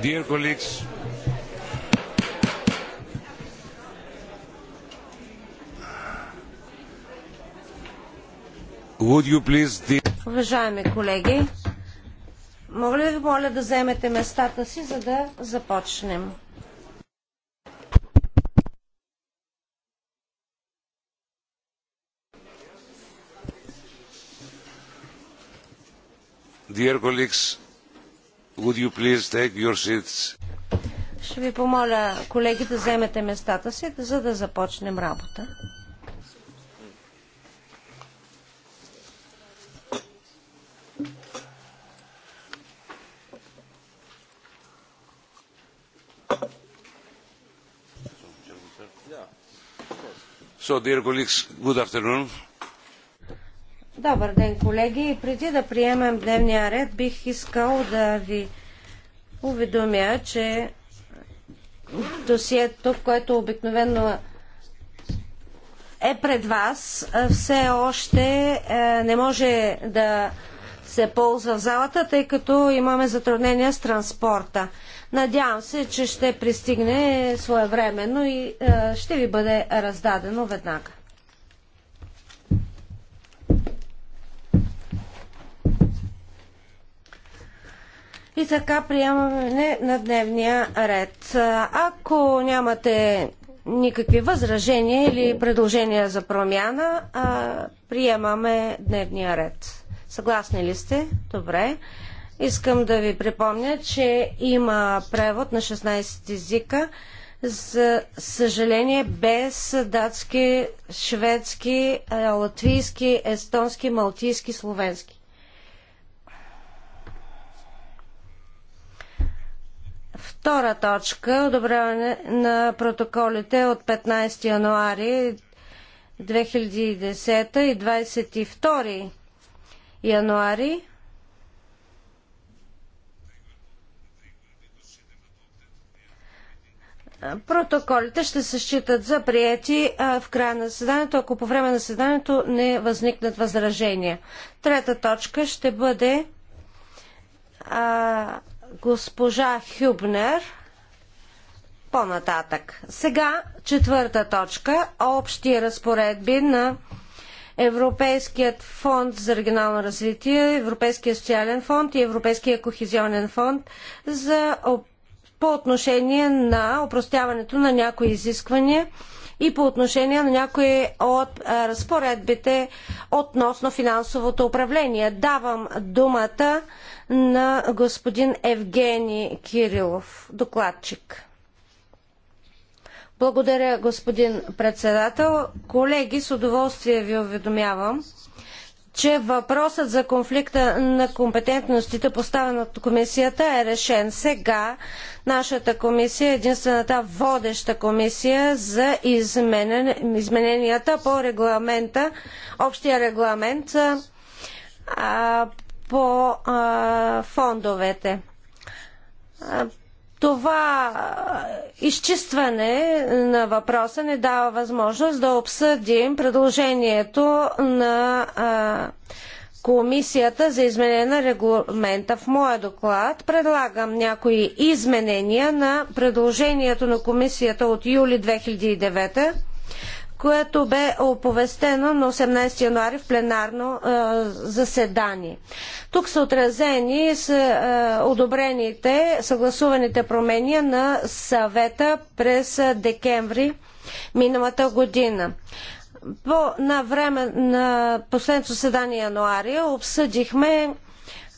Dear colleagues, would you please... Уважаеми колеги, мога ли ви моля да вземете местата си, за да започнем? Dear colleagues, Would you please take your seats? Ще ви помоля колеги да вземете местата си, за да започнем работа. So, dear colleagues, good afternoon. Добър ден, колеги. Преди да приемем дневния ред, бих искал да ви уведомя, че досието, което обикновено е пред вас, все още не може да се ползва в залата, тъй като имаме затруднения с транспорта. Надявам се, че ще пристигне своевременно и ще ви бъде раздадено веднага. И така приемаме на дневния ред. Ако нямате никакви възражения или предложения за промяна, а, приемаме дневния ред. Съгласни ли сте? Добре. Искам да ви припомня, че има превод на 16 езика, за съжаление без датски, шведски, латвийски, естонски, малтийски, словенски. Втора точка – одобряване на протоколите от 15 януари 2010 и 22 януари Протоколите ще се считат за приети в края на заседанието, ако по време на заседанието не възникнат възражения. Трета точка ще бъде госпожа Хюбнер по-нататък. Сега четвърта точка – общи разпоредби на Европейският фонд за регионално развитие, Европейския социален фонд и Европейския кохезионен фонд за, по отношение на опростяването на някои изисквания и по отношение на някои от разпоредбите относно финансовото управление. Давам думата на господин Евгений Кирилов, докладчик. Благодаря, господин председател. Колеги, с удоволствие ви уведомявам, че въпросът за конфликта на компетентностите, поставен от комисията, е решен. Сега нашата комисия е единствената водеща комисия за измененията по регламента, общия регламент а, по а, фондовете. А, това изчистване на въпроса не дава възможност да обсъдим предложението на а, Комисията за изменение на регламента. В моя доклад предлагам някои изменения на предложението на комисията от юли 2009 което бе оповестено на 18 януари в пленарно а, заседание. Тук са отразени с а, одобрените, съгласуваните промени на съвета през декември миналата година. По, на време на последното заседание януари обсъдихме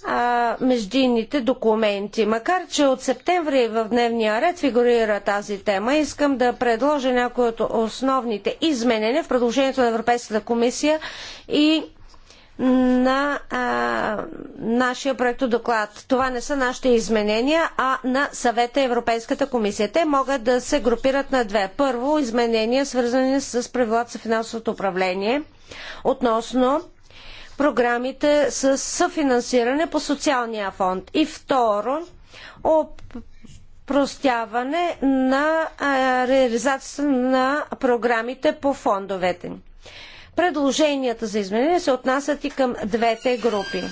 а, междинните документи. Макар, че от септември в дневния ред фигурира тази тема, искам да предложа някои от основните изменения в предложението на Европейската комисия и на а, нашия проектодоклад. Това не са нашите изменения, а на съвета Европейската комисия. Те могат да се групират на две. Първо, изменения свързани с правилата за финансовото управление относно програмите с съфинансиране по социалния фонд. И второ, опростяване на реализацията на програмите по фондовете. Предложенията за изменение се отнасят и към двете групи.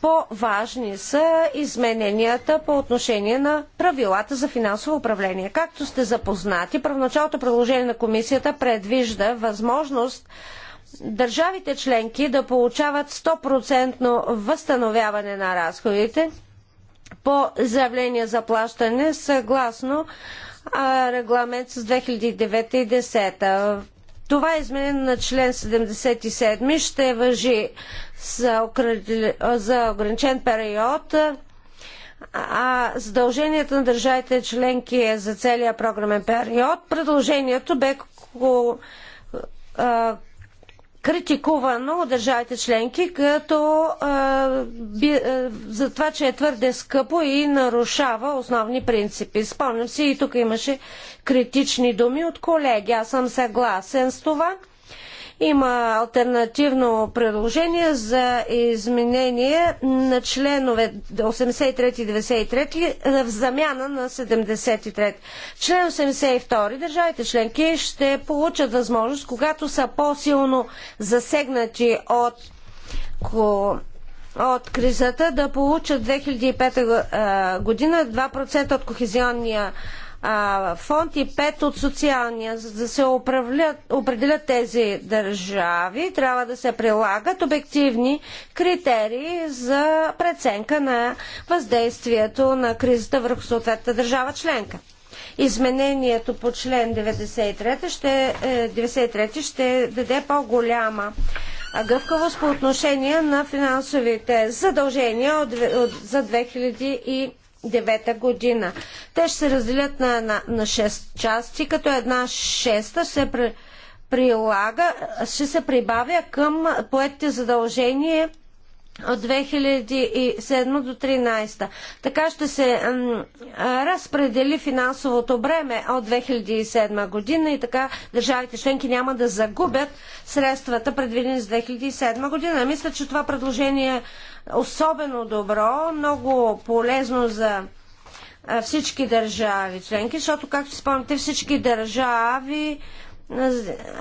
По-важни са измененията по отношение на правилата за финансово управление. Както сте запознати, първоначалното предложение на комисията предвижда възможност държавите членки да получават 100% възстановяване на разходите по заявление за плащане съгласно а, регламент с 2009 и 2010. Това изменение на член 77 ще въжи за, за ограничен период а задълженията на държавите членки е за целия програмен период. Предложението бе критикувано от държавите членки като а, би, а, за това, че е твърде скъпо и нарушава основни принципи. Спомням си и тук имаше критични думи от колеги. Аз съм съгласен с това. Има альтернативно предложение за изменение на членове 83 и 93 е, в замяна на 73. Член 82. Държавите членки ще получат възможност, когато са по-силно засегнати от от кризата да получат 2005 е, година 2% от кохезионния а, фонд и 5 от социалния. За да се управлят, определят тези държави, трябва да се прилагат обективни критерии за преценка на въздействието на кризата върху съответната държава членка. Изменението по член 93 ще, 93 е, ще даде по-голяма гъвкавост по отношение на финансовите задължения за 2000 2009 година. Те ще се разделят на, на, на 6 части, като една шеста се при, прилага, ще се прибавя към поетите задължения от 2007 до 2013. Така ще се разпредели финансовото бреме от 2007 година и така държавите членки няма да загубят средствата предвидени за 2007 година. Мисля, че това предложение особено добро, много полезно за всички държави членки, защото, както спомняте, всички държави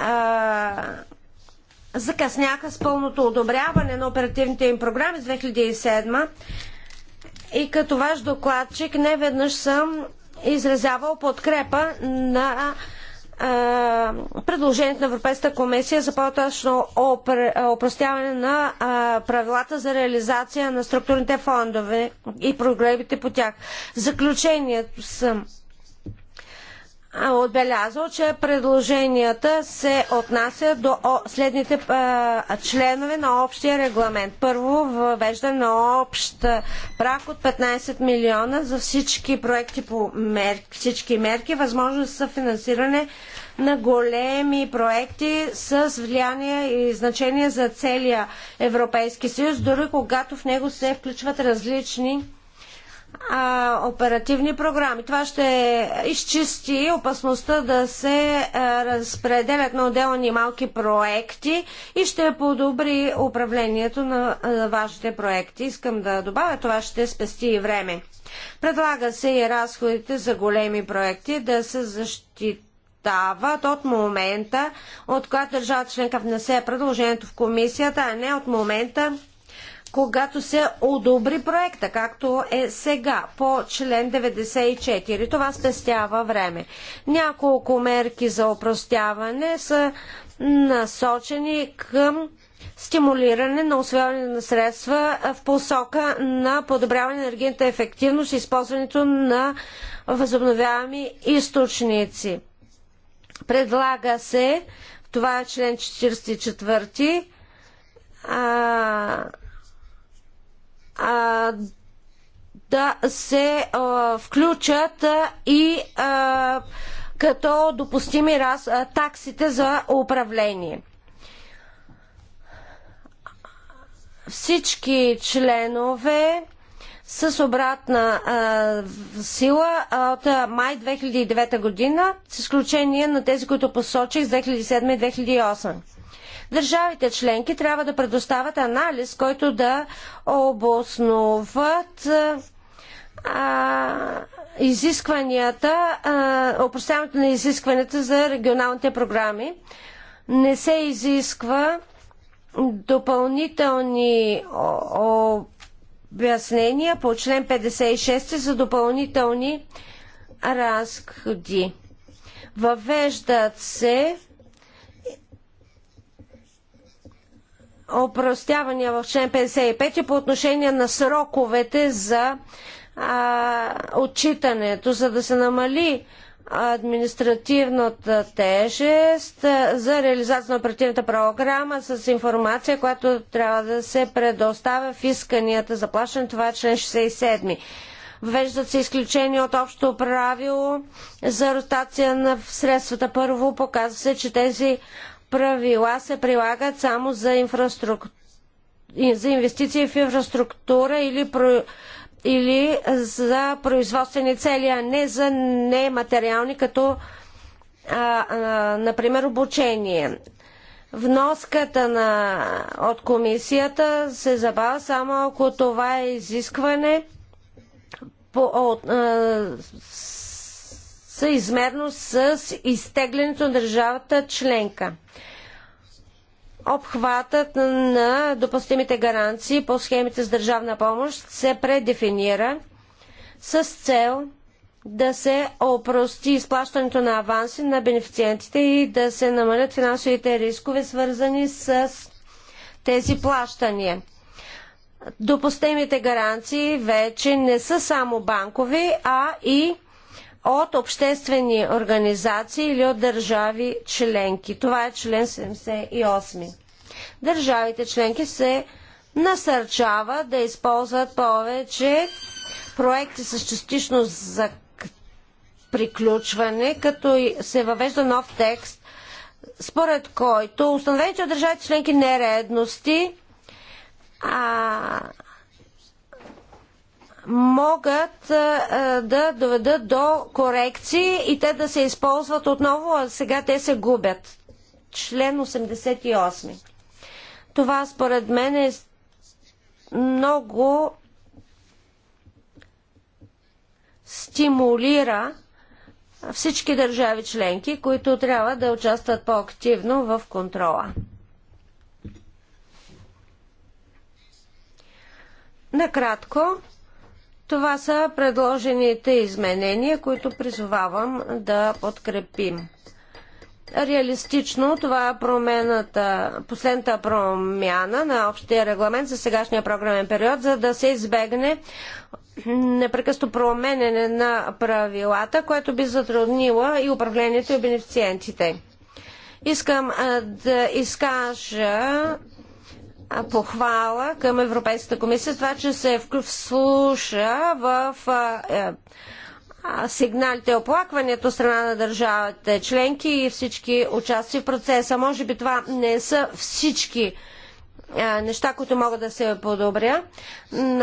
а, закъсняха с пълното одобряване на оперативните им програми с 2007 и като ваш докладчик не веднъж съм изразявал подкрепа на предложението на Европейската комисия за по-точно опростяване на правилата за реализация на структурните фондове и програмите по тях. Заключението съм отбелязал, че предложенията се отнасят до следните членове на общия регламент. Първо, въвеждане на общ прак от 15 милиона за всички проекти по мерки, всички мерки, възможност за финансиране на големи проекти с влияние и значение за целия Европейски съюз, дори когато в него се включват различни а, оперативни програми. Това ще изчисти опасността да се а, разпределят на отделни малки проекти и ще подобри управлението на а, вашите проекти. Искам да добавя, това ще спести и време. Предлага се и разходите за големи проекти да се защитават от момента, от когато държава членка внесе предложението в комисията, а не от момента, когато се одобри проекта, както е сега по член 94. Това спестява време. Няколко мерки за опростяване са насочени към стимулиране на освояване на средства в посока на подобряване на енергийната ефективност и използването на възобновяеми източници. Предлага се, това е член 44, а, а, да се а, включат а, и а, като допустими раз, а, таксите за управление. Всички членове с обратна а, сила от а, май 2009 година, с изключение на тези, които посочих с 2007 и 2008. Държавите членки трябва да предоставят анализ, който да обосноват а, изискванията, а, опростяването на изискванията за регионалните програми. Не се изисква допълнителни обяснения по член 56 за допълнителни разходи. Въвеждат се опростявания в член 55 по отношение на сроковете за а, отчитането, за да се намали административната тежест за реализация на оперативната програма с информация, която трябва да се предоставя в исканията за плащане. Това е член 67. Веждат се изключения от общото правило за ротация на средствата. Първо показва се, че тези правила се прилагат само за, инфраструк... за инвестиции в инфраструктура или, про... или за производствени цели, а не за нематериални, като а, а, например обучение. Вноската на, от комисията се забавя само ако това е изискване по, от, съизмерно с изтеглянето на държавата членка. Обхватът на допустимите гаранции по схемите с държавна помощ се предефинира с цел да се опрости изплащането на аванси на бенефициентите и да се намалят финансовите рискове, свързани с тези плащания. Допустимите гаранции вече не са само банкови, а и от обществени организации или от държави членки. Това е член 78. Държавите членки се насърчава да използват повече проекти с частично за приключване, като се въвежда нов текст, според който установените от държавите членки нередности а, могат да доведат до корекции и те да се използват отново, а сега те се губят. Член 88. Това според мен е много стимулира всички държави членки, които трябва да участват по-активно в контрола. Накратко, това са предложените изменения, които призовавам да подкрепим. Реалистично това е промената, последната промяна на общия регламент за сегашния програмен период, за да се избегне непрекъсто променене на правилата, което би затруднило и управлението и бенефициентите. Искам да изкажа похвала към Европейската комисия това, че се вслуша в е, сигналите, оплакването от страна на държавите членки и всички участи в процеса. Може би това не са всички неща, които могат да се подобря.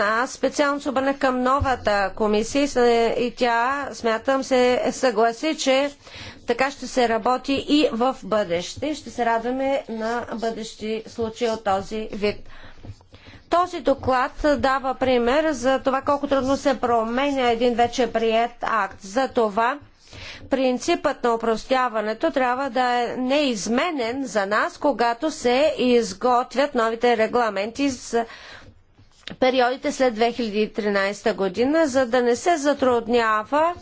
Аз специално се обърнах към новата комисия и тя, смятам, се съгласи, че така ще се работи и в бъдеще. Ще се радваме на бъдещи случаи от този вид. Този доклад дава пример за това колко трудно се променя един вече прият акт. За това Принципът на упростяването трябва да е неизменен за нас, когато се изготвят новите регламенти за периодите след 2013 година, за да не се затруднява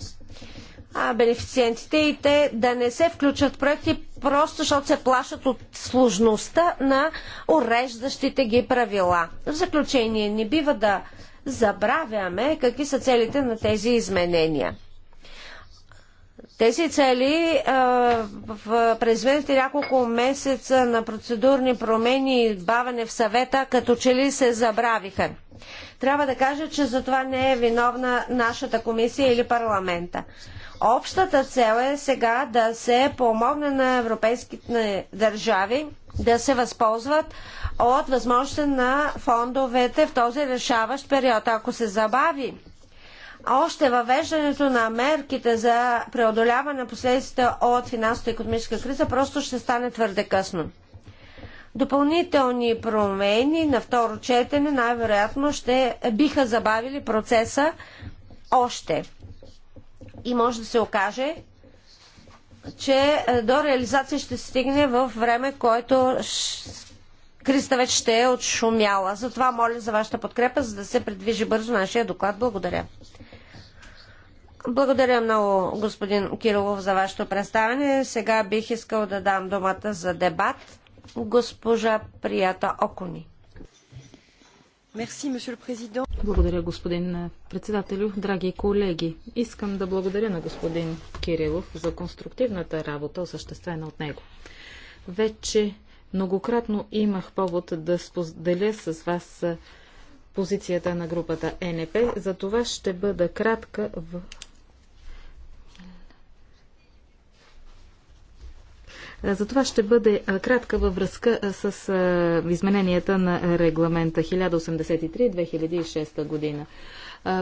а, бенефициентите и те да не се включат в проекти, просто защото се плашат от сложността на уреждащите ги правила. В заключение, не бива да забравяме какви са целите на тези изменения. Тези цели в произведените няколко месеца на процедурни промени и бавене в съвета, като че ли се забравиха. Трябва да кажа, че за това не е виновна нашата комисия или парламента. Общата цел е сега да се помогне на европейските държави да се възползват от възможността на фондовете в този решаващ период. Ако се забави още въвеждането на мерките за преодоляване на последствията от финансово економическа криза просто ще стане твърде късно. Допълнителни промени на второ четене най-вероятно ще биха забавили процеса още. И може да се окаже, че е, до реализация ще стигне в време, което кризата вече ще е отшумяла. Затова моля за вашата подкрепа, за да се придвижи бързо нашия доклад. Благодаря. Благодаря много, господин Кирилов, за вашето представяне. Сега бих искал да дам думата за дебат госпожа Прията Окуни. Благодаря, господин председателю. Драги колеги, искам да благодаря на господин Кирилов за конструктивната работа, осъществена от него. Вече многократно имах повод да споделя с вас позицията на групата е НП, за това ще бъда кратка в Е, Затова ще бъде е, кратка във връзка е, с измененията на регламента 1083-2006 година.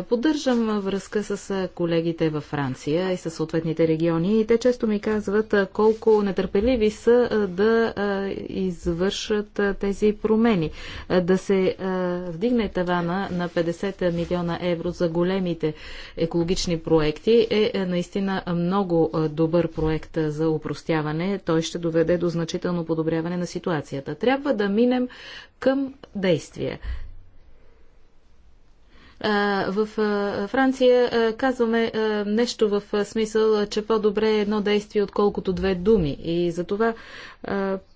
Поддържам връзка с колегите във Франция и с съответните региони и те често ми казват колко нетърпеливи са да извършат тези промени. Да се вдигне тавана на 50 милиона евро за големите екологични проекти е, е наистина много добър проект за упростяване. Той ще доведе до значително подобряване на ситуацията. Трябва да минем към действия. В Франция казваме нещо в смисъл, че по-добре е едно действие, отколкото две думи. И за това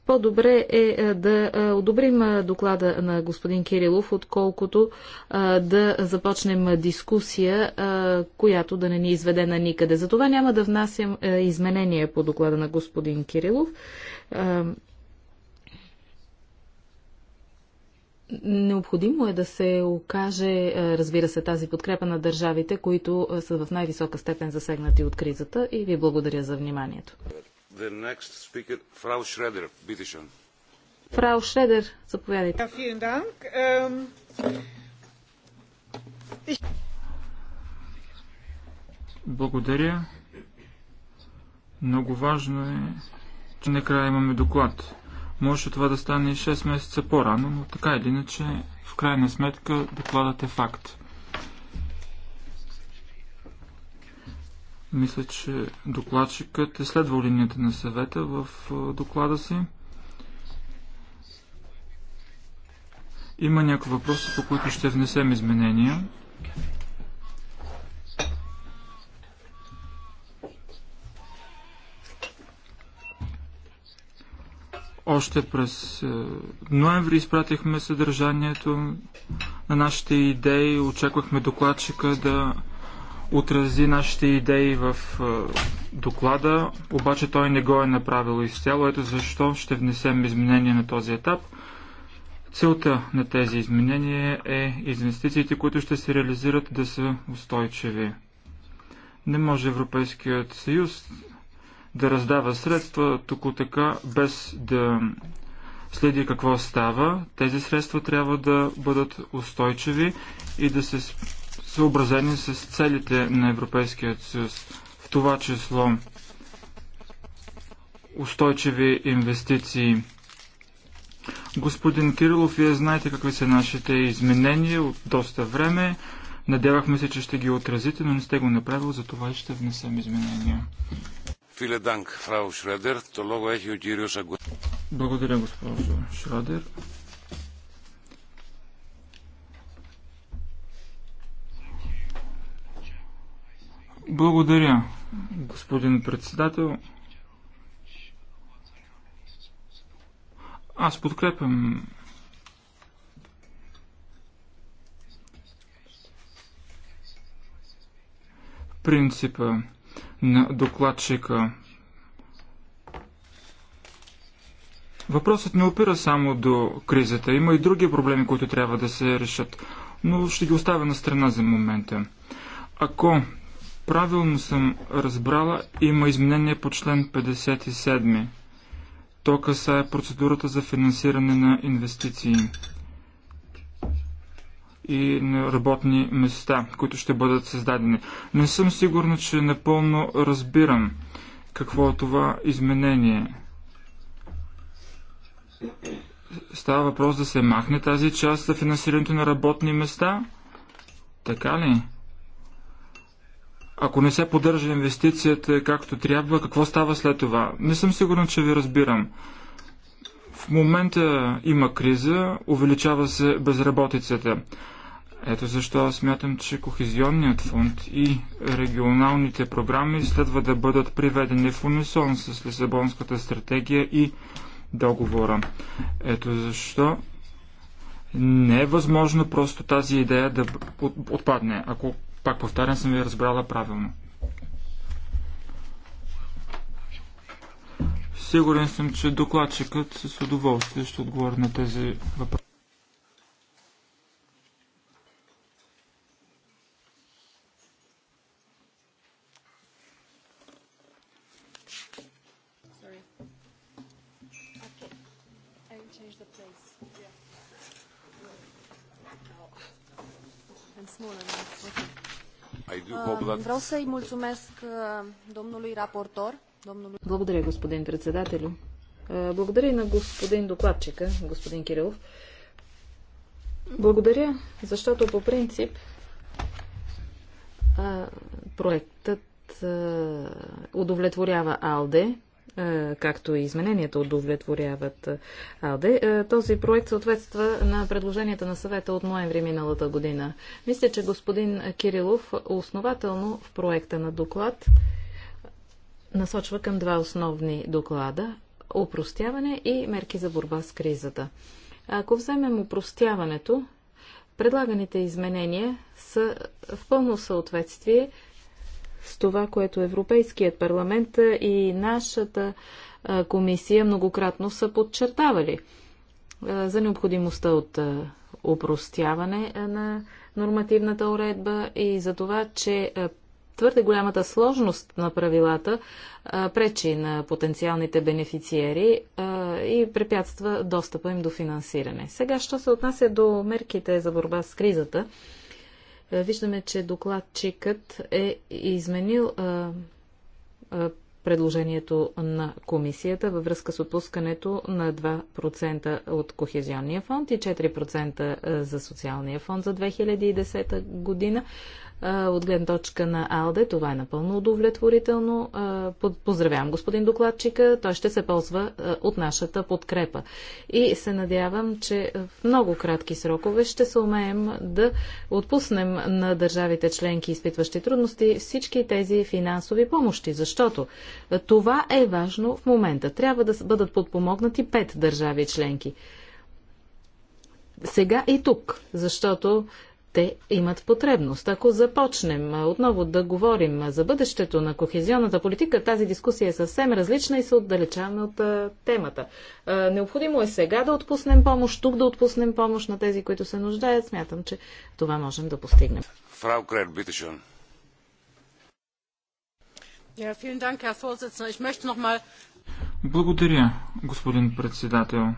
по-добре е да одобрим доклада на господин Кирилов, отколкото да започнем дискусия, която да не ни изведе на никъде. Затова няма да внасям изменения по доклада на господин Кирилов. Необходимо е да се окаже, е, разбира се, тази подкрепа на държавите, които е, са в най-висока степен засегнати от кризата и ви благодаря за вниманието. Speaker, Frau Schroeder, Фрау Шредер, заповядайте. Благодаря. Много важно е, че накрая имаме доклад. Може това да стане 6 месеца по-рано, но така или иначе, в крайна сметка, докладът е факт. Мисля, че докладчикът е следвал линията на съвета в доклада си. Има някои въпроси, по които ще внесем изменения. Още през е, ноември изпратихме съдържанието на нашите идеи, очаквахме докладчика да отрази нашите идеи в е, доклада, обаче той не го е направил изцяло. Ето защо ще внесем изменения на този етап. Целта на тези изменения е инвестициите, които ще се реализират, да са устойчиви. Не може Европейският съюз да раздава средства тук така, без да следи какво става. Тези средства трябва да бъдат устойчиви и да се съобразени с целите на Европейския съюз, в това число устойчиви инвестиции. Господин Кирилов, вие знаете какви са нашите изменения от доста време. Надявахме се, че ще ги отразите, но не сте го направили, затова и ще внесем изменения. Благодаря, госпожо Шрадер. Благодаря, господин председател. Аз подкрепям принципа на докладчика. Въпросът не опира само до кризата. Има и други проблеми, които трябва да се решат. Но ще ги оставя на страна за момента. Ако правилно съм разбрала, има изменение по член 57. То касае процедурата за финансиране на инвестиции и работни места, които ще бъдат създадени. Не съм сигурна, че напълно разбирам какво е това изменение. Става въпрос да се махне тази част за финансирането на работни места. Така ли? Ако не се поддържа инвестицията както трябва, какво става след това? Не съм сигурен, че ви разбирам. В момента има криза, увеличава се безработицата. Ето защо аз смятам, че Кохезионният фонд и регионалните програми следва да бъдат приведени в унисон с Лисабонската стратегия и договора. Ето защо не е възможно просто тази идея да отпадне, ако пак повтарям, съм ви разбрала правилно. Сигурен съм, че докладчикът с удоволствие ще отговори на тези въпроси. Vreau să-i mulțumesc domnului raportor. Domnului... Благодаря, господин председателю. Благодаря и на господин докладчика, господин Кирилов. Благодаря, защото по принцип проектът удовлетворява АЛДЕ както и измененията удовлетворяват АЛДЕ. Този проект съответства на предложенията на съвета от ноември миналата година. Мисля, че господин Кирилов основателно в проекта на доклад насочва към два основни доклада – упростяване и мерки за борба с кризата. Ако вземем упростяването, предлаганите изменения са в пълно съответствие с това, което Европейският парламент и нашата комисия многократно са подчертавали за необходимостта от упростяване на нормативната уредба и за това, че твърде голямата сложност на правилата пречи на потенциалните бенефициери и препятства достъпа им до финансиране. Сега, що се отнася до мерките за борба с кризата, е, виждаме, че докладчикът е изменил е, е, предложението на комисията във връзка с отпускането на 2% от Кохезионния фонд и 4% за Социалния фонд за 2010 година. От гледна точка на АЛДЕ това е напълно удовлетворително. Поздравявам господин докладчика. Той ще се ползва от нашата подкрепа. И се надявам, че в много кратки срокове ще се умеем да отпуснем на държавите членки, изпитващи трудности, всички тези финансови помощи. Защото това е важно в момента. Трябва да бъдат подпомогнати пет държави членки сега и тук, защото те имат потребност. Ако започнем отново да говорим за бъдещето на кохезионната политика, тази дискусия е съвсем различна и се отдалечаваме от темата. Необходимо е сега да отпуснем помощ, тук да отпуснем помощ на тези, които се нуждаят. Смятам, че това можем да постигнем. Фрау Крен, битешон. Благодаря, господин председател.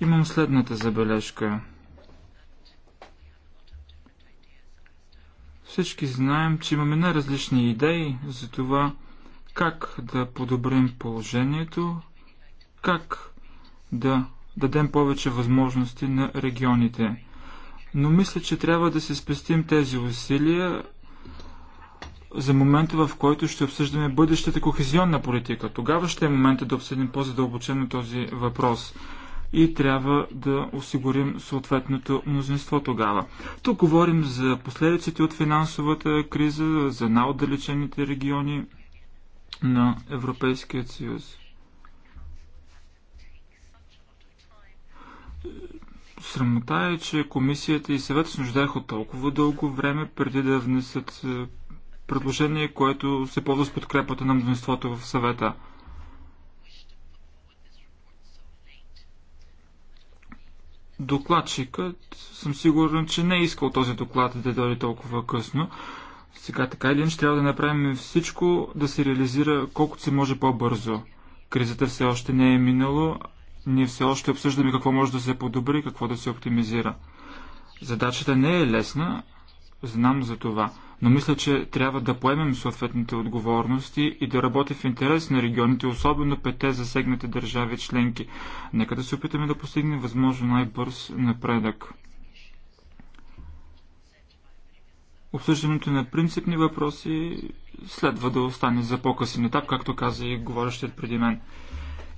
Имам следната забележка. Всички знаем, че имаме най-различни идеи за това как да подобрим положението, как да дадем повече възможности на регионите. Но мисля, че трябва да се спестим тези усилия за момента, в който ще обсъждаме бъдещата кохезионна политика. Тогава ще е момента да обсъдим по-задълбочено този въпрос и трябва да осигурим съответното мнозинство тогава. Тук говорим за последиците от финансовата криза, за най-отдалечените региони на Европейския съюз. Срамота е, че комисията и съвет се нуждаеха от толкова дълго време преди да внесат е, предложение, което се ползва с подкрепата на мнозинството в съвета. докладчикът съм сигурен, че не е искал този доклад да дойде толкова късно. Сега така или иначе трябва да направим всичко да се реализира колкото се може по-бързо. Кризата все още не е минало, ние все още обсъждаме какво може да се подобри какво да се оптимизира. Задачата не е лесна, знам за това но мисля, че трябва да поемем съответните отговорности и да работи в интерес на регионите, особено пете засегнати държави членки. Нека да се опитаме да постигнем възможно най-бърз напредък. Обсъждането на принципни въпроси следва да остане за по-късен етап, както каза и говорещият преди мен.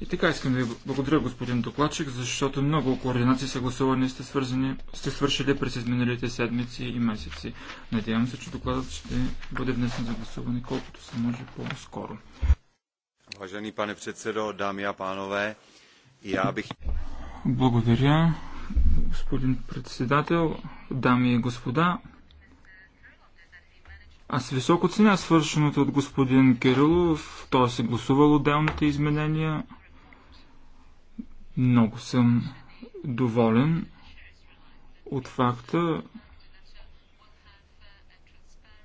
И така искам да ви благодаря, господин докладчик, защото много координации съгласувани сте, свързани, сте свършили през изминалите седмици и месеци. Надявам се, че докладът ще бъде внесен за гласуване колкото се може по-скоро. Уважени пане председо, дами и панове, и я бих... Благодаря, господин председател, дами и господа. Аз високо ценя свършеното от господин Кирилов. То е се гласувало отделните изменения. Много съм доволен от факта,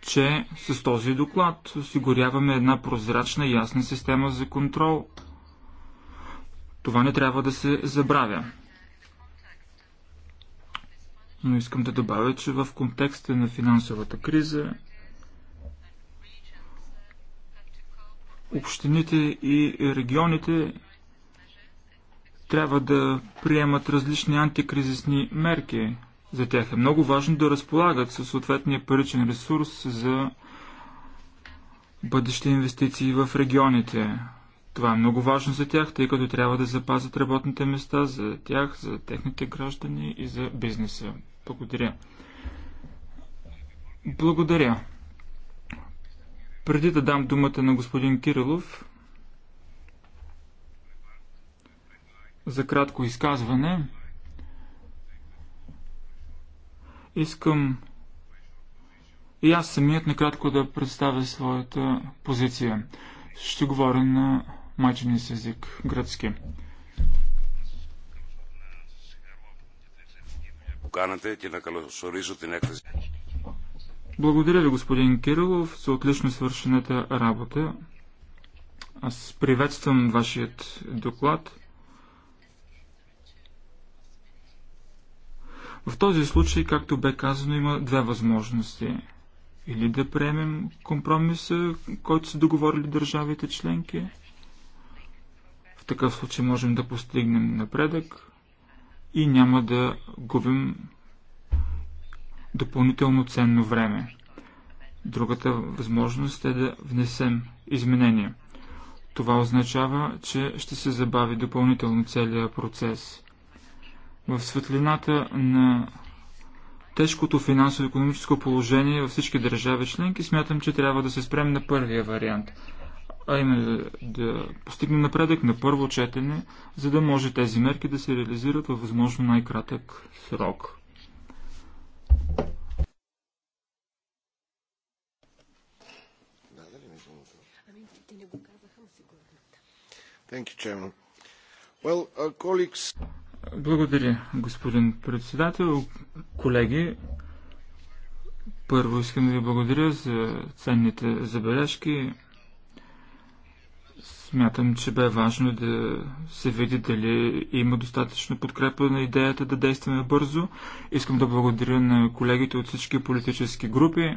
че с този доклад осигуряваме една прозрачна и ясна система за контрол. Това не трябва да се забравя. Но искам да добавя, че в контекста на финансовата криза общините и регионите трябва да приемат различни антикризисни мерки. За тях е много важно да разполагат със съответния паричен ресурс за бъдещи инвестиции в регионите. Това е много важно за тях, тъй като трябва да запазят работните места за тях, за техните граждани и за бизнеса. Благодаря. Благодаря. Преди да дам думата на господин Кирилов, за кратко изказване. Искам и аз самият накратко да представя своята позиция. Ще говоря на майчиния език, гръцки. Е, Благодаря ви, господин Кирилов, за отлично свършената работа. Аз приветствам вашият доклад. В този случай, както бе казано, има две възможности. Или да приемем компромиса, който са договорили държавите членки. В такъв случай можем да постигнем напредък и няма да губим допълнително ценно време. Другата възможност е да внесем изменения. Това означава, че ще се забави допълнително целият процес. В светлината на тежкото финансово-економическо положение във всички държави членки, смятам, че трябва да се спрем на първия вариант, а именно да, да постигнем напредък на първо четене, за да може тези мерки да се реализират във възможно най-кратък срок. Thank you, Chairman. Well, uh, colleagues... Благодаря, господин председател. Колеги, първо искам да ви благодаря за ценните забележки. Смятам, че бе важно да се види дали има достатъчно подкрепа на идеята да действаме бързо. Искам да благодаря на колегите от всички политически групи.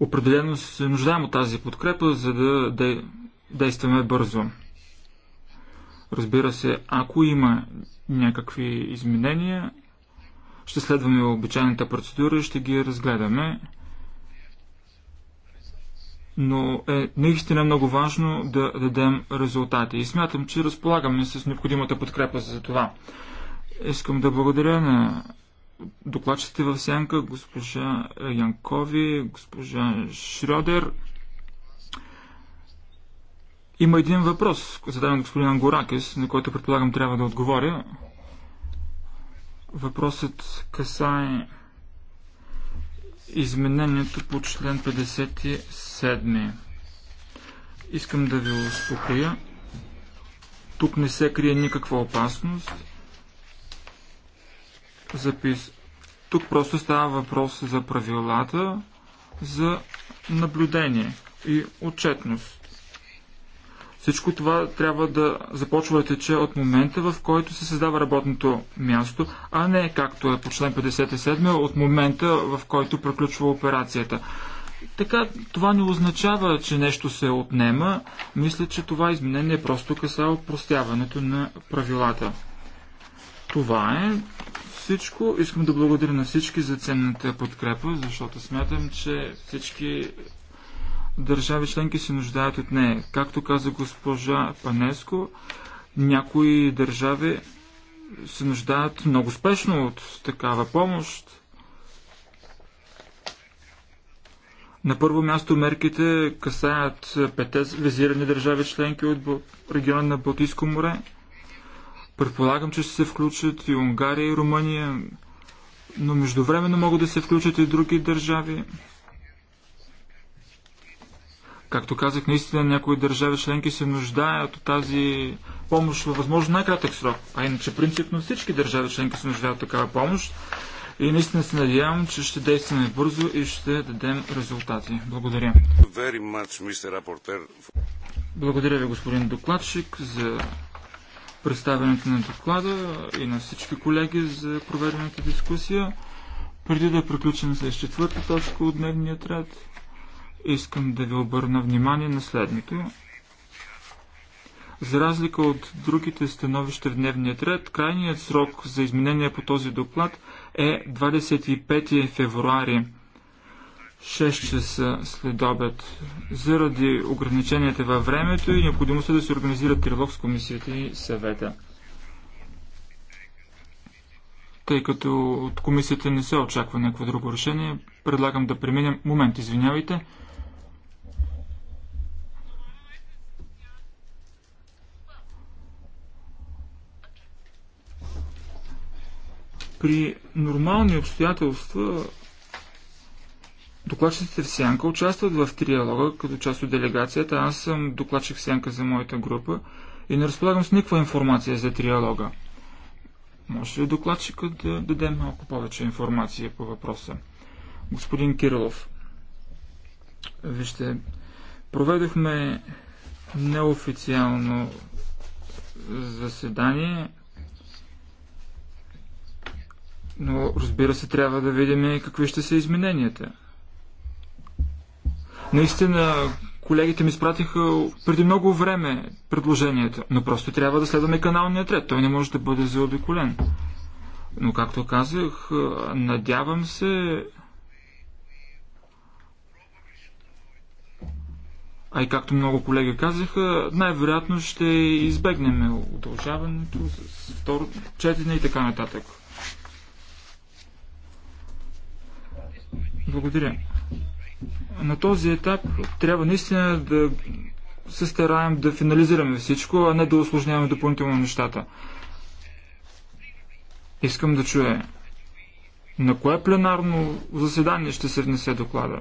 Определено се нуждаем от тази подкрепа, за да действаме бързо. Разбира се, ако има някакви изменения, ще следваме обичайната процедура и ще ги разгледаме. Но е наистина много важно да дадем резултати. И смятам, че разполагаме с необходимата подкрепа за това. Искам да благодаря на докладчите в сянка, госпожа Янкови, госпожа Шрёдер, има един въпрос, зададен от господин Ангоракис, на който предполагам трябва да отговоря. Въпросът касае изменението по член 57. Искам да ви успокоя. Тук не се крие никаква опасност. Запис... Тук просто става въпрос за правилата за наблюдение и отчетност. Всичко това трябва да започва да тече от момента, в който се създава работното място, а не както е по член 57, от момента, в който приключва операцията. Така, това не означава, че нещо се отнема. Мисля, че това изменение е просто касало простяването на правилата. Това е всичко. Искам да благодаря на всички за ценната подкрепа, защото смятам, че всички държави членки се нуждаят от нея. Както каза госпожа Панеско, някои държави се нуждаят много спешно от такава помощ. На първо място мерките касаят пете визирани държави членки от региона на Балтийско море. Предполагам, че ще се включат и Унгария и Румъния, но междувременно могат да се включат и други държави. Както казах, наистина някои държави членки се нуждаят от тази помощ във възможно най-кратък срок. А иначе принципно всички държави членки се нуждаят от такава помощ. И наистина се надявам, че ще действаме бързо и ще дадем резултати. Благодаря. Much, Благодаря ви, господин докладчик, за представянето на доклада и на всички колеги за проведената дискусия. Преди да приключим с четвърта точка от дневния ред, Искам да ви обърна внимание на следното. За разлика от другите становища в дневния ред, крайният срок за изменение по този доклад е 25 февруари 6 часа след обед. Заради ограниченията във времето и необходимостта да се организира трилог с комисията и съвета. Тъй като от комисията не се очаква някакво друго решение, предлагам да преминем... Момент, извинявайте. При нормални обстоятелства докладчиците в Сянка участват в триалога като част от делегацията. Аз съм докладчик в Сянка за моята група и не разполагам с никаква информация за триалога. Може ли докладчика да дадем малко повече информация по въпроса? Господин Кирилов, вижте, проведохме неофициално заседание но разбира се, трябва да видим какви ще са измененията. Наистина, колегите ми спратиха преди много време предложението, но просто трябва да следваме каналния ред. Той не може да бъде заобиколен. Но, както казах, надявам се А и както много колеги казаха, най-вероятно ще избегнем удължаването с второ четене и така нататък. Благодаря. На този етап трябва наистина да се стараем да финализираме всичко, а не да осложняваме допълнително нещата. Искам да чуя на кое пленарно заседание ще се внесе доклада?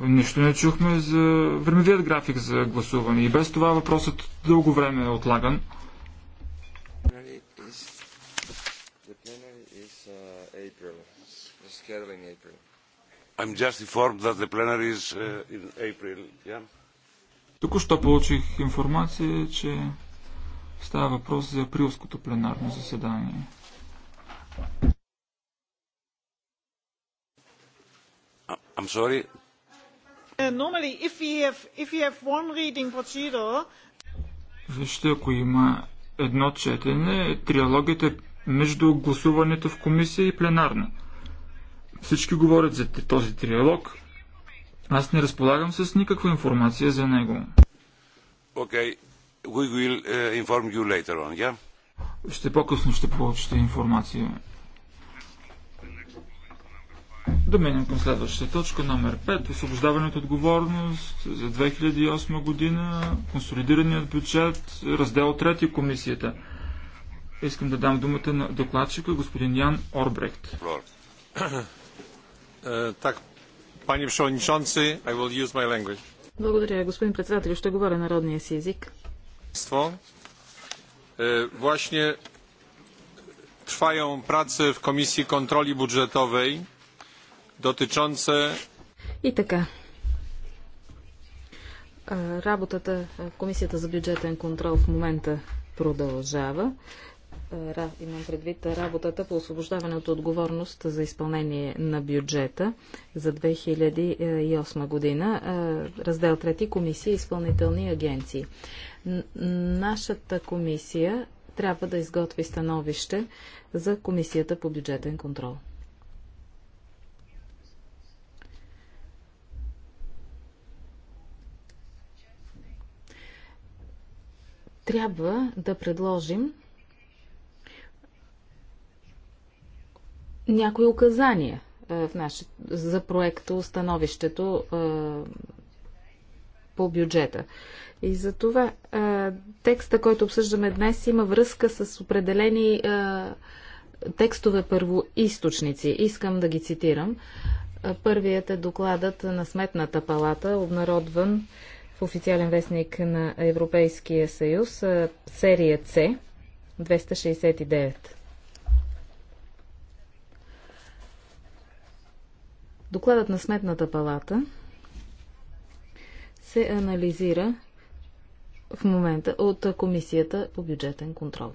Нищо не чухме за времевият график за гласуване и без това въпросът дълго време е отлаган. scheduled in April. I'm just informed that the plenary is uh, in April. Yeah? Току-що получих информация, че става въпрос за априлското пленарно заседание. I'm sorry. Uh, normally, if we have, if we have one reading procedure, Вижте, ако има едно четене, триалогията е между гласуването в комисия и пленарна. Всички говорят за този триалог. Аз не разполагам с никаква информация за него. Okay. We will uh, inform you later on, yeah? Ще по-късно ще получите информация. Да минем към следващата точка, номер 5. Освобождаване от отговорност за 2008 година, консолидираният бюджет, раздел 3, комисията. Искам да дам думата на докладчика господин Ян Орбрехт. Е, так, пани Пшоничонци, I will use my language. Благодаря, господин председател. Ще говоря народния си език. Е, właśnie trwają prace w Komisji Kontroli Budżetowej dotyczące... И така. Е, работата в Комисията за бюджетен контрол в момента продължава имам предвид работата по освобождаване от отговорност за изпълнение на бюджета за 2008 година, раздел 3 комисия и изпълнителни агенции. Нашата комисия трябва да изготви становище за комисията по бюджетен контрол. трябва да предложим някои указания е, в наше, за проекто становището е, по бюджета. И за това е, текста, който обсъждаме днес, има връзка с определени текстове първо източници. Искам да ги цитирам. Първият е докладът на Сметната палата, обнародван в официален вестник на Европейския съюз, серия С, 269. Докладът на Сметната палата се анализира в момента от Комисията по бюджетен контрол.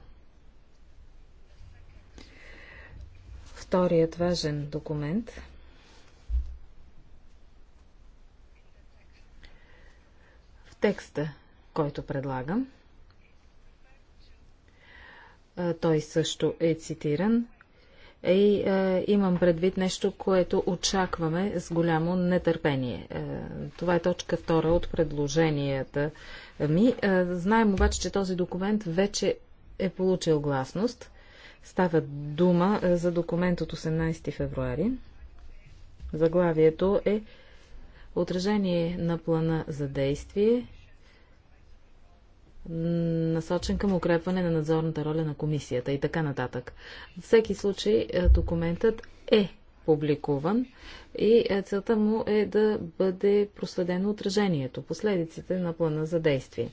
Вторият важен документ в текста, който предлагам, той също е цитиран и е, имам предвид нещо, което очакваме с голямо нетърпение. Е, това е точка втора от предложенията ми. Е, знаем обаче, че този документ вече е получил гласност. Става дума е, за документ от 18 февруари. Заглавието е Отражение на плана за действие насочен към укрепване на надзорната роля на комисията и така нататък. В всеки случай е, документът е публикуван и е, целта му е да бъде проследено отражението, последиците на плана за действие.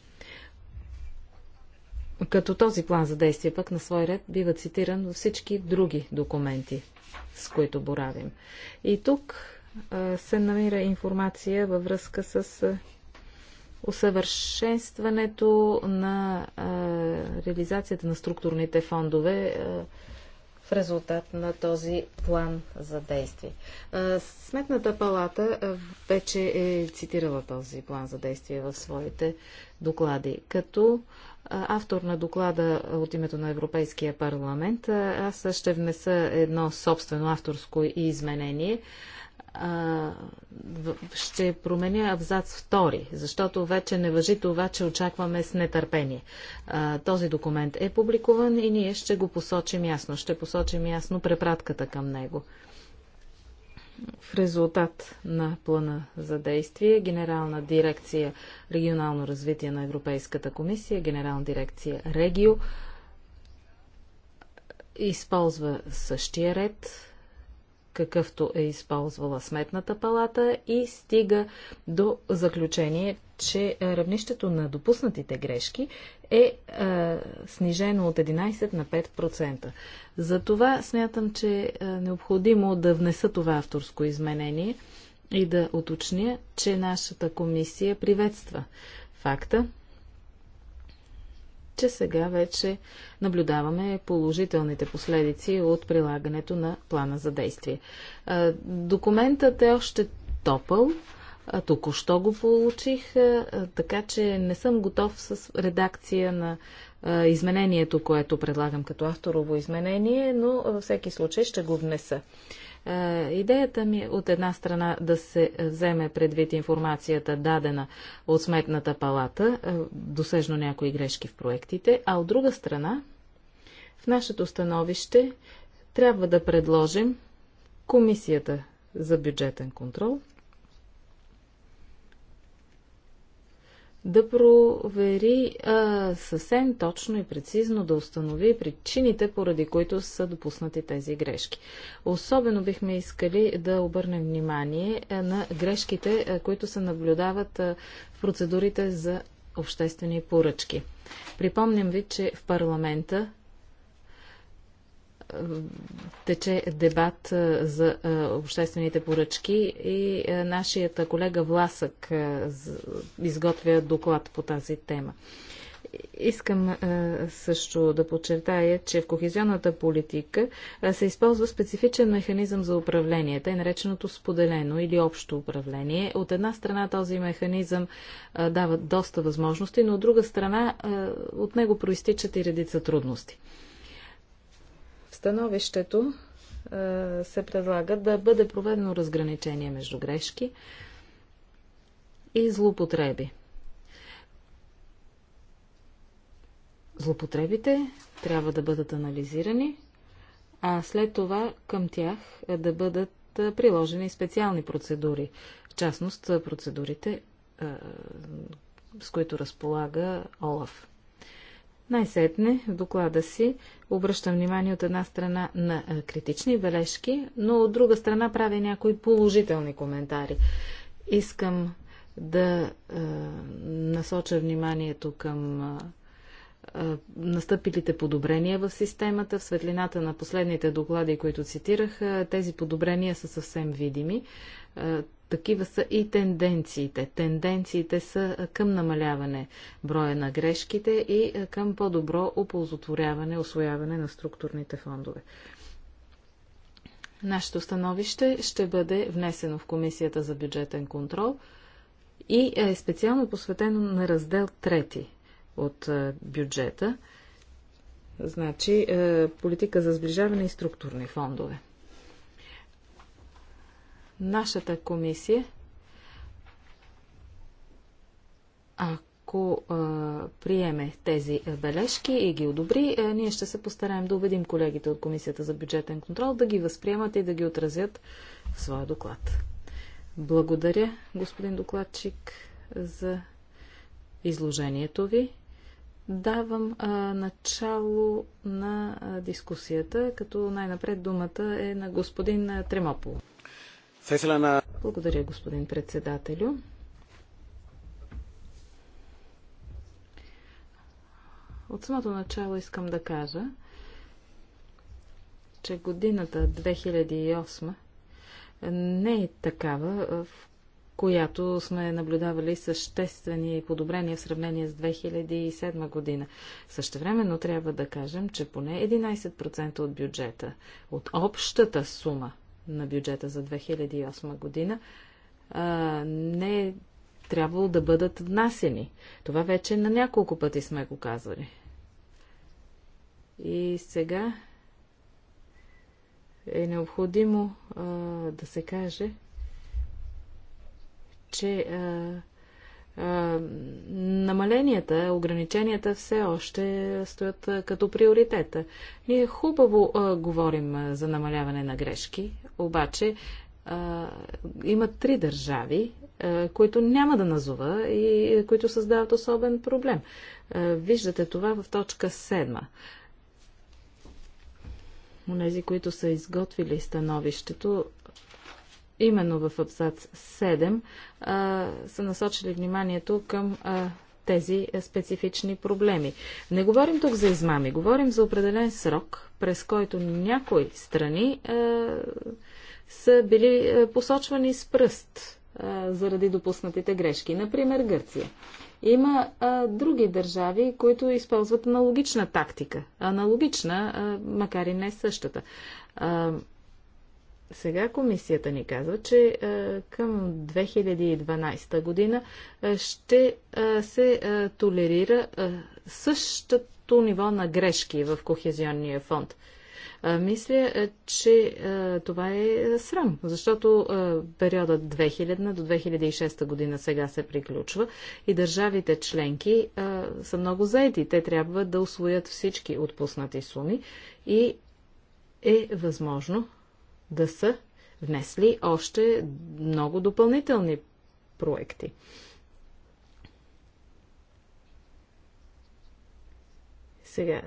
Като този план за действие пък на свой ред бива цитиран във всички други документи, с които боравим. И тук е, се намира информация във връзка с усъвършенстването на а, реализацията на структурните фондове а, в резултат на този план за действие. А, Сметната палата а, вече е цитирала този план за действие в своите доклади. Като а, автор на доклада от името на Европейския парламент, аз ще внеса едно собствено авторско изменение. А, а, ще променя абзац втори, защото вече не въжи това, че очакваме с нетърпение. А, този документ е публикуван и ние ще го посочим ясно. Ще посочим ясно препратката към него. В резултат на плана за действие, Генерална дирекция регионално развитие на Европейската комисия, Генерална дирекция Регио, използва същия ред, какъвто е използвала Сметната палата и стига до заключение, че е, равнището на допуснатите грешки е, е снижено от 11 на 5%. Затова смятам, че е необходимо да внеса това авторско изменение и да уточня, че нашата комисия приветства факта, че сега вече наблюдаваме положителните последици от прилагането на плана за действие. Документът е още топъл. Току-що го получих, така че не съм готов с редакция на изменението, което предлагам като авторово изменение, но във всеки случай ще го внеса. Е, идеята ми е от една страна да се вземе предвид информацията дадена от Сметната палата, е, досежно някои грешки в проектите, а от друга страна в нашето становище трябва да предложим Комисията за бюджетен контрол – да провери а, съвсем точно и прецизно да установи причините, поради които са допуснати тези грешки. Особено бихме искали да обърнем внимание на грешките, които се наблюдават в процедурите за обществени поръчки. Припомням ви, че в парламента тече дебат за обществените поръчки и нашият колега Власък изготвя доклад по тази тема. Искам също да подчертая, че в кохезионната политика се използва специфичен механизъм за управление, тъй нареченото споделено или общо управление. От една страна този механизъм дава доста възможности, но от друга страна от него проистичат и редица трудности становището е, се предлага да бъде проведено разграничение между грешки и злоупотреби. Злопотребите трябва да бъдат анализирани, а след това към тях да бъдат е, приложени специални процедури. В частност, е, процедурите, с които разполага ОЛАФ. Най-сетне в доклада си обръща внимание от една страна на е, критични бележки, но от друга страна правя някои положителни коментари. Искам да е, насоча вниманието към е, е настъпилите подобрения в системата. В светлината на последните доклади, които цитирах, тези подобрения са съвсем видими. Е, такива са и тенденциите. Тенденциите са към намаляване броя на грешките и към по-добро оползотворяване, освояване на структурните фондове. Нашето становище ще бъде внесено в Комисията за бюджетен контрол и е специално посветено на раздел 3 от бюджета, значи е, политика за сближаване и структурни фондове нашата комисия, ако а, приеме тези бележки и ги одобри, а, ние ще се постараем да убедим колегите от Комисията за бюджетен контрол да ги възприемат и да ги отразят в своя доклад. Благодаря, господин докладчик, за изложението ви. Давам а, начало на а, дискусията, като най-напред думата е на господин Тремопол. Благодаря, господин председателю. От самото начало искам да кажа, че годината 2008 не е такава, в която сме наблюдавали съществени подобрения в сравнение с 2007 година. Същевременно трябва да кажем, че поне 11% от бюджета, от общата сума на бюджета за 2008 година, не е трябвало да бъдат внасени. Това вече на няколко пъти сме го казвали. И сега е необходимо а, да се каже, че а, е, намаленията, ограниченията все още стоят е, като приоритета. Ние хубаво а, е, говорим за намаляване на грешки, обаче а, има три държави, а, които няма да назова и които създават особен проблем. виждате това в точка 7. Онези, които са изготвили становището, именно в абзац 7 а, са насочили вниманието към а, тези е, специфични проблеми. Не говорим тук за измами, говорим за определен срок, през който някои страни а, са били посочвани с пръст а, заради допуснатите грешки. Например, Гърция. Има а, други държави, които използват аналогична тактика. Аналогична, а, макар и не същата. А, сега комисията ни казва, че към 2012 година ще се толерира същото ниво на грешки в Кохезионния фонд. Мисля, че това е срам, защото периодът 2000 до 2006 година сега се приключва и държавите членки са много заети. Те трябва да освоят всички отпуснати суми и е възможно да са внесли още много допълнителни проекти. Сега,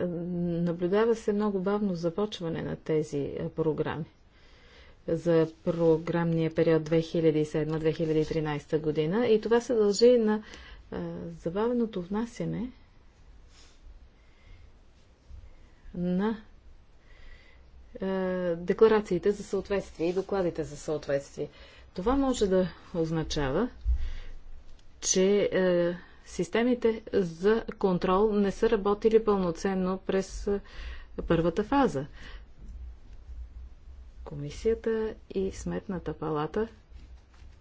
наблюдава се много бавно започване на тези програми. За програмния период 2007-2013 година и това се дължи на забавеното внасяне на е, декларациите за съответствие и докладите за съответствие. Това може да означава, че е, системите за контрол не са работили пълноценно през е, първата фаза. Комисията и Сметната палата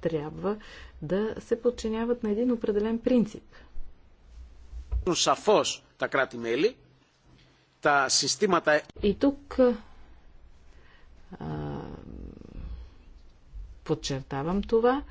трябва да се подчиняват на един определен принцип. Е- и тук Подчертавам това,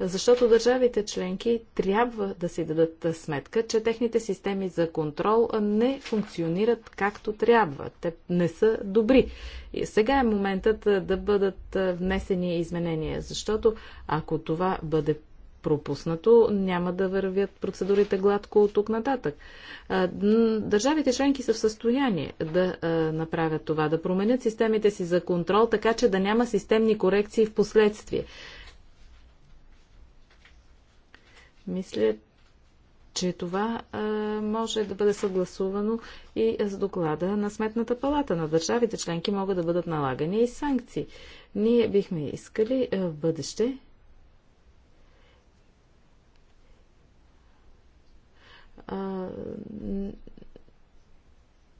защото държавите членки трябва да си дадат сметка, че техните системи за контрол не функционират както трябва. Те не са добри. И сега е моментът да бъдат внесени изменения, защото ако това бъде пропуснато, няма да вървят процедурите гладко от тук нататък. Държавите членки са в състояние да направят това, да променят системите си за контрол, така че да няма системни корекции в последствие. Мисля, че това може да бъде съгласувано и с доклада на Сметната палата. На държавите членки могат да бъдат налагани и санкции. Ние бихме искали в бъдеще а,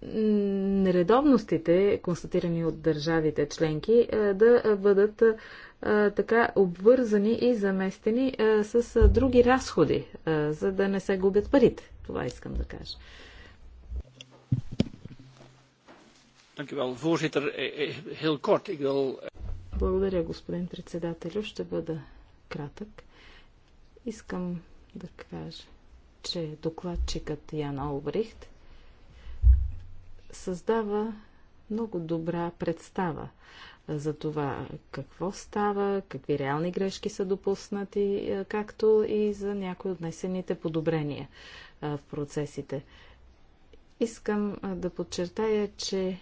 нередовностите, констатирани от държавите членки, е, да бъдат е, така обвързани и заместени е, с други разходи, за да не се губят парите. Това искам да кажа. Благодаря, господин председател. Ще бъда кратък. Искам да кажа че докладчикът Ян Олбрихт създава много добра представа за това какво става, какви реални грешки са допуснати, е, както и за някои от несените подобрения е, в процесите. Искам е, да подчертая, че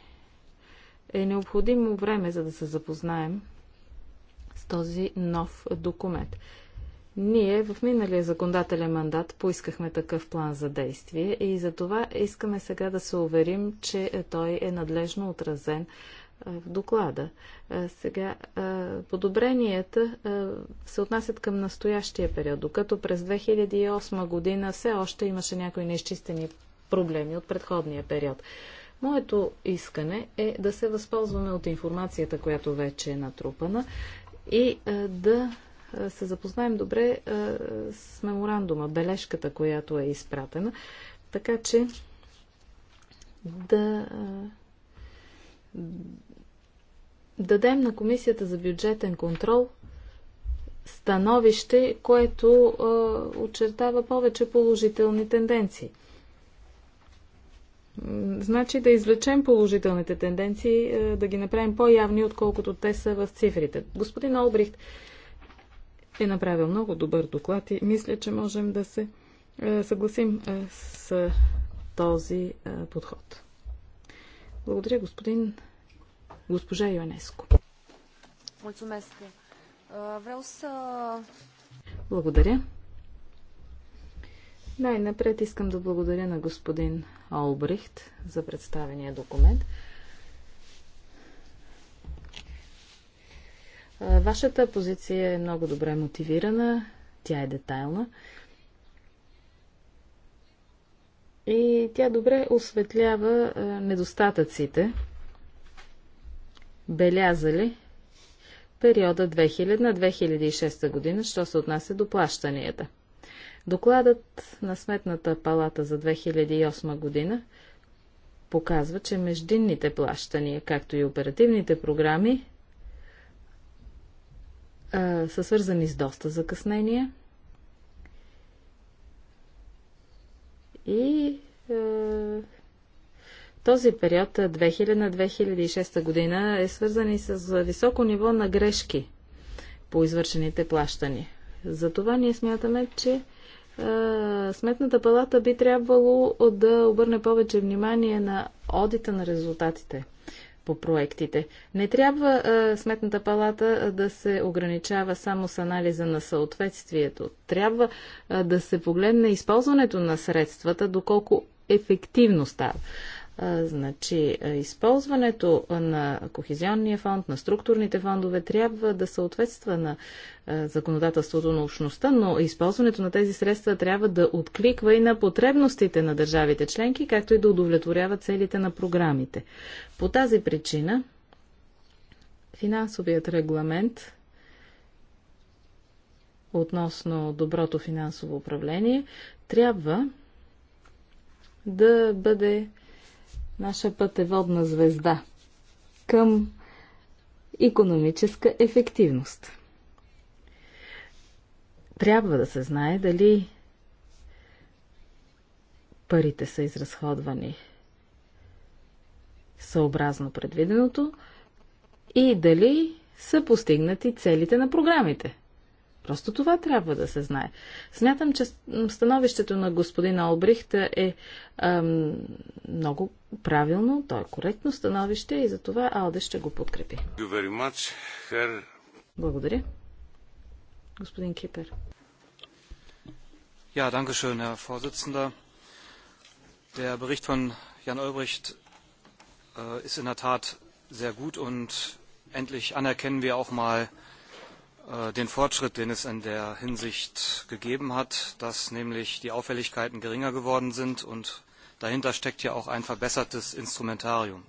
е необходимо време, за да се запознаем с този нов документ. Ние в миналия законодателен мандат поискахме такъв план за действие и за това искаме сега да се уверим, че той е надлежно отразен в доклада. Сега, подобренията се отнасят към настоящия период, докато през 2008 година все още имаше някои неизчистени проблеми от предходния период. Моето искане е да се възползваме от информацията, която вече е натрупана и да се запознаем добре с меморандума, бележката, която е изпратена, така че да дадем на Комисията за бюджетен контрол становище, което очертава повече положителни тенденции. Значи да извлечем положителните тенденции, да ги направим по-явни, отколкото те са в цифрите. Господин Олбрихт е направил много добър доклад и мисля, че можем да се е, съгласим е, с този е, подход. Благодаря, господин госпожа Ионеско. Благодаря. Най-напред искам да благодаря на господин Олбрихт за представения документ. Вашата позиция е много добре мотивирана, тя е детайлна и тя добре осветлява недостатъците, белязали периода 2000-2006 година, що се отнася до плащанията. Докладът на Сметната палата за 2008 година показва, че междинните плащания, както и оперативните програми, са свързани с доста закъснения. И а, този период 2000-2006 година е свързан и с високо ниво на грешки по извършените плащания. Затова ние смятаме, че Сметната палата би трябвало да обърне повече внимание на одита на резултатите по проектите. Не трябва а, Сметната палата да се ограничава само с анализа на съответствието. Трябва а, да се погледне използването на средствата, доколко ефективно става. Значи, използването на кохезионния фонд, на структурните фондове трябва да съответства на законодателството на общността, но използването на тези средства трябва да откликва и на потребностите на държавите членки, както и да удовлетворява целите на програмите. По тази причина финансовият регламент относно доброто финансово управление трябва да бъде Наша пътеводна звезда към економическа ефективност. Трябва да се знае дали парите са изразходвани съобразно предвиденото и дали са постигнати целите на програмите. Просто това трябва да се знае. Смятам, че становището на господин Олбрихт е ам, много правилно, то е коректно становище и за това Алде ще го подкрепи. Благодаря. Господин Кипер. Ja, danke schön, Herr Vorsitzender. Der Bericht von Jan Olbricht äh, ist in der Tat sehr gut und endlich anerkennen wir auch mal äh, den Fortschritt, den es in der Hinsicht gegeben hat, dass nämlich die Auffälligkeiten geringer geworden sind und dahinter steckt ja auch ein verbessertes Instrumentarium.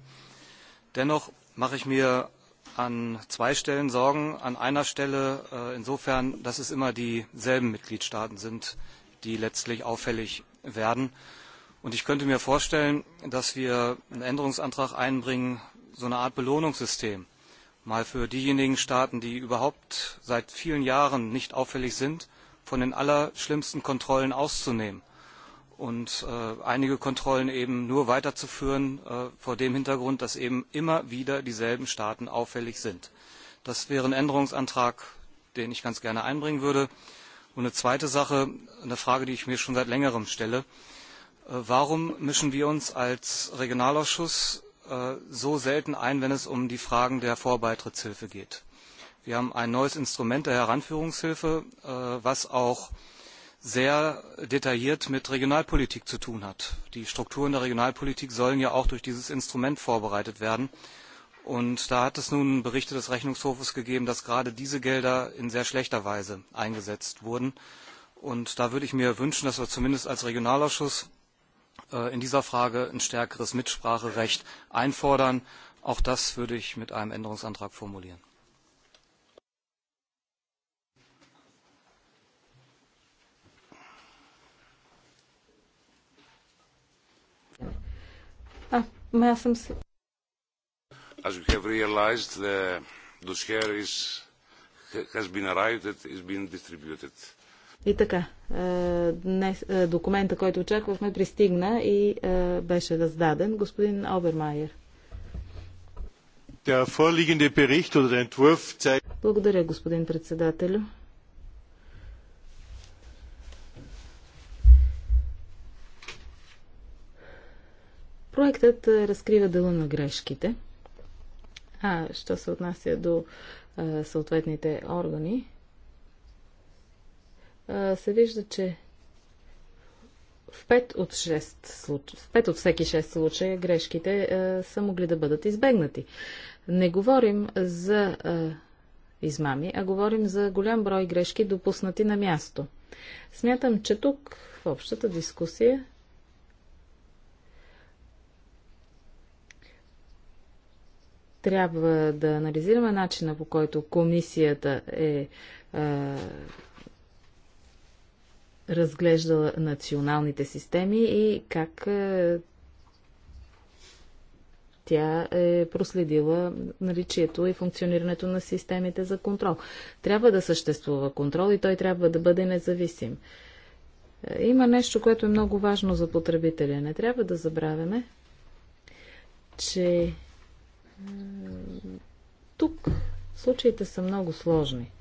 Dennoch mache ich mir an zwei Stellen Sorgen. An einer Stelle insofern, dass es immer dieselben Mitgliedstaaten sind, die letztlich auffällig werden. Und ich könnte mir vorstellen, dass wir einen Änderungsantrag einbringen, so eine Art Belohnungssystem mal für diejenigen Staaten, die überhaupt seit vielen Jahren nicht auffällig sind, von den allerschlimmsten Kontrollen auszunehmen und einige Kontrollen eben nur weiterzuführen vor dem Hintergrund, dass eben immer wieder dieselben Staaten auffällig sind. Das wäre ein Änderungsantrag, den ich ganz gerne einbringen würde. Und eine zweite Sache, eine Frage, die ich mir schon seit längerem stelle. Warum mischen wir uns als Regionalausschuss so selten ein, wenn es um die Fragen der Vorbeitrittshilfe geht. Wir haben ein neues Instrument der Heranführungshilfe, das auch sehr detailliert mit Regionalpolitik zu tun hat. Die Strukturen der Regionalpolitik sollen ja auch durch dieses Instrument vorbereitet werden. Und da hat es nun Berichte des Rechnungshofes gegeben, dass gerade diese Gelder in sehr schlechter Weise eingesetzt wurden. Und da würde ich mir wünschen, dass wir zumindest als Regionalausschuss in dieser Frage ein stärkeres Mitspracherecht einfordern. Auch das würde ich mit einem Änderungsantrag formulieren. As you have realized, the dossier is, has been arrived, at, is being distributed. И така, е, днес е, документа, който очаквахме, пристигна и е, беше раздаден. Господин Обермайер. Благодаря, господин председателю. Проектът разкрива дела на грешките. А, що се отнася до съответните органи, се вижда, че в 5 от, 6 случ... в 5 от всеки 6 случая грешките са могли да бъдат избегнати. Не говорим за измами, а говорим за голям брой грешки, допуснати на място. Смятам, че тук в общата дискусия трябва да анализираме начина по който комисията е, е разглеждала националните системи и как е, тя е проследила наличието и функционирането на системите за контрол. Трябва да съществува контрол и той трябва да бъде независим. Е, има нещо, което е много важно за потребителя. Не трябва да забравяме, че е, тук случаите са много сложни.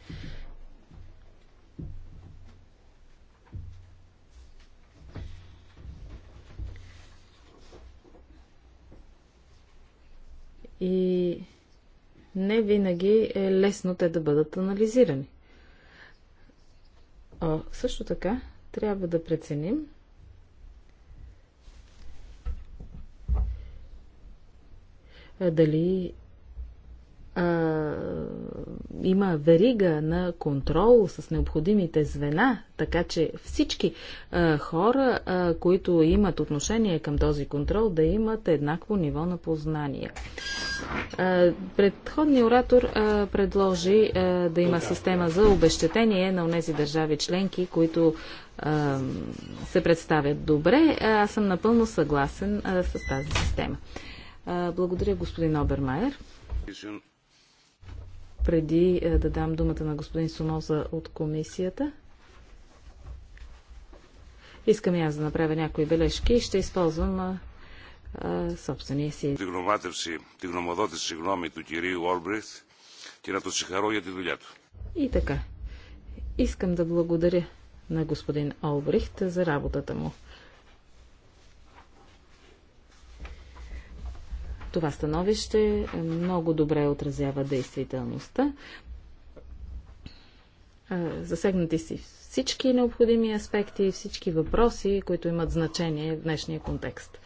и не винаги е лесно те да бъдат анализирани. А, също така, трябва да преценим дали а, има верига на контрол с необходимите звена, така че всички а, хора, а, които имат отношение към този контрол, да имат еднакво ниво на познание. А, предходният оратор а, предложи а, да има система за обещетение на тези държави членки, които а, се представят добре. Аз съм напълно съгласен а, с тази система. А, благодаря, господин Обермайер преди е, да дам думата на господин Соноза от комисията. Искам и аз да направя някои бележки и ще използвам а, е, а, е, собствения си. Την γνωμάτευση, την γνωμοδότηση, συγγνώμη, του И така. Искам да благодаря на господин Олбрихт за работата му. Това становище много добре отразява действителността. Засегнати си всички необходими аспекти и всички въпроси, които имат значение в днешния контекст.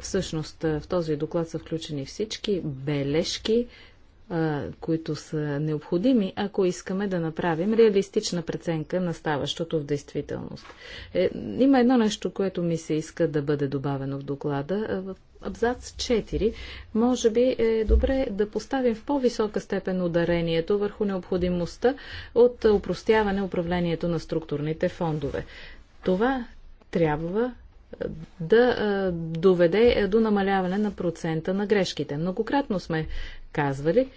Всъщност в този доклад са включени всички бележки, които са необходими, ако искаме да направим реалистична преценка на ставащото в действителност. Е, има едно нещо, което ми се иска да бъде добавено в доклада. В абзац 4 може би е добре да поставим в по-висока степен ударението върху необходимостта от упростяване управлението на структурните фондове. Това трябва да доведе до намаляване на процента на грешките. Многократно сме казвали,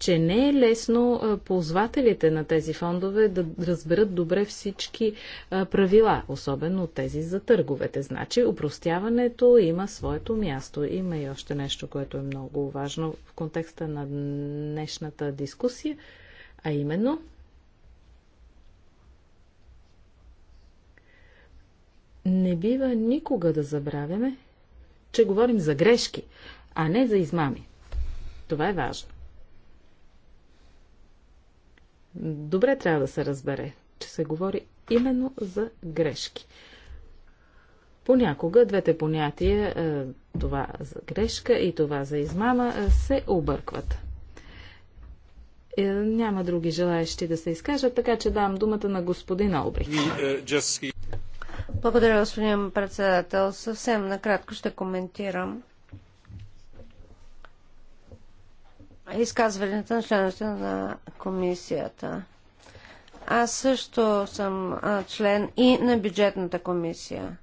че не е лесно ползвателите на тези фондове да разберат добре всички правила, особено тези за търговете. Значи, упростяването има своето място. Има и още нещо, което е много важно в контекста на днешната дискусия, а именно не бива никога да забравяме, че говорим за грешки, а не за измами. Това е важно добре трябва да се разбере, че се говори именно за грешки. Понякога двете понятия, е, това за грешка и това за измама, е, се объркват. Е, няма други желаящи да се изкажат, така че дам думата на господин Олбрих. Благодаря, господин председател. Съвсем накратко ще коментирам изказванията на членовете на комисията. Аз също съм член и на бюджетната комисия.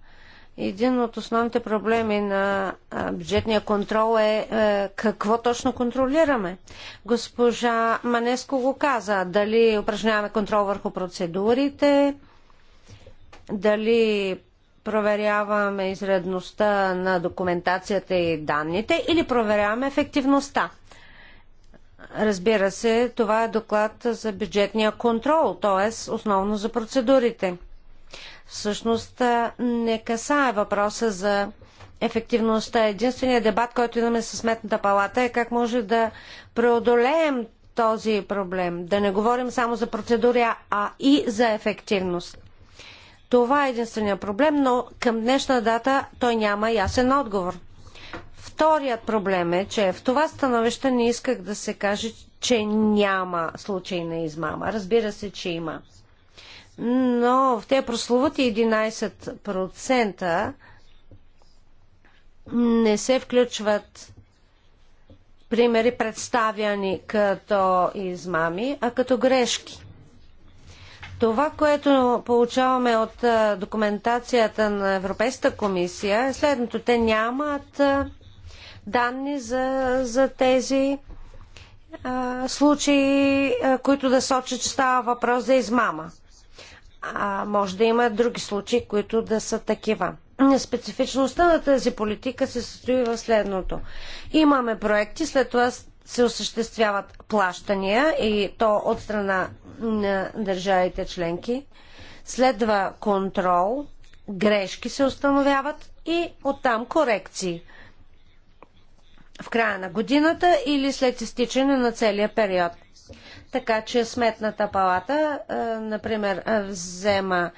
Един от основните проблеми на бюджетния контрол е, е какво точно контролираме. Госпожа Манеско го каза. Дали упражняваме контрол върху процедурите, дали проверяваме изредността на документацията и данните или проверяваме ефективността. Разбира се, това е доклад за бюджетния контрол, т.е. основно за процедурите. Всъщност не касае въпроса за ефективността. Единственият дебат, който имаме с Сметната палата е как може да преодолеем този проблем. Да не говорим само за процедури, а и за ефективност. Това е единствения проблем, но към днешна дата той няма ясен отговор. Вторият проблем е, че в това становище не исках да се каже, че няма случай на измама. Разбира се, че има. Но в тези прословути 11% не се включват примери представяни като измами, а като грешки. Това, което получаваме от документацията на Европейската комисия е следното. Те нямат данни за, за тези а, случаи, а, които да сочат, че става въпрос за измама. А, може да има други случаи, които да са такива. Специфичността на тази политика се състои в следното. Имаме проекти, след това се осъществяват плащания и то от страна на държавите членки. Следва контрол, грешки се установяват и оттам корекции в края на годината или след изтичане на целия период. Така че Сметната палата, е, например, е, взема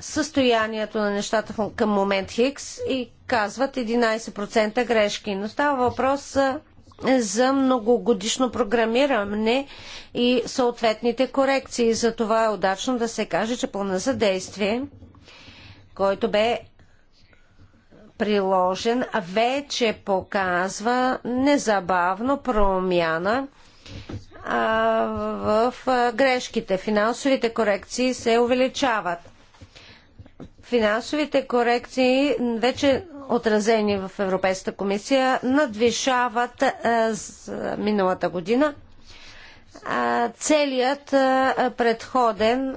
състоянието на нещата към момент Хикс и казват 11% грешки. Но става въпрос е, за многогодишно програмиране и съответните корекции. За това е удачно да се каже, че плана за действие, който бе приложен, вече показва незабавно промяна в грешките. Финансовите корекции се увеличават. Финансовите корекции, вече отразени в Европейската комисия, надвишават миналата година целият предходен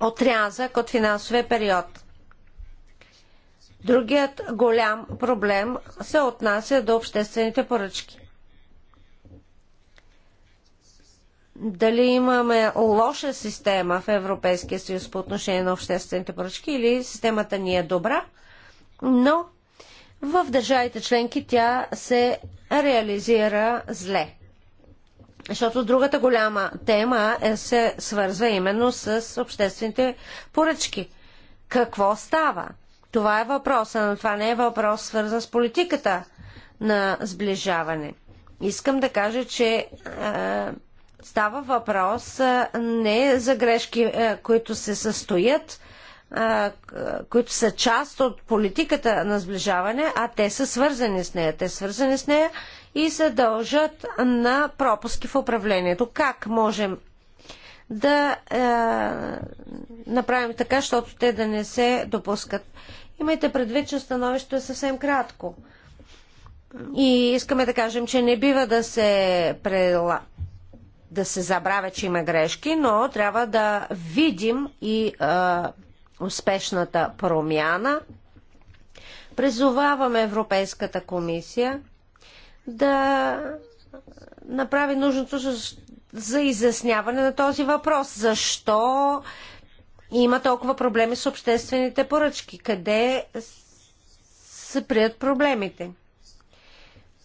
отрязък от финансовия период. Другият голям проблем се отнася до обществените поръчки. Дали имаме лоша система в Европейския съюз по отношение на обществените поръчки или системата ни е добра, но в държавите членки тя се реализира зле. Защото другата голяма тема е, се свързва именно с обществените поръчки. Какво става? Това е въпроса, но това не е въпрос свързан с политиката на сближаване. Искам да кажа, че а, е, става въпрос а, е, не за грешки, а, е, които се състоят, а, които са част от политиката на сближаване, а те са свързани с нея. Те са свързани с нея и се дължат на пропуски в управлението. Как можем да е, направим така, защото те да не се допускат. Имайте предвид, че становището е съвсем кратко. И искаме да кажем, че не бива да се прела... да се забравя, че има грешки, но трябва да видим и а, успешната промяна. Призоваваме Европейската комисия да направи нужното за изясняване на този въпрос. Защо има толкова проблеми с обществените поръчки? Къде се прият проблемите?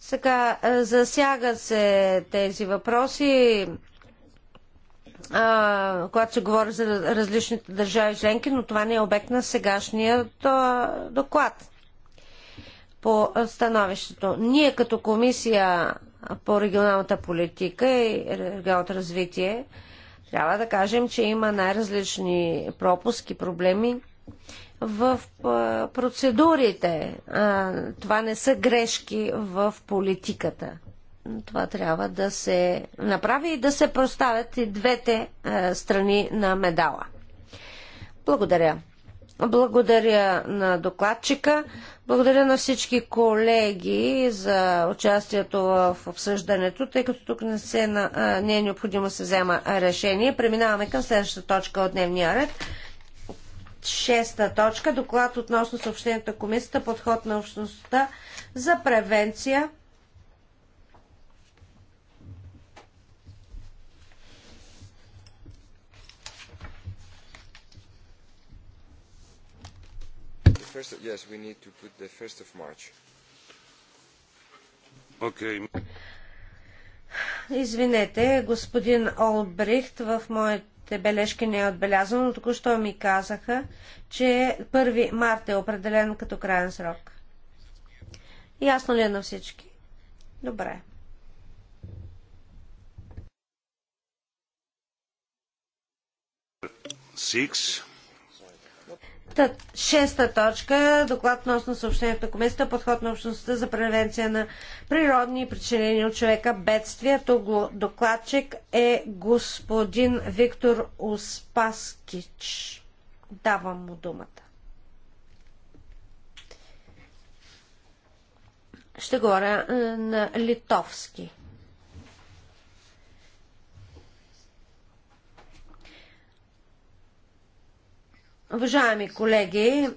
Сега, засягат се тези въпроси, а, когато се говори за различните държави членки, но това не е обект на сегашния доклад по становището. Ние като комисия по регионалната политика и регионалното развитие трябва да кажем, че има най-различни пропуски, проблеми в процедурите. Това не са грешки в политиката. Това трябва да се направи и да се проставят и двете страни на медала. Благодаря. Благодаря на докладчика. Благодаря на всички колеги за участието в обсъждането, тъй като тук не, се, не е необходимо да се взема решение. Преминаваме към следващата точка от дневния ред. Шеста точка. Доклад относно съобщението на комисията подход на общността за превенция First, yes, we need to put the 1st of March. Okay. Извинете, господин Олбрихт, в моите бележки не е отбелязано, но току-що ми казаха, че 1 марта е определен като крайен срок. Ясно ли е на всички? Добре. Six. Шеста точка. Доклад относно съобщението на Комисията подход на общността за превенция на природни и причинени от човека бедствия. Тук докладчик е господин Виктор Успаскич. Давам му думата. Ще говоря е, на литовски. Уважаеми колеги,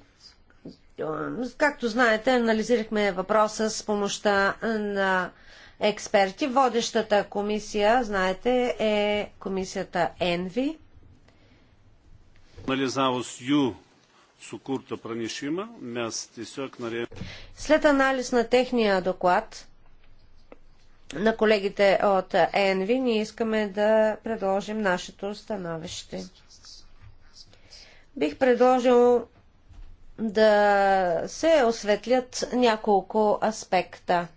както знаете, анализирахме въпроса с помощта на експерти. Водещата комисия, знаете, е комисията ЕНВИ. Анализавос Ю сукурта пранишима, След анализ на техния доклад на колегите от ЕНВИ, ние искаме да предложим нашето становище. Бих предложил да се осветлят няколко аспекта.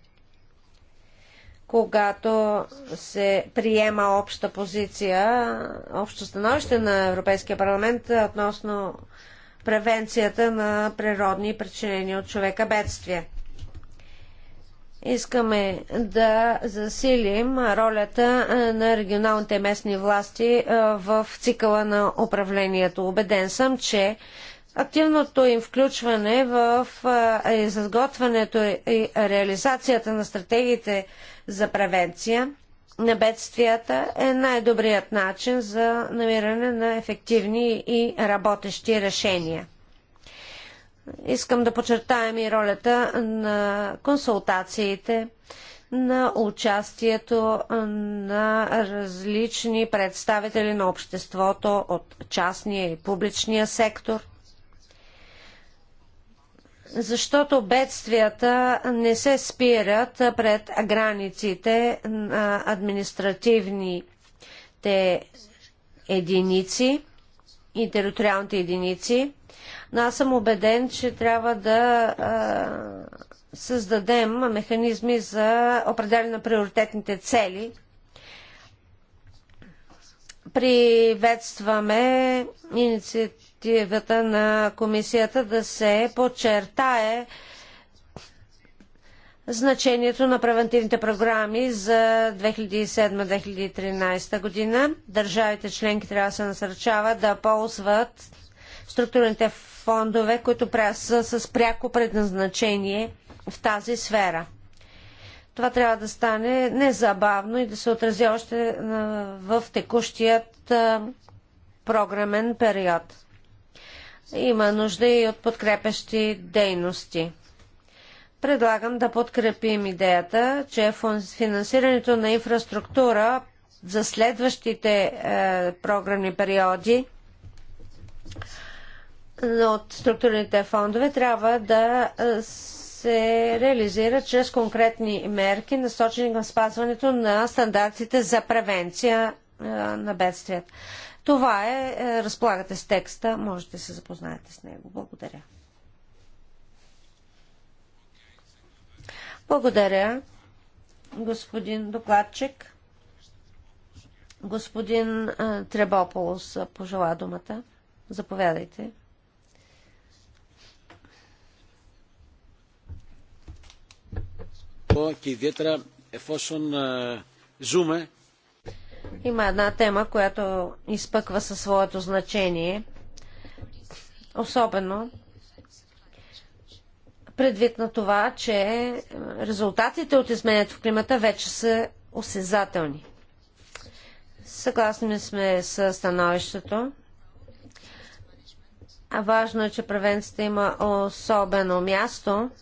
Когато се приема обща позиция, общо становище на Европейския парламент относно превенцията на природни причинени от човека бедствия. Искаме да засилим ролята на регионалните местни власти в цикъла на управлението. Обеден съм, че активното им включване в изготвянето и реализацията на стратегиите за превенция на бедствията е най-добрият начин за намиране на ефективни и работещи решения. Искам да подчертаем и ролята на консултациите, на участието на различни представители на обществото от частния и публичния сектор. Защото бедствията не се спират пред границите на административните единици и териториалните единици но аз съм убеден, че трябва да а, създадем механизми за определяне на приоритетните цели. Приветстваме инициативата на комисията да се подчертае значението на превентивните програми за 2007-2013 година. Държавите членки трябва да се насърчават да ползват структурните фондове, които са с пряко предназначение в тази сфера. Това трябва да стане незабавно и да се отрази още в текущият програмен период. Има нужда и от подкрепещи дейности. Предлагам да подкрепим идеята, че финансирането на инфраструктура за следващите е, програмни периоди от структурните фондове трябва да се реализира чрез конкретни мерки, насочени към спазването на стандартите за превенция на бедствията. Това е, разполагате с текста, можете да се запознаете с него. Благодаря. Благодаря, господин докладчик. Господин Требополос пожела думата. Заповядайте. Има една тема, която изпъква със своето значение, особено предвид на това, че резултатите от изменението в климата вече са осезателни. Съгласни сме с становището. А важно е, че превенцията има особено място –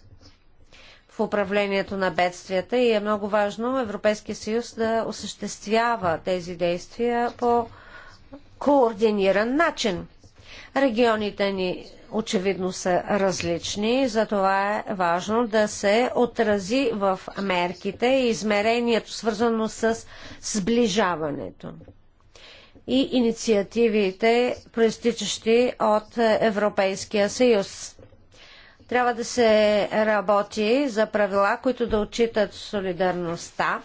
в управлението на бедствията и е много важно Европейския съюз да осъществява тези действия по координиран начин. Регионите ни очевидно са различни, затова е важно да се отрази в мерките и измерението, свързано с сближаването и инициативите, проистичащи от Европейския съюз. Трябва да се работи за правила, които да отчитат солидарността.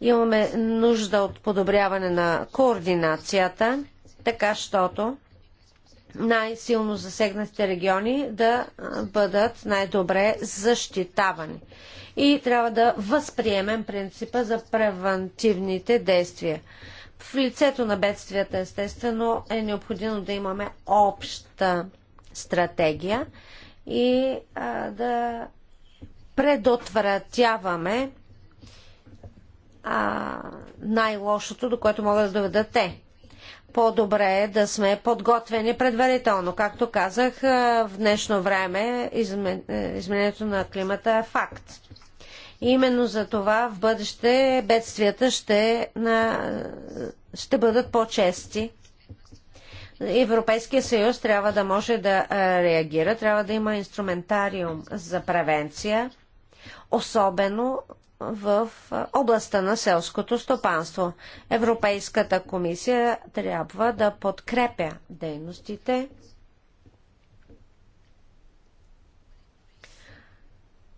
Имаме нужда от подобряване на координацията, така щото най-силно засегнатите региони да бъдат най-добре защитавани. И трябва да възприемем принципа за превентивните действия. В лицето на бедствията, естествено, е необходимо да имаме обща стратегия, и а, да предотвратяваме най-лошото, до което могат да доведат те. По-добре е да сме подготвени предварително. Както казах, в днешно време измен... Е, изменението на климата е факт. Именно за това в бъдеще бедствията ще, на... ще бъдат по-чести Европейския съюз трябва да може да реагира, трябва да има инструментариум за превенция, особено в областта на селското стопанство. Европейската комисия трябва да подкрепя дейностите,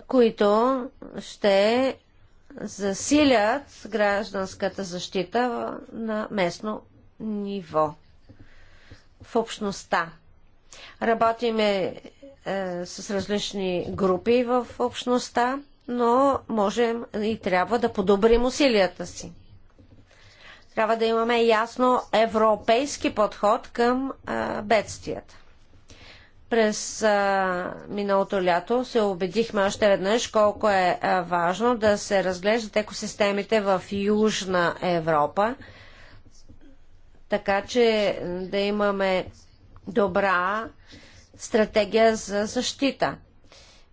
които ще засилят гражданската защита на местно ниво в общността. Работиме е, с различни групи в общността, но можем и трябва да подобрим усилията си. Трябва да имаме ясно европейски подход към е, бедствията. През а, е, миналото лято се убедихме още веднъж колко е, а, е важно да се разглеждат екосистемите в Южна Европа така че да имаме добра стратегия за защита.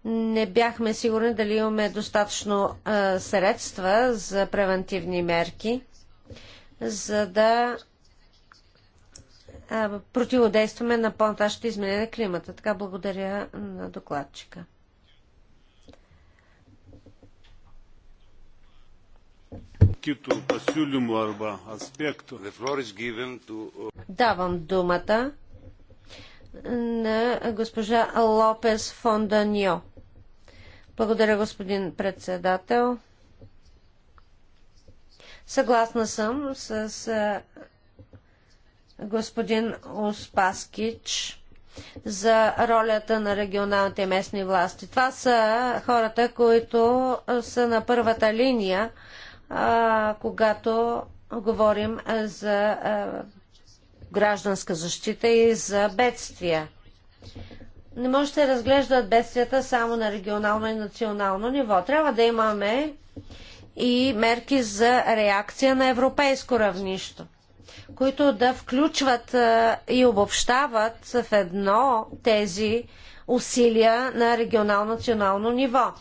Не бяхме сигурни дали имаме достатъчно а, средства за превентивни мерки, за да а, противодействаме на по натащите изменения на климата. Така благодаря на докладчика kitų pasiūlymų arba aspektų. Uh, Давам думата на госпожа Лопес Фонданьо. Благодаря, господин председател. Съгласна съм с господин Успаскич за ролята на регионалните местни власти. Това са хората, които са на първата линия а, когато говорим за а, гражданска защита и за бедствия. Не може да разглеждат бедствията само на регионално и национално ниво. Трябва да имаме и мерки за реакция на европейско равнище, които да включват и обобщават в едно тези усилия на регионално-национално ниво.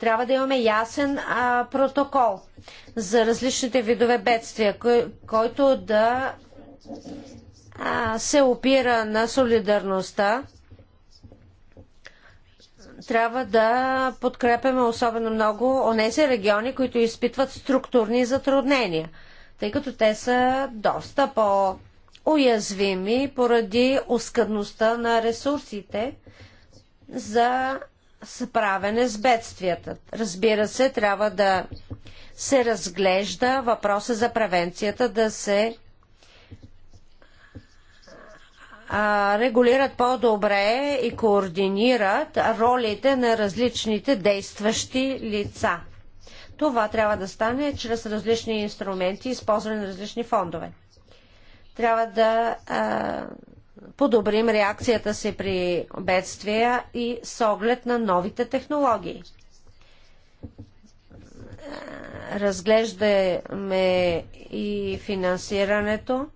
Трябва да имаме ясен а, протокол за различните видове бедствия, кой, който да а, се опира на солидарността. Трябва да подкрепяме особено много онези региони, които изпитват структурни затруднения, тъй като те са доста по- уязвими поради оскъдността на ресурсите за справяне с бедствията. Разбира се, трябва да се разглежда въпроса за превенцията, да се регулират по-добре и координират ролите на различните действащи лица. Това трябва да стане чрез различни инструменти, използване на различни фондове. Трябва да а, подобрим реакцията си при бедствия и с оглед на новите технологии. Разглеждаме и финансирането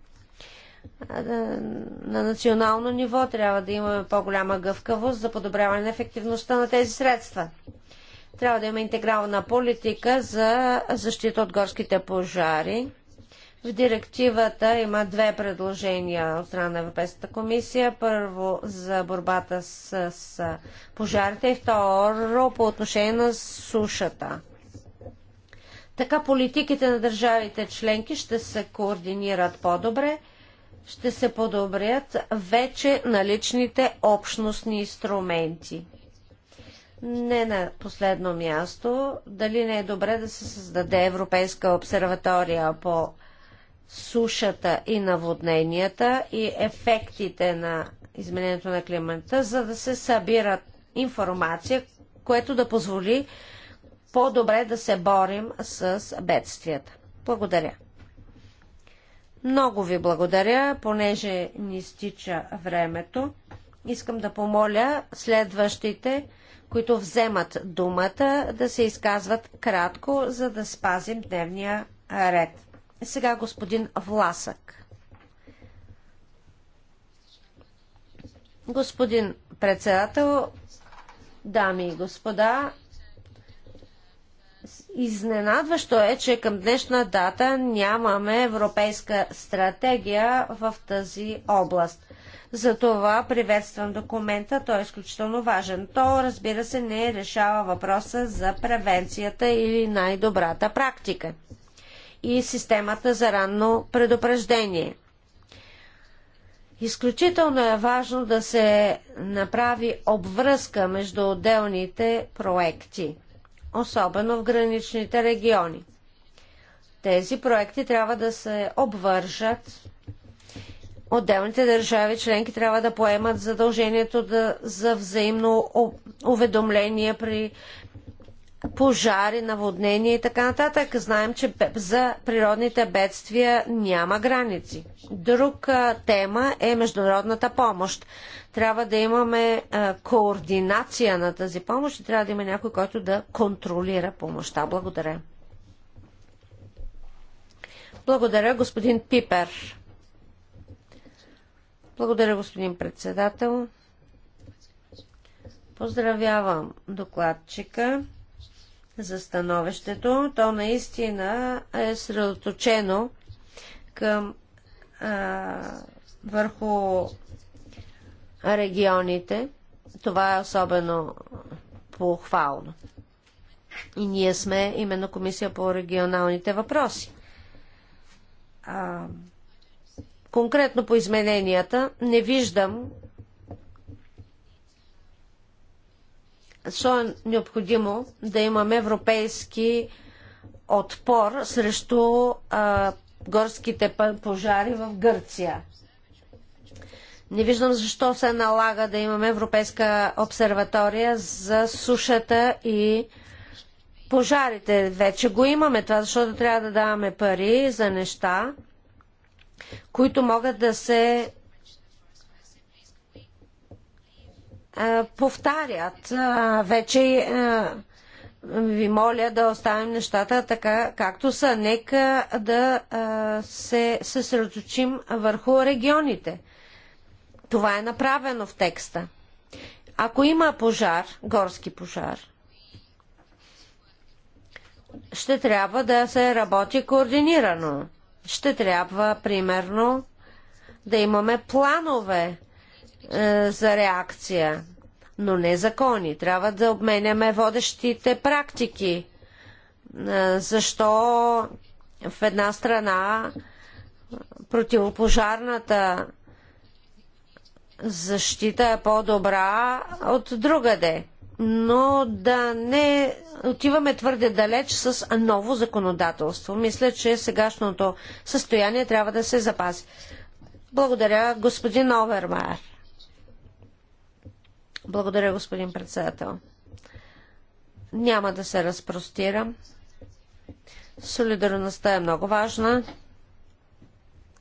на национално ниво. Трябва да имаме по-голяма гъвкавост за подобряване на ефективността на тези средства. Трябва да има интегрална политика за защита от горските пожари в директивата има две предложения от страна на Европейската комисия. Първо за борбата с, с пожарите и второ по отношение на сушата. Така политиките на държавите членки ще се координират по-добре, ще се подобрят вече наличните общностни инструменти. Не на последно място, дали не е добре да се създаде Европейска обсерватория по сушата и наводненията и ефектите на изменението на климата, за да се събира информация, което да позволи по-добре да се борим с бедствията. Благодаря. Много ви благодаря, понеже ни стича времето. Искам да помоля следващите, които вземат думата, да се изказват кратко, за да спазим дневния ред. Сега господин Власък. Господин председател, дами и господа, Изненадващо е, че към днешна дата нямаме европейска стратегия в тази област. Затова приветствам документа, той е изключително важен. То, разбира се, не решава въпроса за превенцията или най-добрата практика и системата за ранно предупреждение. Изключително е важно да се направи обвръзка между отделните проекти, особено в граничните региони. Тези проекти трябва да се обвържат. Отделните държави членки трябва да поемат задължението да, за взаимно уведомление при пожари, наводнения и така нататък. Знаем, че за природните бедствия няма граници. Друга тема е международната помощ. Трябва да имаме координация на тази помощ и трябва да има някой, който да контролира помощта. Благодаря. Благодаря, господин Пипер. Благодаря, господин председател. Поздравявам докладчика за становището. То наистина е средоточено към а, върху регионите. Това е особено похвално. И ние сме именно комисия по регионалните въпроси. А, конкретно по измененията не виждам защо е необходимо да имаме европейски отпор срещу а, горските пожари в Гърция. Не виждам защо се налага да имаме Европейска обсерватория за сушата и пожарите. Вече го имаме това, защото трябва да даваме пари за неща, които могат да се повтарят. Вече ви моля да оставим нещата така както са. Нека да се съсредоточим върху регионите. Това е направено в текста. Ако има пожар, горски пожар, ще трябва да се работи координирано. Ще трябва, примерно, да имаме планове е, за реакция, но не закони. Трябва да обменяме водещите практики. Е, защо в една страна противопожарната защита е по-добра от другаде. Но да не отиваме твърде далеч с ново законодателство. Мисля, че сегашното състояние трябва да се запази. Благодаря, господин Овермайер. Благодаря, господин председател. Няма да се разпростирам. Солидарността е много важна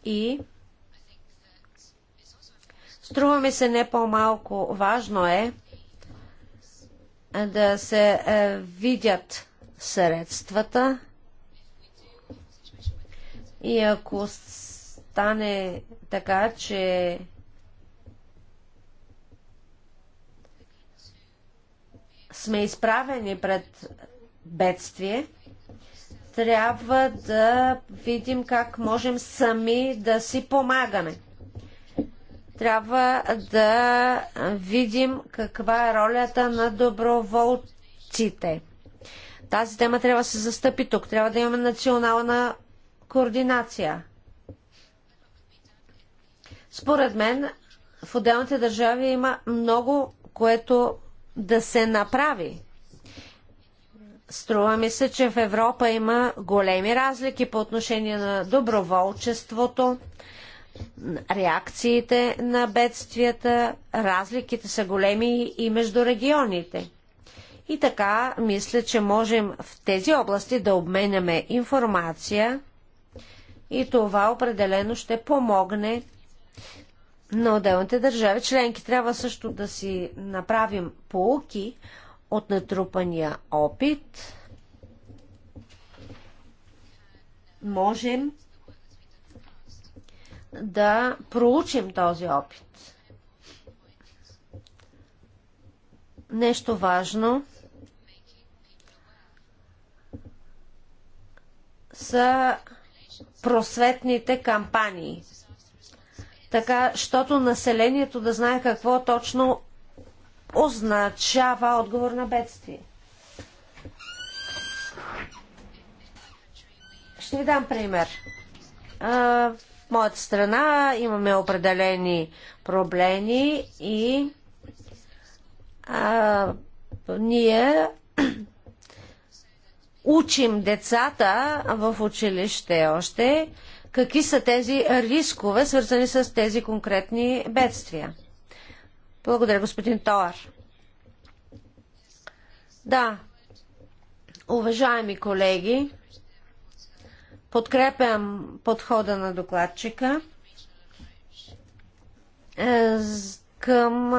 и струва ми се не по-малко важно е да се е, видят средствата и ако стане така, че сме изправени пред бедствие, трябва да видим как можем сами да си помагаме. Трябва да видим каква е ролята на доброволците. Тази тема трябва да се застъпи тук. Трябва да имаме национална координация. Според мен в отделните държави има много, което да се направи. Струва ми се, че в Европа има големи разлики по отношение на доброволчеството, реакциите на бедствията, разликите са големи и между регионите. И така, мисля, че можем в тези области да обменяме информация и това определено ще помогне на отделните държави членки. Трябва също да си направим полуки от натрупания опит. Можем да проучим този опит. Нещо важно са просветните кампании – така, щото населението да знае какво точно означава отговор на бедствие. Ще ви дам пример. А, в моята страна имаме определени проблеми и а, ние учим децата в училище още какви са тези рискове, свързани с тези конкретни бедствия. Благодаря, господин Тоар. Да, уважаеми колеги, подкрепям подхода на докладчика е, към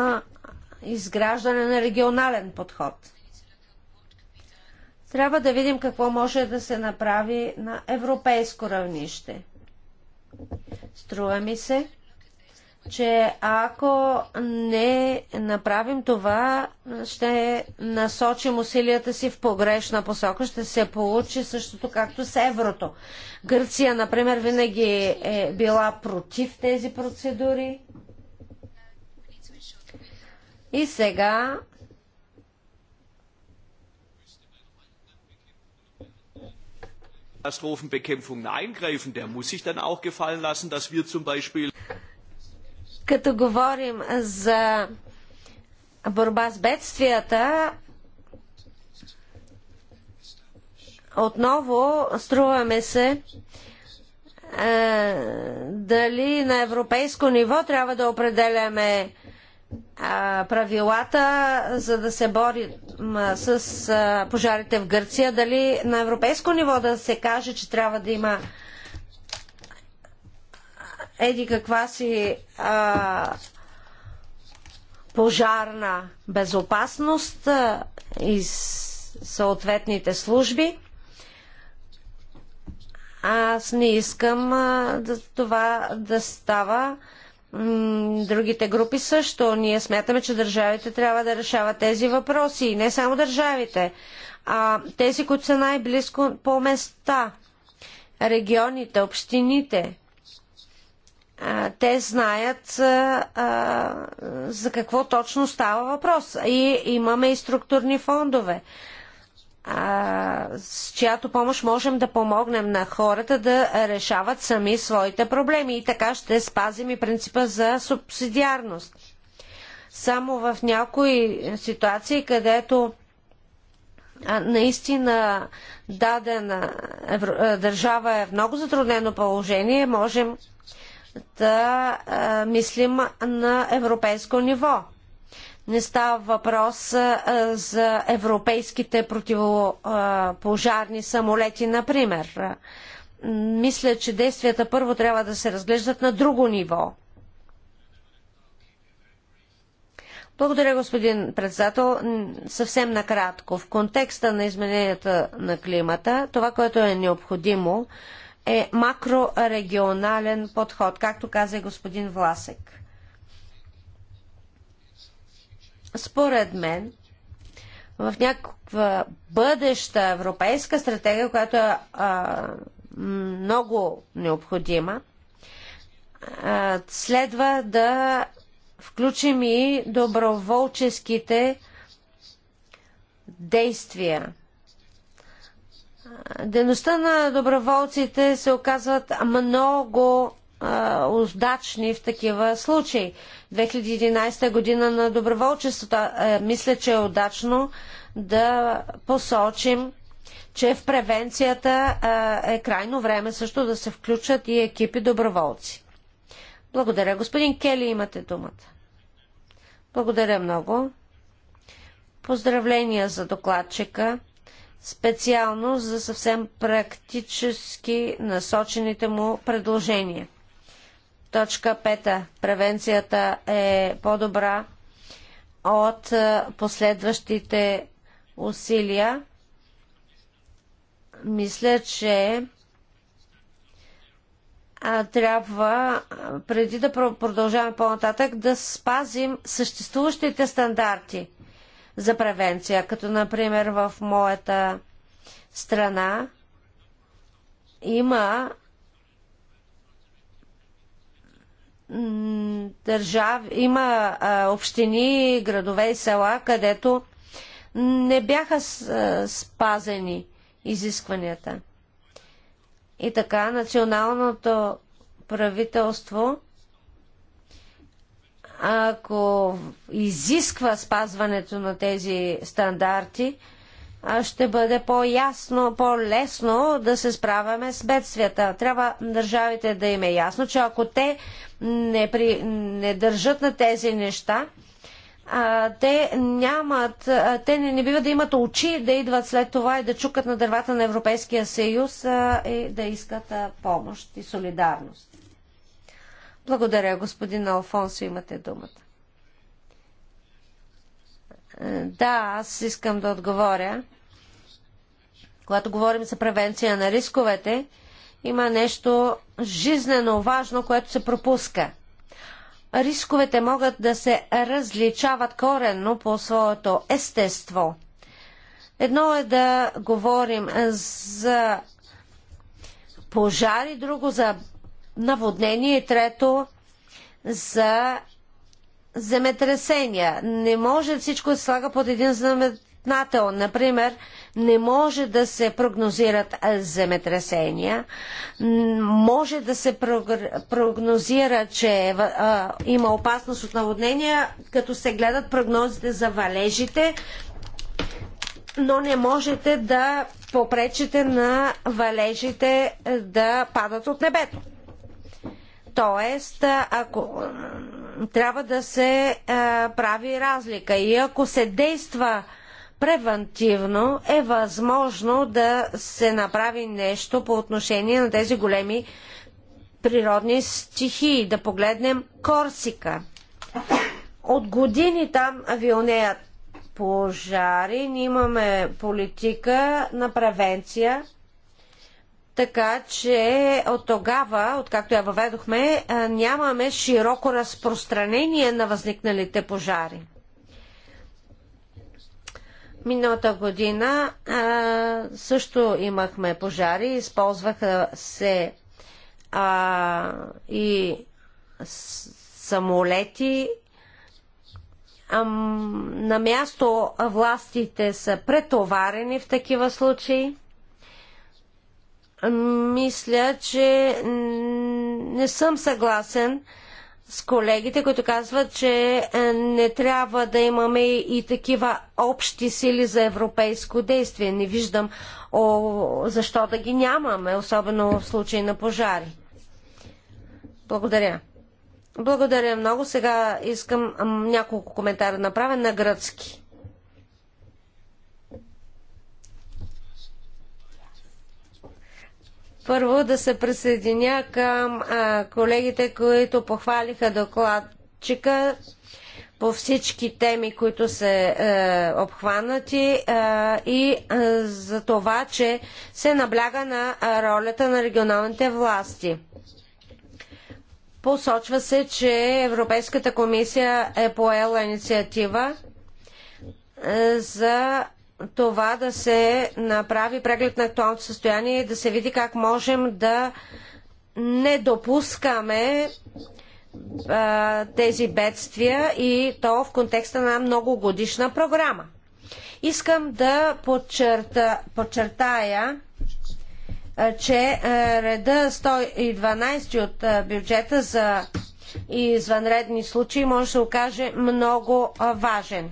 изграждане на регионален подход. Трябва да видим какво може да се направи на европейско равнище – Струва ми се, че ако не направим това, ще насочим усилията си в погрешна посока. Ще се получи същото както с еврото. Гърция, например, винаги е била против тези процедури. И сега Katastrophenbekämpfung eingreifen, der muss sich dann auch gefallen lassen, dass wir zum Beispiel. Като говорим за борба с бедствията, отново струваме се е, дали на европейско ниво трябва да определяме правилата, за да се бори с пожарите в Гърция, дали на европейско ниво да се каже, че трябва да има еди каква си а, пожарна безопасност а, и съответните служби. Аз не искам а, да, това да става другите групи също. Ние смятаме, че държавите трябва да решават тези въпроси. И не само държавите, а тези, които са най-близко по места, регионите, общините. Те знаят а, за какво точно става въпрос. И имаме и структурни фондове а, с чиято помощ можем да помогнем на хората да решават сами своите проблеми и така ще спазим и принципа за субсидиарност. Само в някои ситуации, където наистина дадена държава е в много затруднено положение, можем да мислим на европейско ниво не става въпрос за европейските противопожарни самолети, например. Мисля, че действията първо трябва да се разглеждат на друго ниво. Благодаря, господин председател. Съвсем накратко. В контекста на измененията на климата, това, което е необходимо, е макрорегионален подход, както каза и господин Власек. Според мен, в някаква бъдеща европейска стратегия, която е а, много необходима, а, следва да включим и доброволческите действия. Дейността на доброволците се оказват много удачни в такива случаи. 2011 година на доброволчеството е, мисля, че е удачно да посочим, че в превенцията е крайно време също да се включат и екипи доброволци. Благодаря. Господин Кели, имате думата. Благодаря много. Поздравления за докладчика, специално за съвсем практически насочените му предложения. Точка 5. Превенцията е по-добра от е, последващите усилия. Мисля, че е, трябва, е, преди да продължаваме по-нататък, да спазим съществуващите стандарти за превенция, като например в моята страна има държави, има а, общини, градове и села, където не бяха спазени изискванията. И така националното правителство, ако изисква спазването на тези стандарти, ще бъде по-ясно, по-лесно да се справяме с бедствията. Трябва държавите да им е ясно, че ако те не, при, не държат на тези неща, а, те нямат, а, те не, не бива да имат очи да идват след това и да чукат на дървата на Европейския съюз а, и да искат а, помощ и солидарност. Благодаря, господин Алфонсо, имате думата. Да, аз искам да отговоря когато говорим за превенция на рисковете, има нещо жизнено важно, което се пропуска. Рисковете могат да се различават коренно по своето естество. Едно е да говорим за пожари, друго за наводнение и трето за земетресения. Не може всичко да се слага под един знаменател. Например, не може да се прогнозират земетресения, може да се прогнозира, че има опасност от наводнения, като се гледат прогнозите за валежите, но не можете да попречите на валежите да падат от небето. Тоест, ако трябва да се а, прави разлика и ако се действа Превентивно е възможно да се направи нещо по отношение на тези големи природни стихии. Да погледнем Корсика. От години там вилнеят пожари. Ние имаме политика на превенция. Така че от тогава, откакто я въведохме, нямаме широко разпространение на възникналите пожари. Миналата година а, също имахме пожари, използваха се а, и самолети. Ам, на място властите са претоварени в такива случаи. Мисля, че не съм съгласен с колегите, които казват, че е, не трябва да имаме и такива общи сили за европейско действие. Не виждам о, защо да ги нямаме, особено в случай на пожари. Благодаря. Благодаря много. Сега искам няколко коментара направя на гръцки. Първо да се присъединя към а, колегите, които похвалиха докладчика по всички теми, които са е, обхванати е, и е, за това, че се набляга на ролята на регионалните власти. Посочва се, че Европейската комисия е поела инициатива е, за това да се направи преглед на актуалното състояние и да се види как можем да не допускаме а, тези бедствия и то в контекста на многогодишна програма. Искам да подчерта, подчертая, че реда 112 от бюджета за извънредни случаи може да се окаже много важен.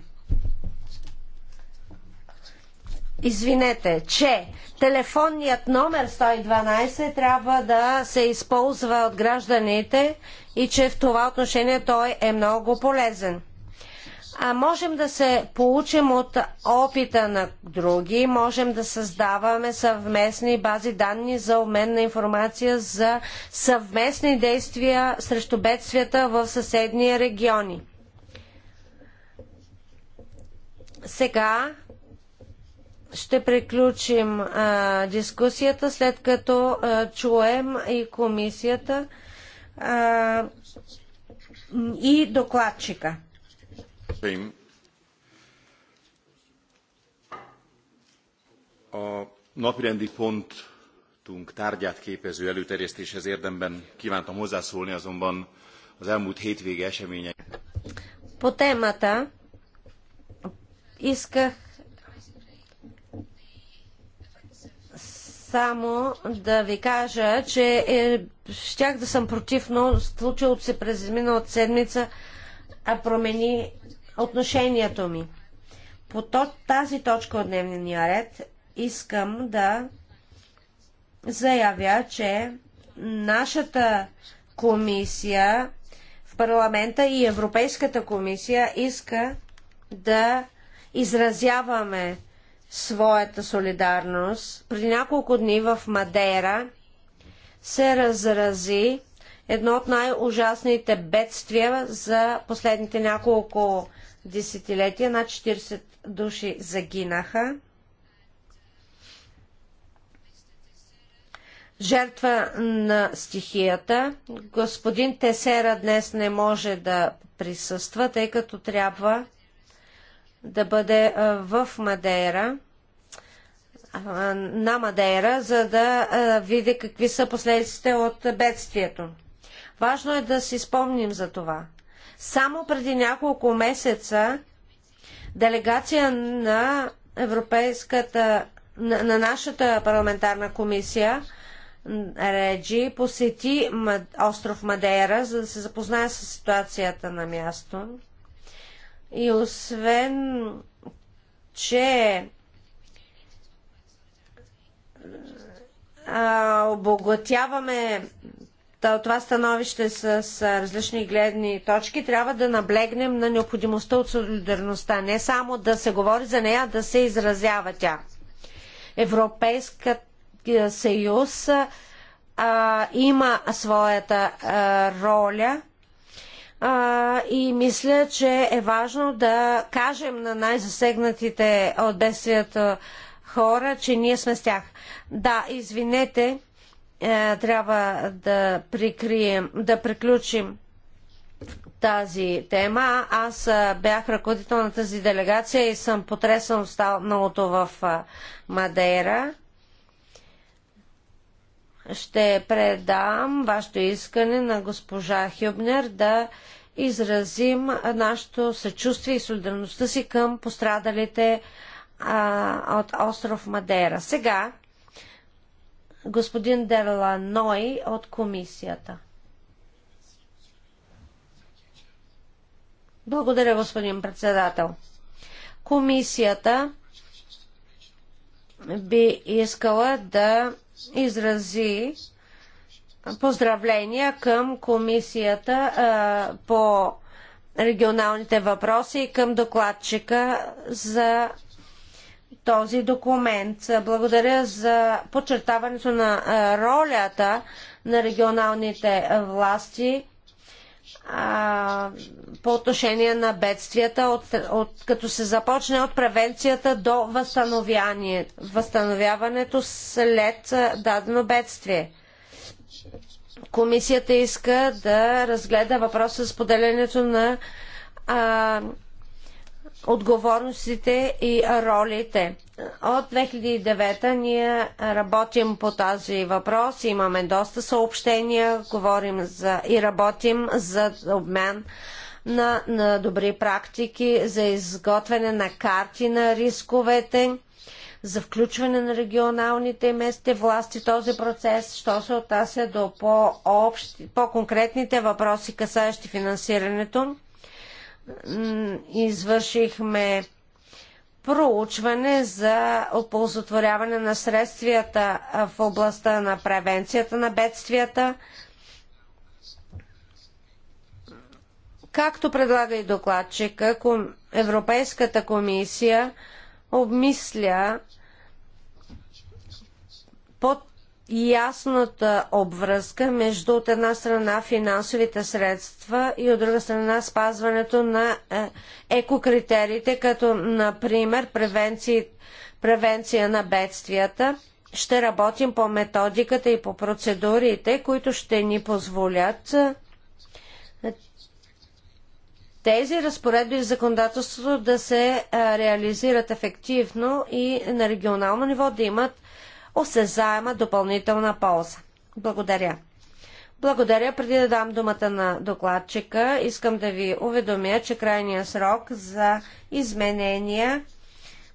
извинете, че телефонният номер 112 трябва да се използва от гражданите и че в това отношение той е много полезен. А можем да се получим от опита на други, можем да създаваме съвместни бази данни за обмен на информация за съвместни действия срещу бедствията в съседни региони. Сега ще приключим а, дискусията, след като а, чуем и комисията а, и докладчика. A napirendi pontunk tárgyát képező előterjesztéshez érdemben kívántam hozzászólni, azonban az elmúlt hétvége események. По темата исках само да ви кажа, че е, щях да съм против, но случилото се през миналата седмица а промени отношението ми. По тази точка от дневния ред искам да заявя, че нашата комисия в парламента и Европейската комисия иска да изразяваме своята солидарност. Преди няколко дни в Мадера се разрази едно от най-ужасните бедствия за последните няколко десетилетия. Над 40 души загинаха. Жертва на стихията. Господин Тесера днес не може да присъства, тъй като трябва да бъде в Мадейра, на Мадейра, за да види какви са последиците от бедствието. Важно е да си спомним за това. Само преди няколко месеца делегация на Европейската, на, на нашата парламентарна комисия Реджи посети остров Мадейра, за да се запознае с ситуацията на място и освен, че а, обогатяваме това становище с, с различни гледни точки, трябва да наблегнем на необходимостта от солидарността. Не само да се говори за нея, да се изразява тя. Европейският е, съюз а, има своята а, роля а, и мисля, че е важно да кажем на най-засегнатите от бедствията хора, че ние сме с тях. Да, извинете, е, трябва да прикрием, да приключим тази тема. Аз е, бях ръководител на тази делегация и съм потресен много в е, Мадейра. Ще предам вашето искане на госпожа Хюбнер да изразим нашето съчувствие и солидарността си към пострадалите а, от остров Мадера. Сега господин Дерла Ной от комисията. Благодаря, господин председател. Комисията би искала да изрази поздравления към комисията а, по регионалните въпроси и към докладчика за този документ. Благодаря за подчертаването на ролята на регионалните власти по отношение на бедствията, от, от, като се започне от превенцията до възстановяването след дадено бедствие. Комисията иска да разгледа въпроса с поделянето на а, отговорностите и ролите. От 2009 ние работим по този въпрос, имаме доста съобщения, говорим за и работим за обмен на, на добри практики, за изготвяне на карти на рисковете, за включване на регионалните местни власти в този процес, що се отнася до по-конкретните по въпроси, касаещи финансирането извършихме проучване за оползотворяване на средствията в областта на превенцията на бедствията, Както предлага и докладчика, Европейската комисия обмисля под ясната обвръзка между от една страна финансовите средства и от друга страна спазването на е, екокритериите, като например превенции, превенция на бедствията. Ще работим по методиката и по процедурите, които ще ни позволят е, тези разпоредби в законодателството да се е, реализират ефективно и на регионално ниво да имат осезаема допълнителна полза. Благодаря. Благодаря. Преди да дам думата на докладчика, искам да ви уведомя, че крайният срок за изменения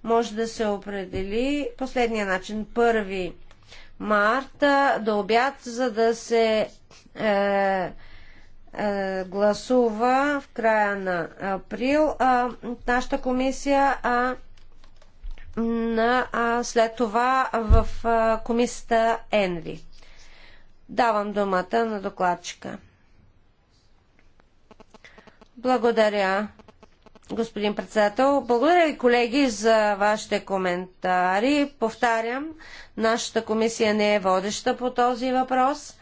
може да се определи последния начин. Първи марта до обяд, за да се е, е, гласува в края на април Е, нашата комисия, а на, а, след това в а, комисията Енви. Давам думата на докладчика. Благодаря, господин председател. Благодаря ви, колеги, за вашите коментари. Повтарям, нашата комисия не е водеща по този въпрос,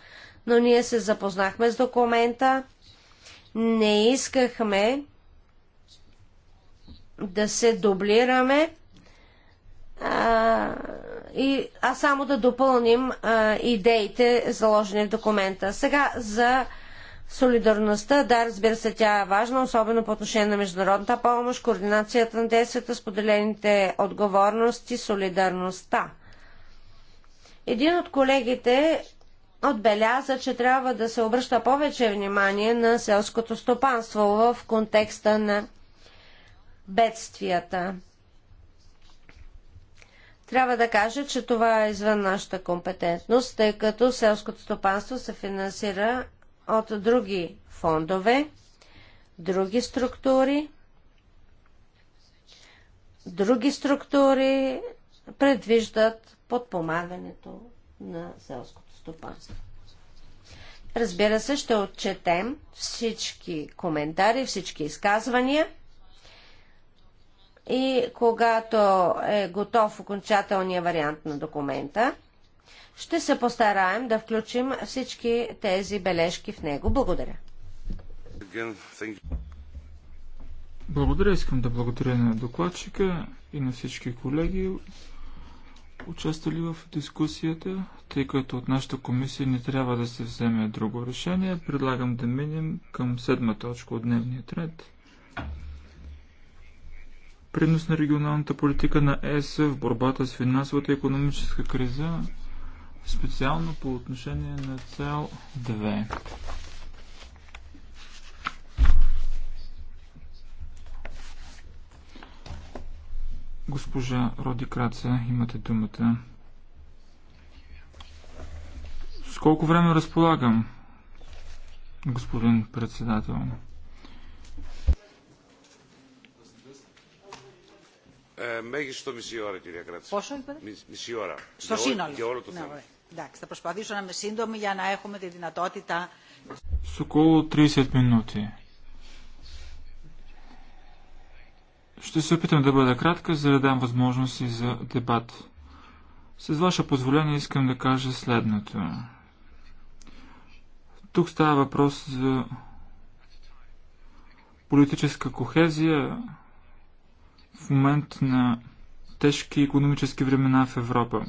но ние се запознахме с документа. Не искахме да се дублираме и, а само да допълним а, идеите, заложени в документа. Сега за солидарността. Да, разбира се, тя е важна, особено по отношение на международната помощ, координацията на действията, споделените отговорности, солидарността. Един от колегите отбеляза, че трябва да се обръща повече внимание на селското стопанство в контекста на бедствията. Трябва да кажа, че това е извън нашата компетентност, тъй като селското стопанство се финансира от други фондове, други структури, други структури предвиждат подпомагането на селското стопанство. Разбира се, ще отчетем всички коментари, всички изказвания – и когато е готов окончателния вариант на документа, ще се постараем да включим всички тези бележки в него. Благодаря. Благодаря. Искам да благодаря на докладчика и на всички колеги, участвали в дискусията, тъй като от нашата комисия не трябва да се вземе друго решение. Предлагам да минем към седма точка от дневния ред принос на регионалната политика на ЕС в борбата с финансовата и економическа криза, специално по отношение на цел 2. Госпожа Роди Краца, имате думата. С колко време разполагам, господин председател? μέγιστο μισή ώρα, κυρία Πόσο είπατε? Μισή ώρα. Στο σύνολο. Για όλο το θέμα. Εντάξει, θα προσπαθήσω να είμαι σύντομη για να έχουμε τη δυνατότητα. С около 30 минути. Ще се опитам да бъда кратка, за да дам възможност и за дебат. С ваше позволение искам да кажа следното. Тук става въпрос за политическа кохезия, в момент на тежки економически времена в Европа.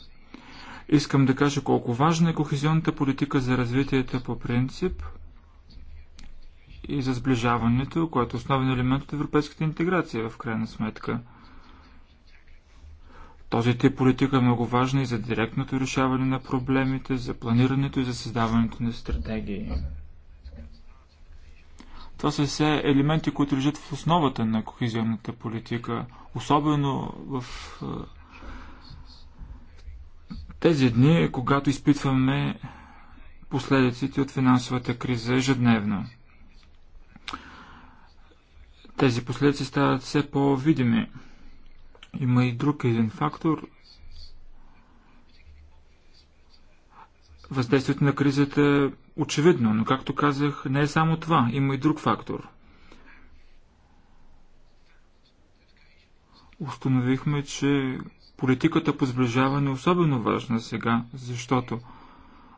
Искам да кажа колко важна е кохезионната политика за развитието по принцип и за сближаването, което е основен елемент от европейската интеграция в крайна сметка. Този тип политика е много важна и за директното решаване на проблемите, за планирането и за създаването на стратегии. Това са все елементи, които лежат в основата на кохезионната политика, особено в тези дни, когато изпитваме последиците от финансовата криза ежедневно. Тези последици стават все по-видими. Има и друг един фактор. Въздействието на кризата очевидно, но както казах, не е само това, има и друг фактор. Установихме, че политиката по сближаване е особено важна сега, защото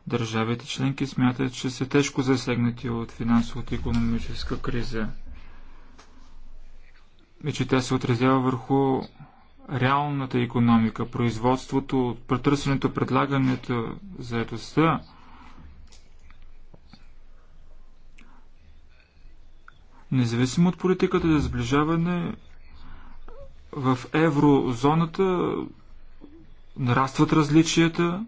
държавите членки смятат, че са тежко засегнати от финансовата и економическа криза и че тя се отразява върху реалната економика, производството, претърсенето, предлагането, заедостта. Независимо от политиката за сближаване, в еврозоната нарастват различията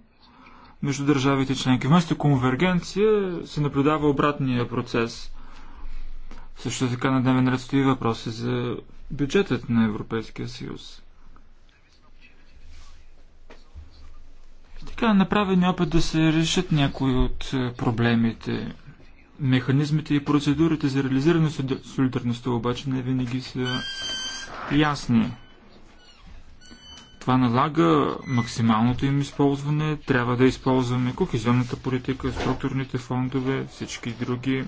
между държавите членки. Вместо конвергенция се наблюдава обратния процес. Също така на дневен ред стои въпроси за бюджетът на Европейския съюз. Така направени е опит да се решат някои от проблемите Механизмите и процедурите за реализиране на солидарността обаче не винаги са ясни. Това налага максималното им използване. Трябва да използваме кохезионната политика, структурните фондове, всички други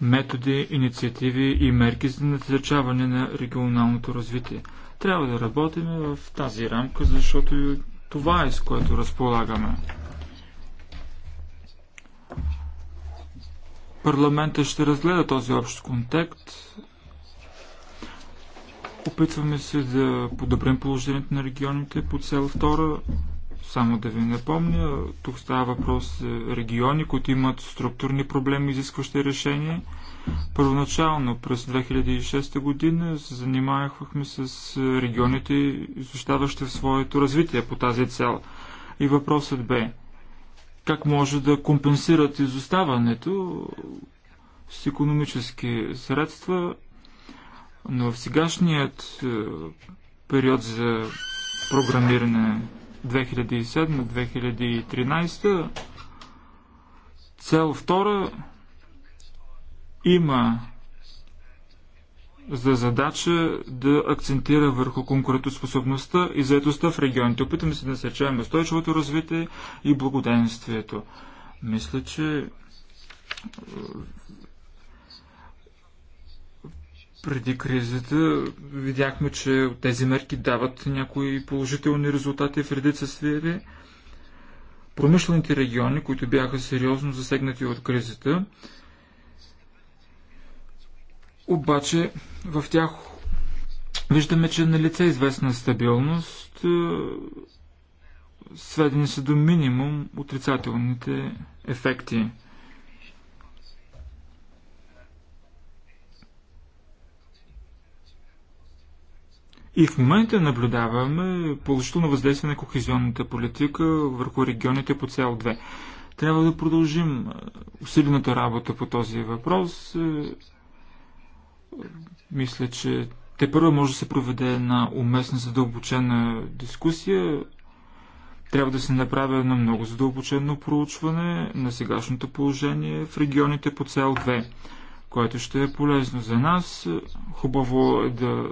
методи, инициативи и мерки за насърчаване на регионалното развитие. Трябва да работим в тази рамка, защото това е с което разполагаме. Парламента ще разгледа този общ контекст. Опитваме се да подобрим положението на регионите по цел втора. Само да ви напомня, тук става въпрос за региони, които имат структурни проблеми, изискващи решение. Първоначално през 2006 година се занимавахме с регионите, изощаващи в своето развитие по тази цел. И въпросът бе – как може да компенсират изоставането с економически средства, но в сегашният е, период за програмиране 2007-2013 цел втора, има за задача да акцентира върху конкурентоспособността и заедостта в регионите. Опитаме се да насърчаваме устойчивото развитие и благоденствието. Мисля, че е, преди кризата видяхме, че тези мерки дават някои положителни резултати в редица сфери. Промишлените региони, които бяха сериозно засегнати от кризата, обаче в тях виждаме, че е на лице известна стабилност. Е, сведени са до минимум отрицателните ефекти. И в момента наблюдаваме положително въздействие на кохезионната политика върху регионите по цел 2. Трябва да продължим е, усилената работа по този въпрос мисля, че те първо може да се проведе една уместна задълбочена дискусия. Трябва да се направи едно много задълбочено проучване на сегашното положение в регионите по цел 2, което ще е полезно за нас. Хубаво е да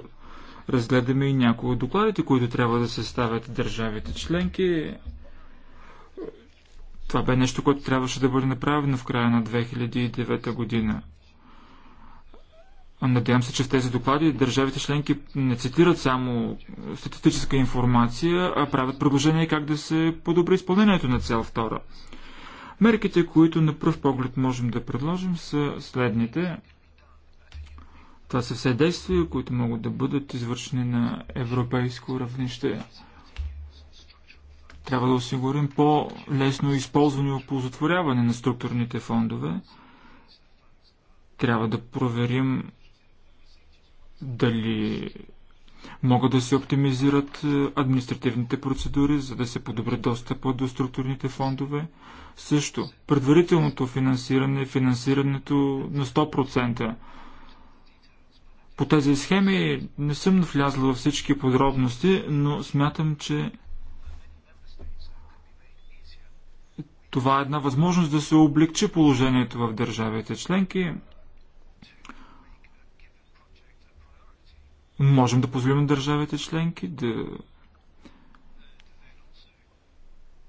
разгледаме и някои от докладите, които трябва да се ставят държавите членки. Това бе нещо, което трябваше да бъде направено в края на 2009 година. Надявам се, че в тези доклади държавите членки не цитират само статистическа информация, а правят предложение как да се подобри изпълнението на цел втора. Мерките, които на пръв поглед можем да предложим, са следните. Това са все действия, които могат да бъдат извършени на европейско равнище. Трябва да осигурим по-лесно използване и оползотворяване на структурните фондове. Трябва да проверим дали могат да се оптимизират е, административните процедури, за да се подобри достъпа до структурните фондове. Също, предварителното финансиране финансирането на 100%. По тези схеми не съм навлязла във всички подробности, но смятам, че това е една възможност да се облегчи положението в държавите членки, Можем да позволим на държавите членки да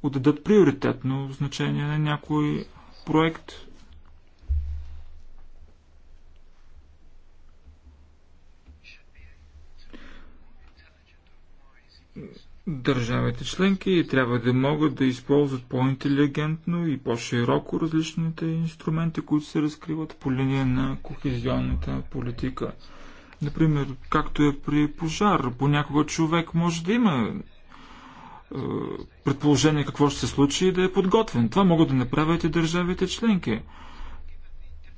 отдадат приоритетно значение на някой проект. Държавите членки трябва да могат да използват по-интелигентно и по-широко различните инструменти, които се разкриват по линия на кохезионната политика. Например, както е при пожар, понякога човек може да има е, предположение какво ще се случи и да е подготвен. Това могат да направят и държавите членки.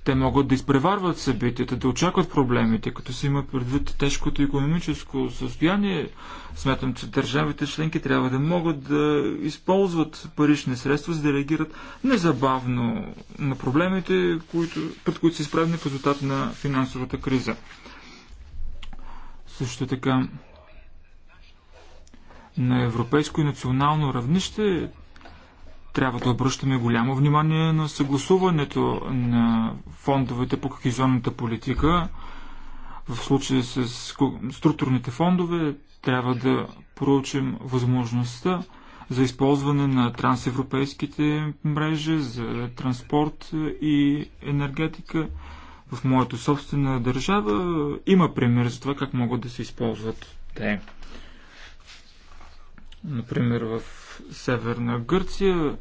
Те могат да изпреварват събитията, да очакват проблемите, като се има предвид тежкото економическо състояние. Смятам, че държавите членки трябва да могат да използват парични средства, за да реагират незабавно на проблемите, които, пред които са изправени в резултат на финансовата криза. Също така на европейско и национално равнище трябва да обръщаме голямо внимание на съгласуването на фондовете по кохезионната политика. В случая с структурните фондове трябва да проучим възможността за използване на трансевропейските мрежи, за транспорт и енергетика – в моята собствена държава има пример за това как могат да се използват те. Например, в Северна Гърция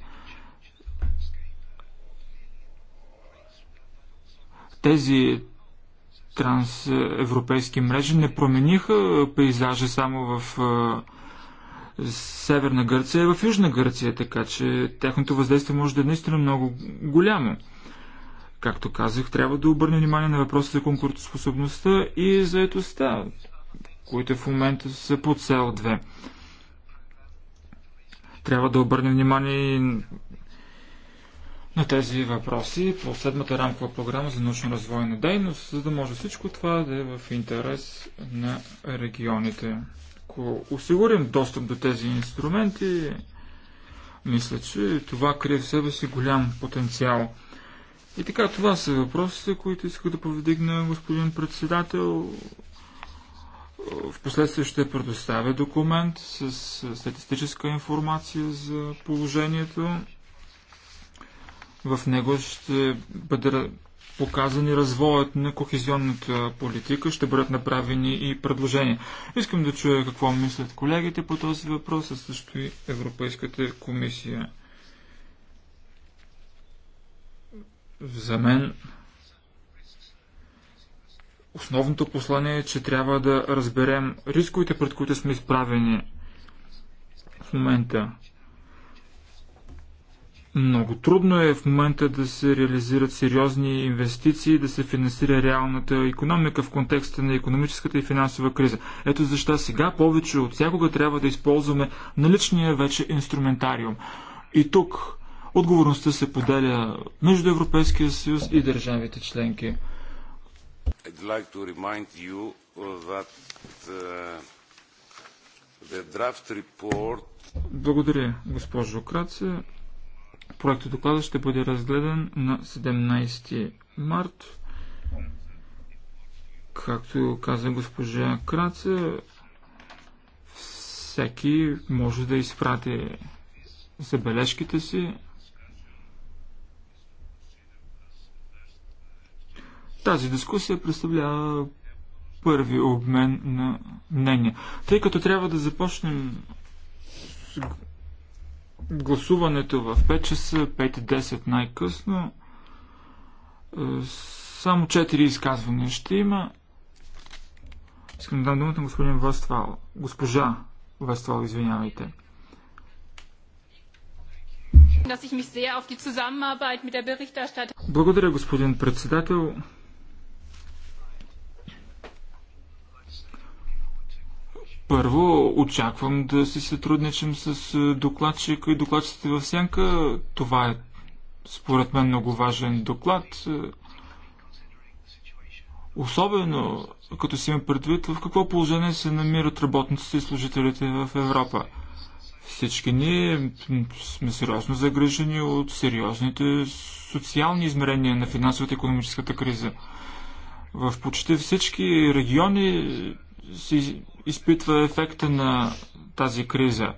тези трансевропейски мрежи не промениха пейзажа само в Северна Гърция, а в Южна Гърция, така че тяхното въздействие може да е наистина много голямо. Както казах, трябва да обърне внимание на въпроса за конкурентоспособността и заетостта, които в момента са по цел 2. Трябва да обърнем внимание и на тези въпроси по седмата рамкова програма за научно-развойна дейност, за да може всичко това да е в интерес на регионите. Ако осигурим достъп до тези инструменти, мисля, че това крие в себе си голям потенциал. И така, това са въпросите, които исках да повдигна господин председател. Впоследствие ще предоставя документ с статистическа информация за положението. В него ще бъде показан развоят на кохезионната политика, ще бъдат направени и предложения. Искам да чуя какво мислят колегите по този въпрос, а също и Европейската комисия. За мен основното послание е, че трябва да разберем рисковете, пред които сме изправени в момента. Много трудно е в момента да се реализират сериозни инвестиции, да се финансира реалната економика в контекста на економическата и финансова криза. Ето защо сега повече от всякога трябва да използваме наличния вече инструментариум. И тук Отговорността се поделя между Европейския съюз и държавите членки. Like uh, that, uh, report... Благодаря, госпожо Краце. Проектът доклада ще бъде разгледан на 17 март. Както каза госпожа Краце, всеки може да изпрати забележките си Тази дискусия представлява първи обмен на мнения. Тъй като трябва да започнем с гласуването в 5 часа, 5-10 най-късно, е, само 4 изказвания ще има. Искам да дам думата на господин Вествал. Госпожа Вествал, извинявайте. Благодаря, господин председател. Първо, очаквам да си сътрудничам с е, докладчика и докладчиците в сянка. Това е, според мен, много важен доклад. Е, особено, като си има предвид в какво положение се намират работниците и служителите в Европа. Всички ние сме сериозно загрижени от сериозните социални измерения на финансовата и економическата криза. В почти всички региони изпитва ефекта на тази криза.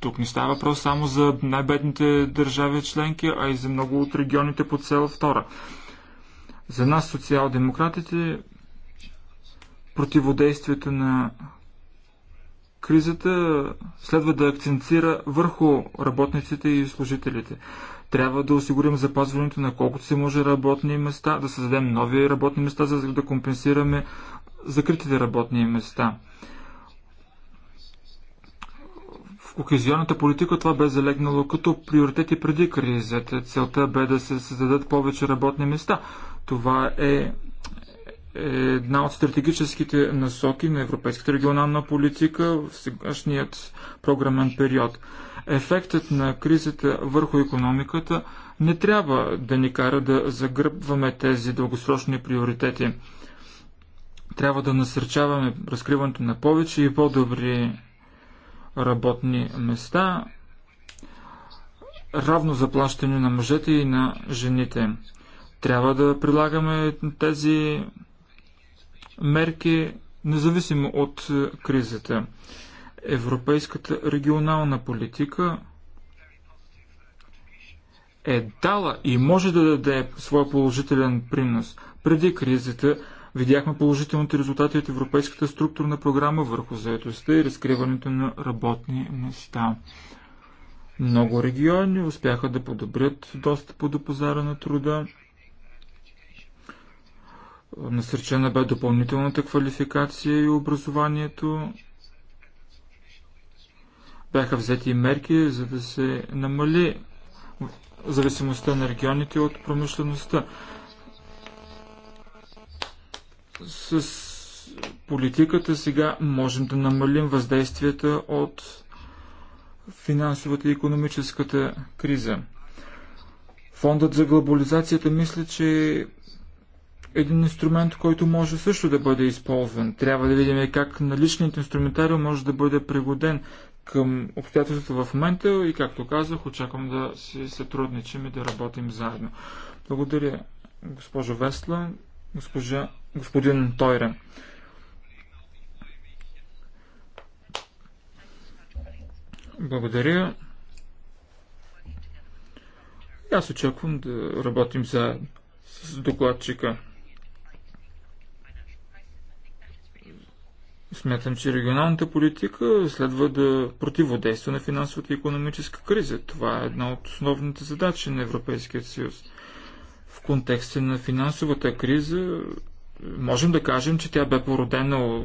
Тук не става въпрос само за най-бедните държави членки, а и за много от регионите по цела втора. За нас, социал-демократите, противодействието на кризата следва да акцентира върху работниците и служителите. Трябва да осигурим запазването на колкото се може работни места, да създадем нови работни места, за да компенсираме закритите работни места. В кохезионната политика това бе залегнало като приоритети преди кризата. Целта бе да се създадат повече работни места. Това е една от стратегическите насоки на европейската регионална политика в сегашният програмен период. Ефектът на кризата върху економиката не трябва да ни кара да загръбваме тези дългосрочни приоритети. Трябва да насърчаваме разкриването на повече и по-добри работни места, равно заплащане на мъжете и на жените. Трябва да прилагаме тези мерки независимо от кризата. Европейската регионална политика е дала и може да даде своя положителен принос. Преди кризата Видяхме положителните резултати от Европейската структурна програма върху заедостта и разкриването на работни места. Много региони успяха да подобрят достъпа до пазара на труда. Насърчена бе допълнителната квалификация и образованието. Бяха взети и мерки, за да се намали зависимостта на регионите от промишлеността. С политиката сега можем да намалим въздействията от финансовата и економическата криза. Фондът за глобализацията мисля, че е един инструмент, който може също да бъде използван. Трябва да видим как наличният инструментариум може да бъде пригоден към обстоятелствата в момента и, както казах, очаквам да си сътрудничим и да работим заедно. Благодаря, госпожо Весла, госпожа господин Тойрен. Благодаря. Аз очаквам да работим заедно с докладчика. Смятам, че регионалната политика следва да противодейства на финансовата и економическа криза. Това е една от основните задачи на Европейския съюз. В контекста на финансовата криза можем да кажем, че тя бе породена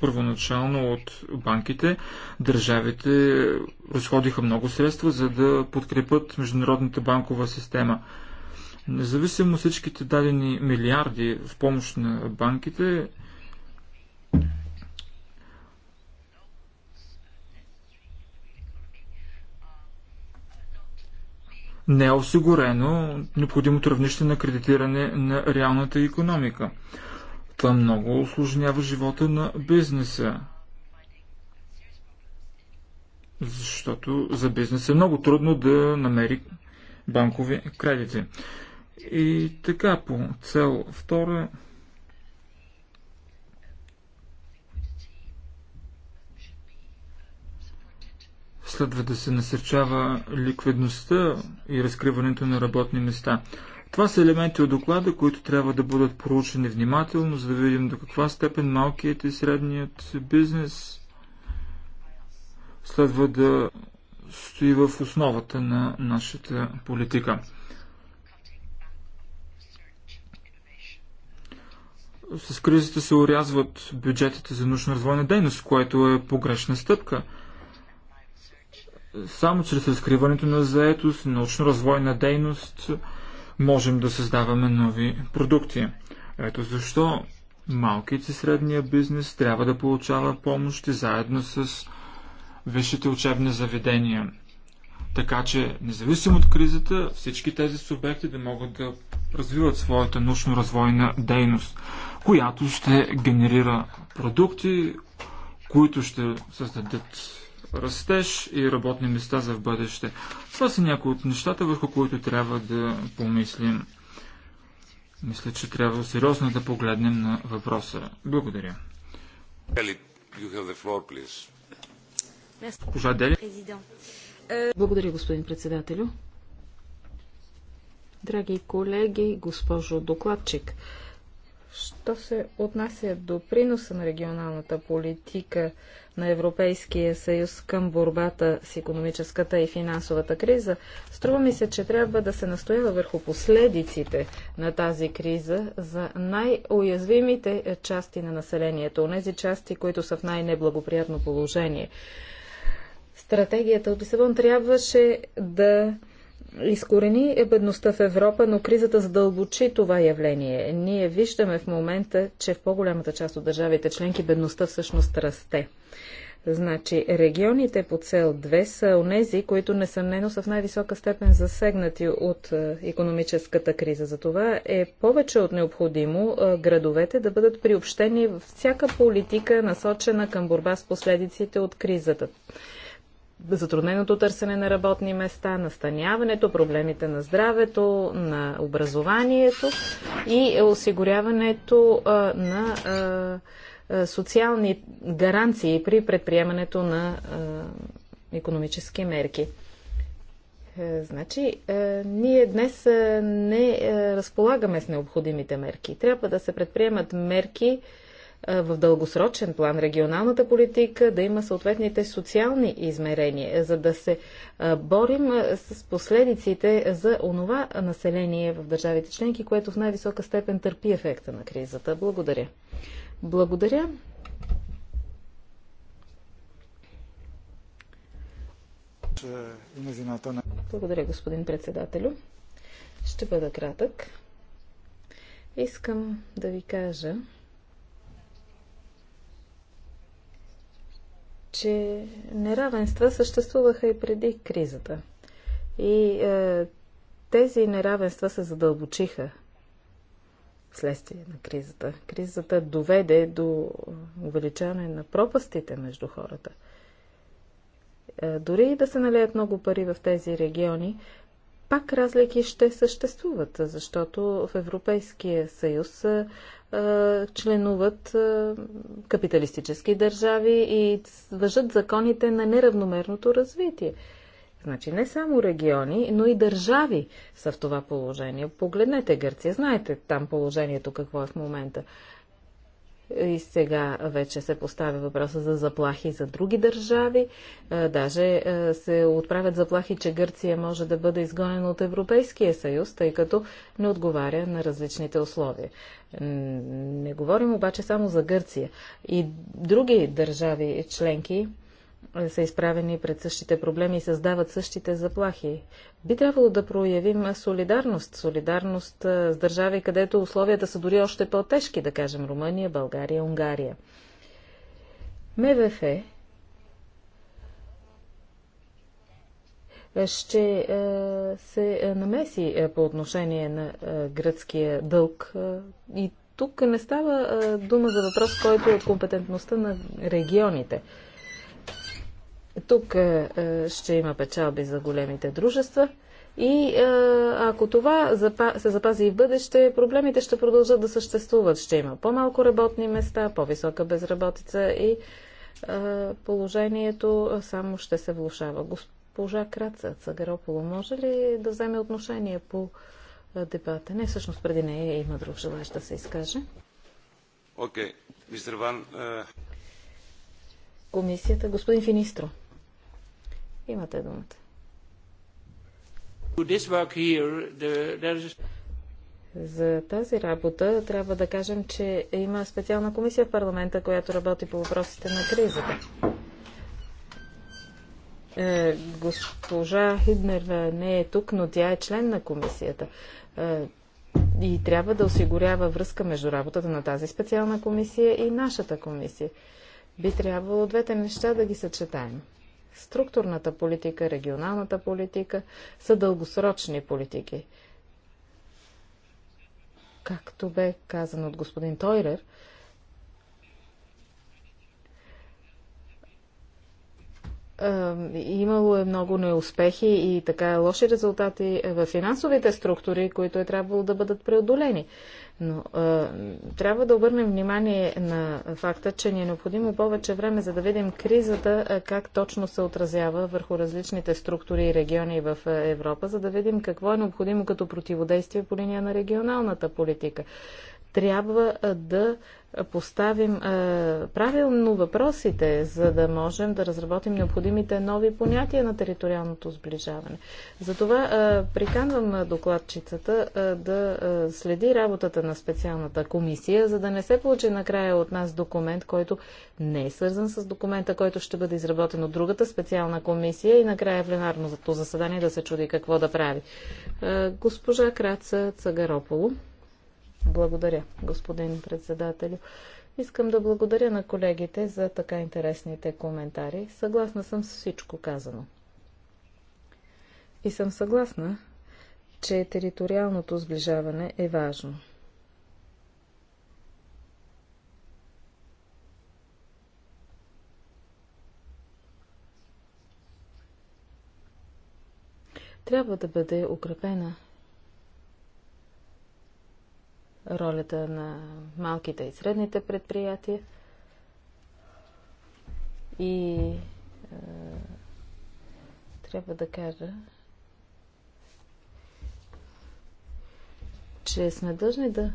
първоначално от банките. Държавите разходиха много средства, за да подкрепят международната банкова система. Независимо всичките дадени милиарди в помощ на банките, не е осигурено необходимото равнище на кредитиране на реалната економика. Това много осложнява живота на бизнеса. Защото за бизнеса е много трудно да намери банкови кредити. И така по цел втора Следва да се насърчава ликвидността и разкриването на работни места. Това са елементи от доклада, които трябва да бъдат проучени внимателно, за да видим до каква степен малкият и средният бизнес следва да стои в основата на нашата политика. С кризата се урязват бюджетите за научно развойна дейност, което е погрешна стъпка – само чрез разкриването на заетост, научно-развойна дейност можем да създаваме нови продукти. Ето защо малкият и средния бизнес трябва да получава помощи заедно с висшите учебни заведения. Така че, независимо от кризата, всички тези субекти да могат да развиват своята научно-развойна дейност, която ще генерира продукти, които ще създадат растеж и работни места за в бъдеще. Това са някои от нещата, върху които трябва да помислим. Мисля, че трябва сериозно да погледнем на въпроса. Благодаря. Госпожа Дели. Благодаря, господин председателю. Драги колеги, госпожо докладчик, Що се отнася до приноса на регионалната политика на Европейския съюз към борбата с економическата и финансовата криза, струва ми се, че трябва да се настоява върху последиците на тази криза за най-уязвимите части на населението, тези части, които са в най-неблагоприятно положение. Стратегията от Лисабон трябваше да изкорени е бедността в Европа, но кризата задълбочи това явление. Ние виждаме в момента, че в по-голямата част от държавите членки бедността всъщност расте. Значи, регионите по цел 2 са онези, които несъмнено са в най-висока степен засегнати от економическата криза. Затова е повече от необходимо е, градовете да бъдат приобщени в всяка политика, насочена към борба с последиците от кризата затрудненото търсене на работни места, настаняването, проблемите на здравето, на образованието и осигуряването на социални гаранции при предприемането на економически мерки. Е, значи, е, ние днес е, не разполагаме с необходимите мерки. Трябва да се предприемат мерки, в дългосрочен план регионалната политика да има съответните социални измерения, за да се борим с последиците за онова население в държавите членки, което в най-висока степен търпи ефекта на кризата. Благодаря. Благодаря. Благодаря, господин председателю. Ще бъда кратък. Искам да ви кажа, че неравенства съществуваха и преди кризата. И е, тези неравенства се задълбочиха вследствие на кризата. Кризата доведе до увеличаване на пропастите между хората. Е, дори и да се налеят много пари в тези региони, пак разлики ще съществуват, защото в Европейския съюз е, е, членуват е, капиталистически държави и въжат законите на неравномерното развитие. Значи не само региони, но и държави са в това положение. Погледнете Гърция, знаете там положението какво е в момента. И сега вече се поставя въпроса за заплахи за други държави. Даже се отправят заплахи, че Гърция може да бъде изгонена от Европейския съюз, тъй като не отговаря на различните условия. Не говорим обаче само за Гърция. И други държави членки са изправени пред същите проблеми и създават същите заплахи. Би трябвало да проявим солидарност. Солидарност с държави, където условията са дори още по-тежки, да кажем Румъния, България, Унгария. МВФ ще се намеси по отношение на гръцкия дълг и тук не става дума за въпрос, който е от компетентността на регионите. Тук е, е, ще има печалби за големите дружества. И е, ако това се запази и в бъдеще, проблемите ще продължат да съществуват. Ще има по-малко работни места, по-висока безработица и положението само ще се влушава. Госпожа Краца Цагарополо, може ли да вземе отношение по дебата? Не, всъщност преди нея има друг желаящ да се изкаже. Окей, okay. Ван. Комисията, господин Финистро. Имате думата. За тази работа трябва да кажем, че има специална комисия в парламента, която работи по въпросите на кризата. Е, госпожа Хиднер не е тук, но тя е член на комисията. Е, и трябва да осигурява връзка между работата на тази специална комисия и нашата комисия. Би трябвало двете неща да ги съчетаем. Структурната политика, регионалната политика са дългосрочни политики. Както бе казано от господин Тойрер, имало е много неуспехи и така лоши резултати в финансовите структури, които е трябвало да бъдат преодолени. Но а, трябва да обърнем внимание на факта, че ни е необходимо повече време, за да видим кризата как точно се отразява върху различните структури и региони в Европа, за да видим какво е необходимо като противодействие по линия на регионалната политика трябва да поставим правилно въпросите, за да можем да разработим необходимите нови понятия на териториалното сближаване. Затова приканвам докладчицата да следи работата на специалната комисия, за да не се получи накрая от нас документ, който не е свързан с документа, който ще бъде изработен от другата специална комисия и накрая пленарното заседание да се чуди какво да прави. Госпожа Краца Цагарополо. Благодаря, господин председателю. Искам да благодаря на колегите за така интересните коментари. Съгласна съм с всичко казано. И съм съгласна, че териториалното сближаване е важно. Трябва да бъде укрепена ролята на малките и средните предприятия и е, трябва да кажа, че сме дължни да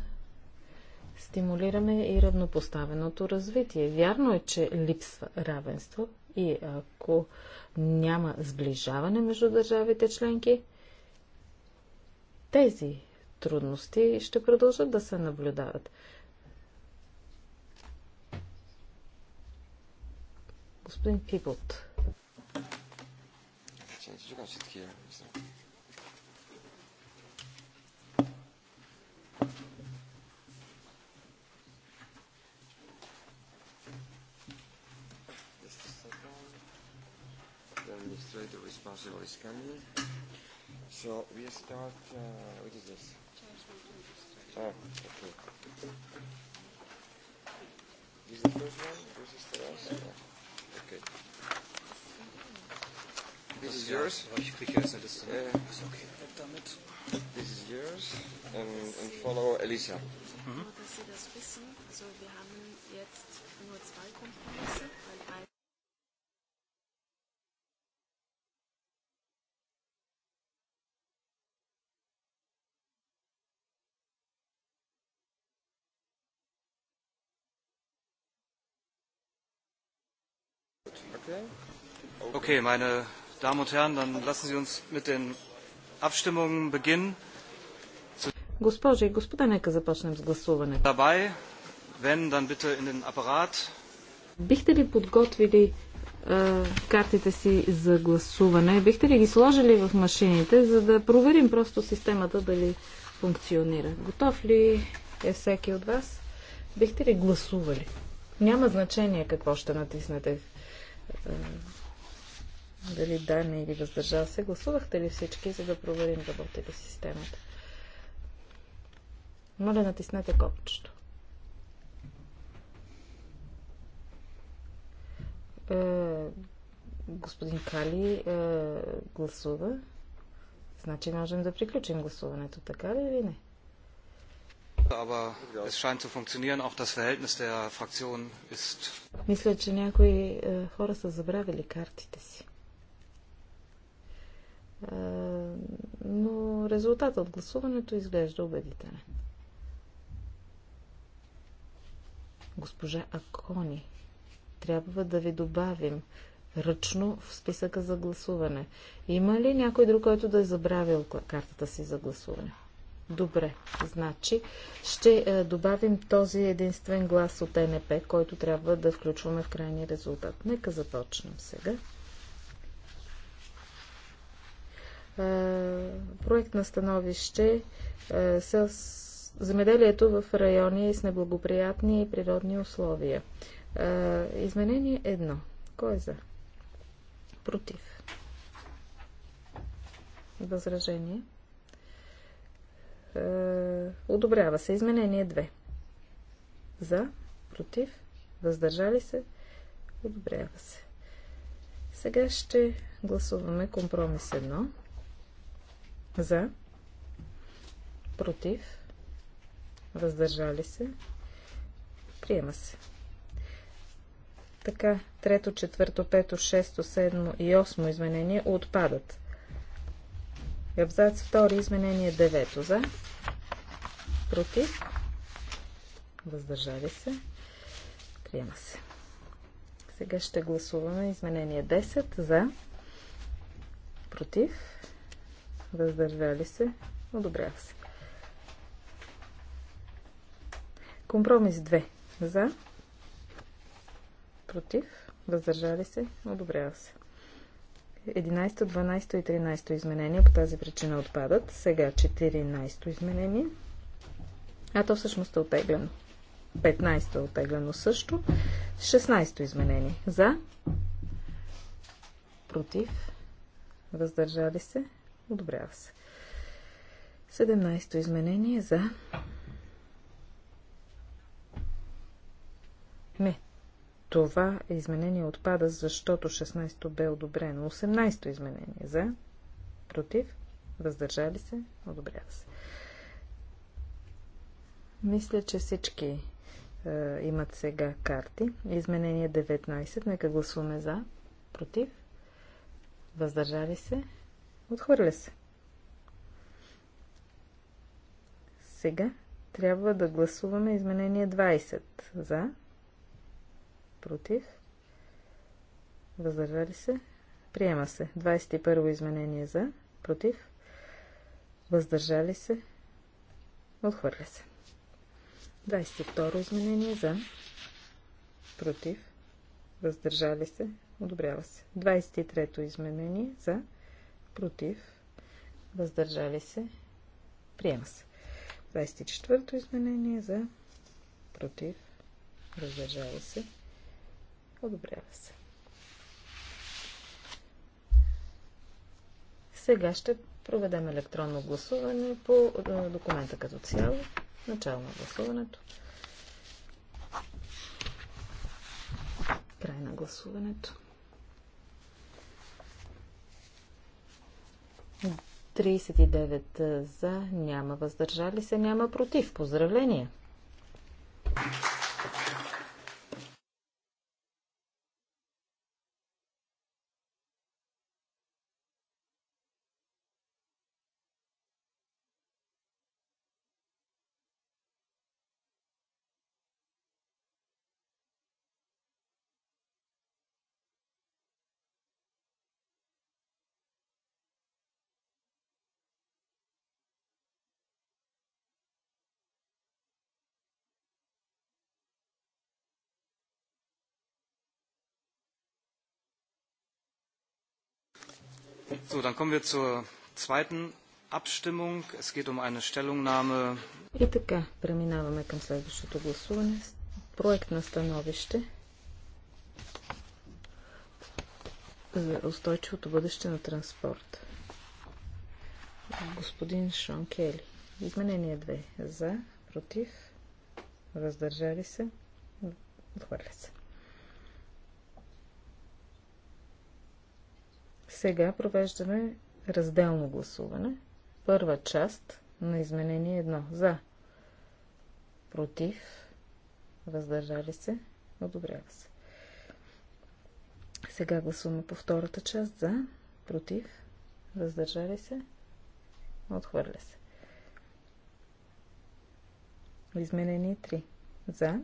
стимулираме и равнопоставеното развитие. Вярно е, че липсва равенство и ако няма сближаване между държавите членки, тези трудности ще продължат да се наблюдават. Господин Пибот. Administrator responsible is coming. So we start, uh, what is this? Ah, okay. This is the first one. This is the last. Yeah. Okay. This is yours. Ich kriege jetzt eine Liste. Äh, ist okay. Damit. This is yours. And, and follow Elisa. Mhm. Nur, dass Sie das wissen. Also wir haben jetzt nur zwei Kompromisse, weil ein Okay, meine Damen und Herren, dann lassen Sie uns mit den Abstimmungen beginnen. Госпожи и господа, нека започнем с гласуване. Dabei, wenn, dann bitte in den Apparat. Бихте ли подготвили е, картите си за гласуване? Бихте ли ги сложили в машините, за да проверим просто системата дали функционира? Готов ли е всеки от вас? Бихте ли гласували? Няма значение какво ще натиснете е, дали да, не или въздържал се. Гласувахте ли всички, за да проверим работи ли системата? Моля, натиснете копчето. Е, господин Кали е, гласува. Значи можем да приключим гласуването, така ли или не? Мисля, че някои е, хора са забравили картите си. Е, но резултатът от гласуването изглежда убедителен. Госпожа Акони, трябва да ви добавим ръчно в списъка за гласуване. Има ли някой друг, който да е забравил картата си за гласуване? Добре, значи ще е, добавим този единствен глас от НП, който трябва да включваме в крайния резултат. Нека започнем сега. Е, проект на становище е, с земеделието в райони с неблагоприятни природни условия. Изменение едно. Кой е за? Против. Възражение. Е, одобрява се изменение 2. За, против, въздържали се, одобрява се. Сега ще гласуваме компромис 1. За, против, въздържали се, приема се. Така, трето, четвърто, пето, шесто, седмо и осмо изменение отпадат. Абзац 2. Изменение 9. За. Против. Въздържали се. Приема се. Сега ще гласуваме изменение 10. За. Против. Въздържали се. Одобрява се. Компромис 2. За. Против. Въздържали се. Одобрява се. 11, 12 и 13 изменение по тази причина отпадат. Сега 14 изменение. А то всъщност е отеглено. 15 е отеглено също. 16 изменение. За. Против. Въздържали се. Одобрява се. 17 изменение за. Не, това изменение отпада, защото 16-то бе одобрено. 18-то изменение за, против, въздържали се, одобрява се. Мисля, че всички е, имат сега карти. Изменение 19. Нека гласуваме за, против, въздържали се, отхвърля се. Сега трябва да гласуваме изменение 20 за, против, въздържали се, приема се. 21 во изменение за, против, въздържали се, отхвърля се. 22 изменение за, против, въздържали се, одобрява се. 23 изменение за, против, въздържали се, приема се. 24 изменение за, против, въздържали се, Одобрява се. Сега ще проведем електронно гласуване по документа като цяло. Начало на гласуването. Край на гласуването. 39 за, няма въздържали се, няма против. Поздравления! Um И така, преминаваме към следващото гласуване. Проект на становище за устойчивото бъдеще на транспорт. Господин Шон Кели. Изменение 2. За, против, въздържали се, отхвърля се. Сега провеждаме разделно гласуване. Първа част на изменение 1. За. Против. Въздържали се. Одобрява се. Сега гласуваме по втората част. За. Против. Въздържали се. Отхвърля се. Изменение 3. За.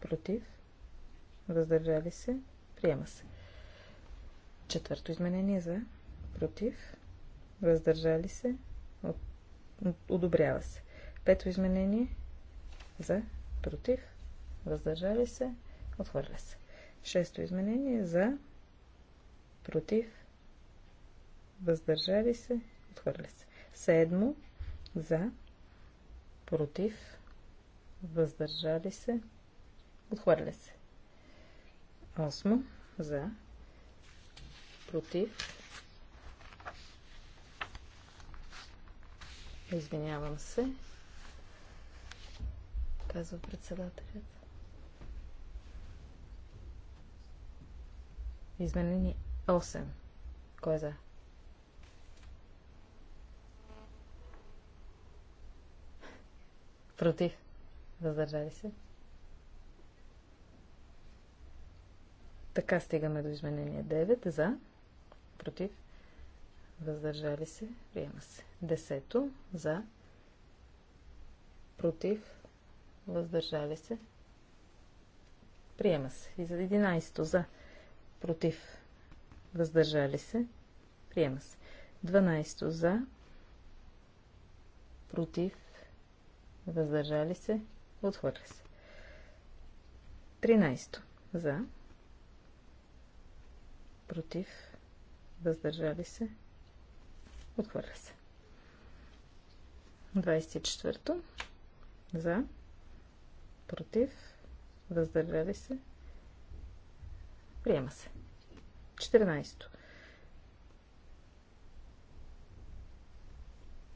Против. Въздържали се. Приема се. Четвърто изменение за, против, въздържали се, одобрява се. Пето изменение за, против, въздържали се, отхвърля се. Шесто изменение за, против, въздържали се, отхвърля се. Седмо за, против, въздържали се, отхвърля се. Осмо за, против. Извинявам се, казва председателят. Изменени 8. Кой е за? Против. Въздържали се. Така стигаме до изменение 9. За против, въздържали се, приема се. Десето за, против, въздържали се, приема се. И за единайсто за, против, въздържали се, приема се. Дванайсто за, против, въздържали се, отхвърля се. Тринайсто за, против, въздържали се, отхвърля се. 24 за, против, въздържали се, приема се. 14-то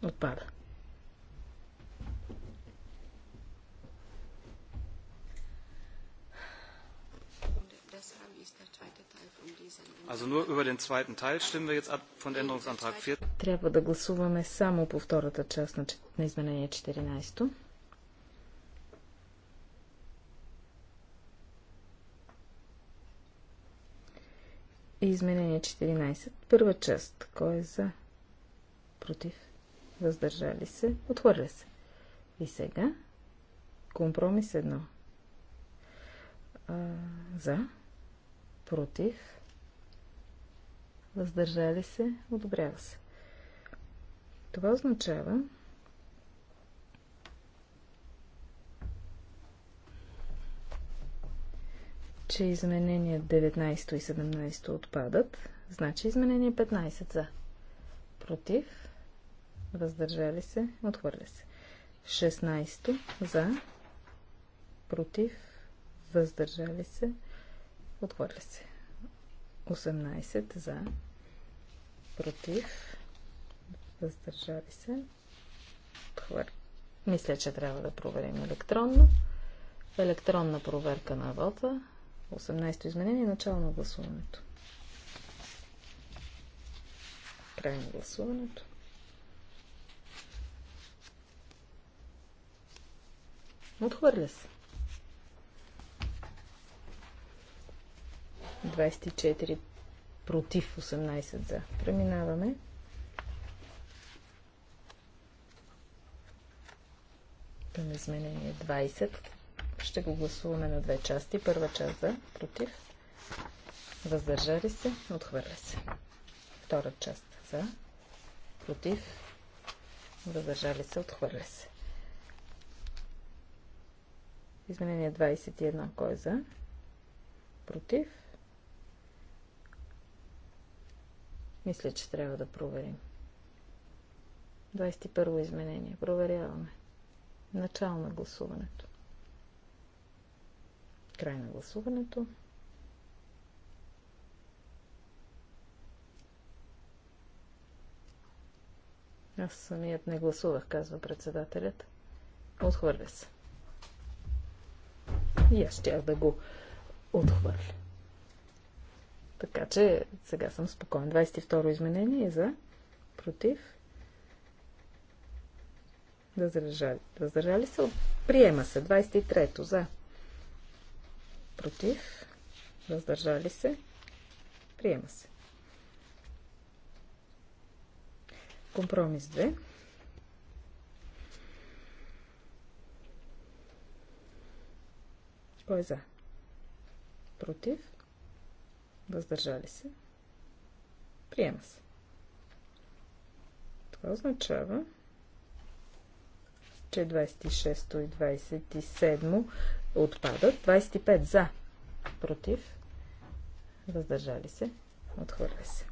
отпада. Трябва да гласуваме само по втората част на изменение 14. изменение 14. Първа част. Кой е за? Против? Въздържали се? Отхвърля се. И сега? Компромис едно. А, за? Против? въздържали се, одобрява се. Това означава, че изменения 19 и 17 отпадат, значи изменение 15 за. Против, въздържали се, отхвърля се. 16 за, против, въздържали се, отхвърля се. 18 за, против, въздържали се. Хвър... Мисля, че трябва да проверим електронно. Електронна проверка на вода. 18-то изменение, начало на гласуването. Край на гласуването. Отхвърля се. 24 против 18 за. Преминаваме. Към изменение 20. Ще го гласуваме на две части. Първа част за, против. Въздържали се, отхвърля се. Втора част за, против. Въздържали се, отхвърля се. Изменение 21. Кой е за? Против. Мисля, че трябва да проверим. 21 изменение. Проверяваме. Начало на гласуването. Край на гласуването. Аз самият не гласувах, казва председателят. Отхвърля се. И аз щях да го отхвърля. Така че сега съм спокоен. 22 изменение е за против. Въздържали. Въздържали се. Приема се. 23 за против. Въздържали се. Приема се. Компромис 2. Кой е за? Против? Въздържали се. Приема се. Това означава, че 26 и 27 отпадат. 25 за. Против. Въздържали се. Отхвърля се.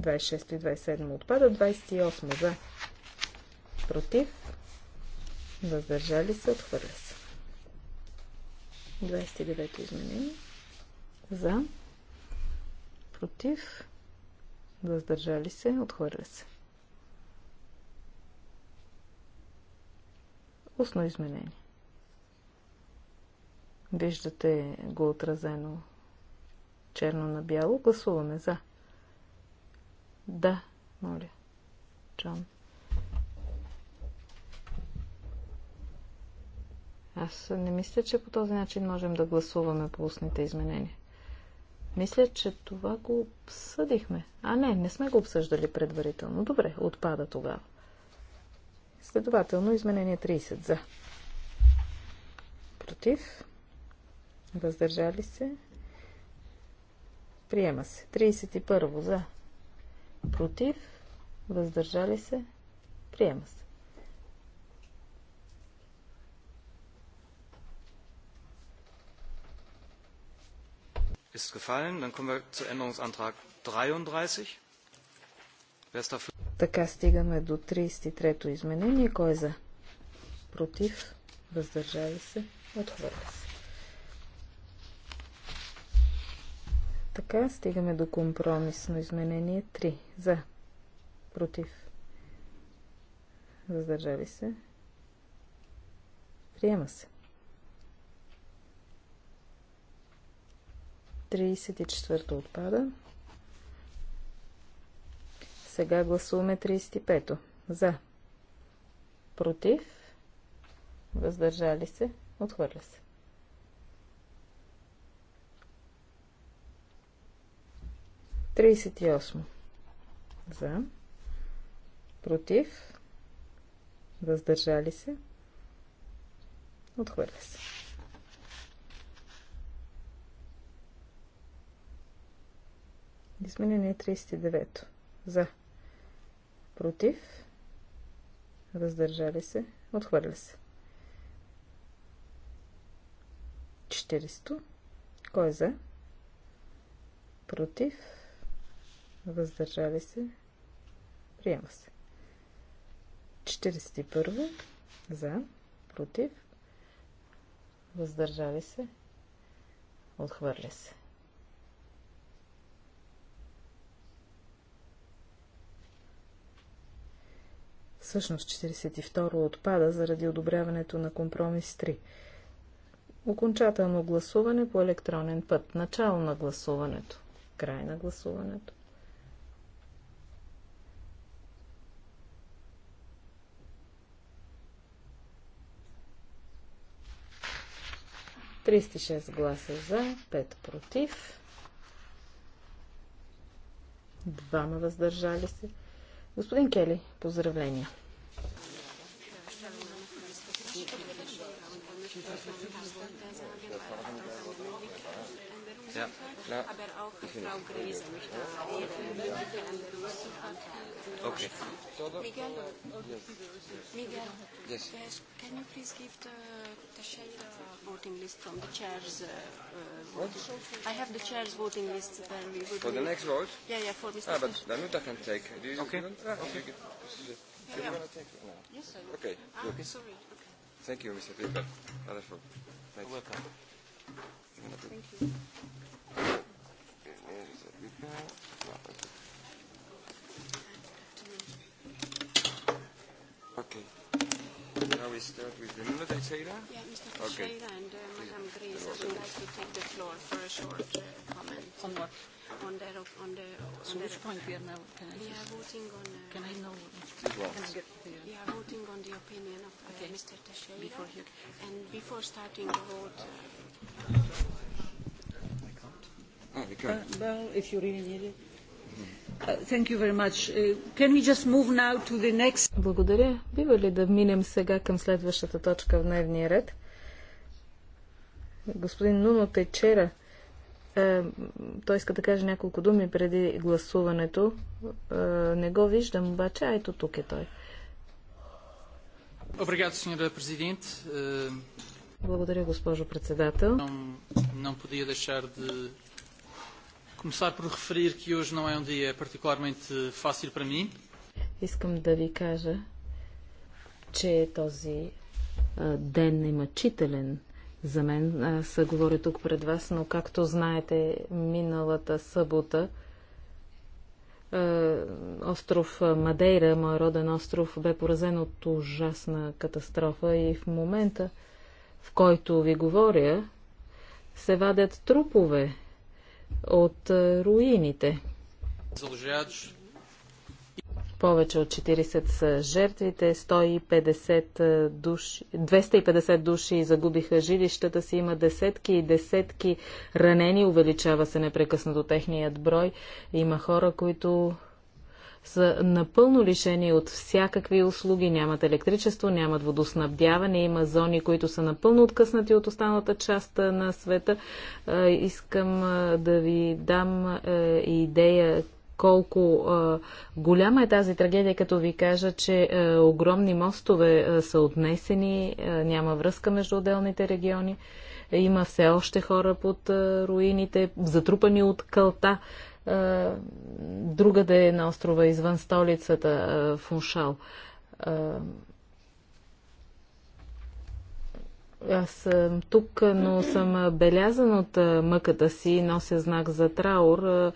26 и 27 отпадат. 28 за. Против. Въздържали се. Отхвърля се. 29 изменение. За. Против. Въздържали се. Отхвърля се. Устно изменение. Виждате го отразено черно на бяло. Гласуваме за. Да, моля. Джон. Аз не мисля, че по този начин можем да гласуваме по устните изменения. Мисля, че това го обсъдихме. А не, не сме го обсъждали предварително. Добре, отпада тогава. Следователно, изменение 30 за. Против. Въздържали се. Приема се. 31 за. Против. Въздържали се. Приема се. ist gefallen. Dann kommen wir zu Änderungsantrag 33. Wer ist dafür? Така стигаме до 33-то изменение. Кой е за? Против? Въздържали се? Отхвърля се. Така стигаме до компромисно изменение 3. За. Против. Въздържали се. Приема се. 34 отпада. Сега гласуваме 35 то За. Против. Въздържали се. Отхвърля се. Тридесет и осмо. За. Против. Въздържали се. Отхвърля се. Изменение 39. За. Против. Въздържали се. Отхвърля се. 40. Кой е за? Против. Въздържали се. Приема се. 41. За. Против. Въздържали се. Отхвърля се. Всъщност 42 отпада заради одобряването на компромис 3. Окончателно гласуване по електронен път. Начало на гласуването. Край на гласуването. Триста шест гласа за, пет против, двама въздържали се. Господин Кели, поздравления! Ja, klar. Aber auch Frau Gräse möchte reden. Okay. Miguel, Miguel, yes. yes, can you please give the, the share voting list from the chair's uh, voting? I have the chair's voting list. There we would for the next vote? Yeah, yeah, for Mr. Ah, but Danuta can take. Do you, okay. okay. You, you, you, you, you, you, you, you, you, you, you, you, you, you, Thank you, Mr. Piper. Wonderful. Thanks. You're Welcome. Thank you. Okay. Shall we start with the Lula Teixeira? Yeah, Mr. Teixeira and uh, Madam Grace would like to take the floor for a short uh, comment. On what? On the... On the so which the, point we are now? Can I we are voting on... Uh, can I know? Can I get the, uh, we are voting on the opinion of uh, okay. Mr. Teixeira. Before you... And before starting the vote... Uh, oh, you can't. Uh, well, if you really need it. Uh, uh, Благодаря. Бива ли да минем сега към следващата точка в дневния ред? Господин Нуно Течера, е, той иска да каже няколко думи преди гласуването. Е, не го виждам, обаче, а ето тук е той. Е, Благодаря, госпожо председател começar por referir que hoje não é um dia particularmente fácil para mim. Искам да ви кажа, че този ден е мъчителен за мен. Аз говоря тук пред вас, но както знаете, миналата събота остров Мадейра, моя роден остров, бе поразен от ужасна катастрофа и в момента, в който ви говоря, се вадят трупове от е, руините. Повече от 40 са жертвите, 150 е, души, 250 души загубиха жилищата си, има десетки и десетки ранени, увеличава се непрекъснато техният брой. Има хора, които са напълно лишени от всякакви услуги, нямат електричество, нямат водоснабдяване, има зони, които са напълно откъснати от останалата част на света. Искам да ви дам идея колко а, голяма е тази трагедия, като ви кажа, че а, огромни мостове а, са отнесени, а, няма връзка между отделните региони. Има все още хора под а, руините, затрупани от кълта. Друга да е на острова извън столицата Фуншал. Е, е, аз съм тук, но съм белязан от е, мъката си, нося знак за траур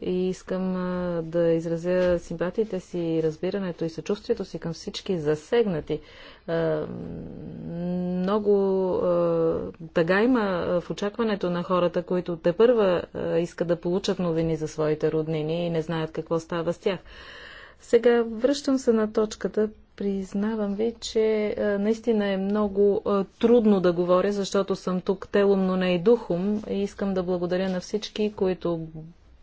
и искам да изразя симпатиите си, разбирането и съчувствието си към всички засегнати е, много е, тъга има е, в очакването на хората, които те първа искат да получат новини за своите роднини и не знаят какво става с тях. Сега връщам се на точката. Признавам ви, че наистина е много трудно да говоря, защото съм тук телом, но не и духом. И искам да благодаря на всички, които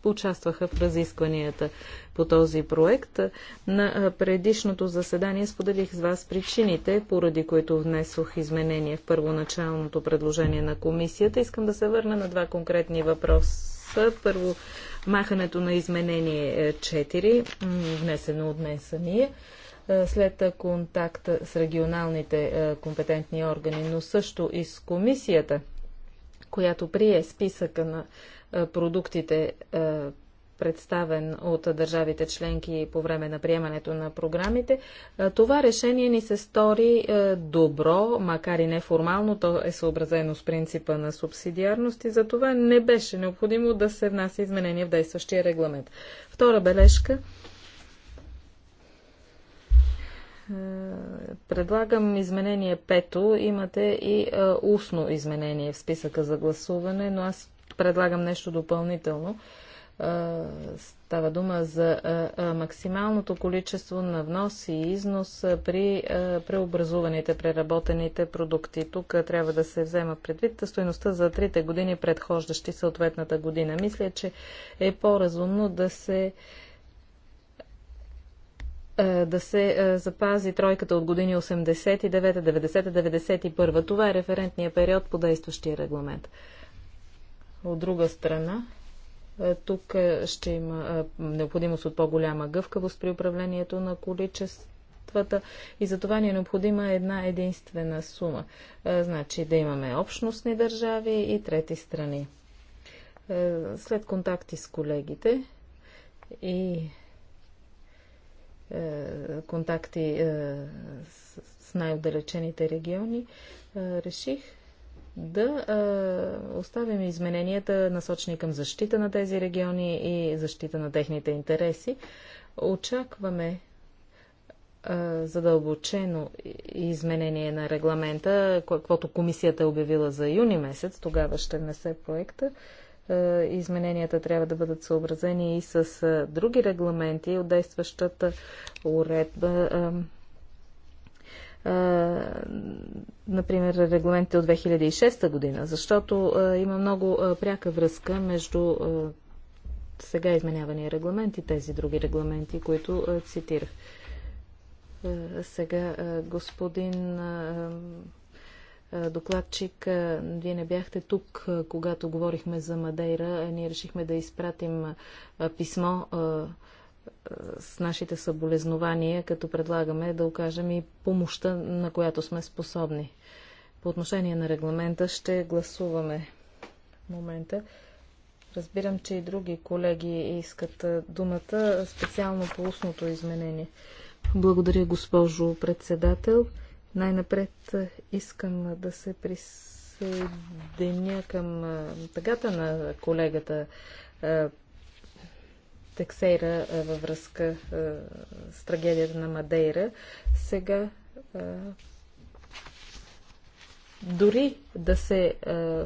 участваха в разискванията по този проект. На предишното заседание споделих с вас причините, поради които внесох изменение в първоначалното предложение на комисията. Искам да се върна на два конкретни въпроса. Първо, махането на изменение 4, е, внесено от мен самия след контакт с регионалните компетентни органи, но също и с комисията, която прие списъка на е, продуктите, е, представен от държавите членки по време на приемането на програмите. Е, това решение ни се стори добро, макар и неформално, то е съобразено с принципа на субсидиарност и за това не беше необходимо да се внася изменение в действащия регламент. Втора бележка. Предлагам изменение пето. Имате и устно изменение в списъка за гласуване, но аз предлагам нещо допълнително. Става дума за максималното количество на внос и износ при преобразуваните, преработените продукти. Тук трябва да се взема предвид стоеността за трите години предхождащи съответната година. Мисля, че е по-разумно да се да се запази тройката от години 89, 90, 91. Това е референтния период по действащия регламент. От друга страна, е, тук е, ще има е, необходимост от по-голяма гъвкавост при управлението на количествата и за това ни е необходима една единствена сума. Значи да имаме общностни държави и трети страни. След контакти с колегите и контакти с най-отдалечените региони, реших да а, оставим измененията насочени към защита на тези региони и защита на техните интереси. Очакваме а, задълбочено изменение на регламента, каквото комисията е обявила за юни месец, тогава ще внесе проекта. А, измененията трябва да бъдат съобразени и с а, други регламенти от действащата уредба. А, например, регламентите от 2006 година, защото има много пряка връзка между сега изменявания регламент и тези други регламенти, които цитирах. Сега, господин докладчик, вие не бяхте тук, когато говорихме за Мадейра. Ние решихме да изпратим писмо с нашите съболезнования, като предлагаме да окажем и помощта, на която сме способни. По отношение на регламента ще гласуваме в момента. Разбирам, че и други колеги искат думата, специално по устното изменение. Благодаря, госпожо председател. Най-напред искам да се присъединя към тъгата на колегата Тексейра във връзка с трагедията на Мадейра. Сега дори да се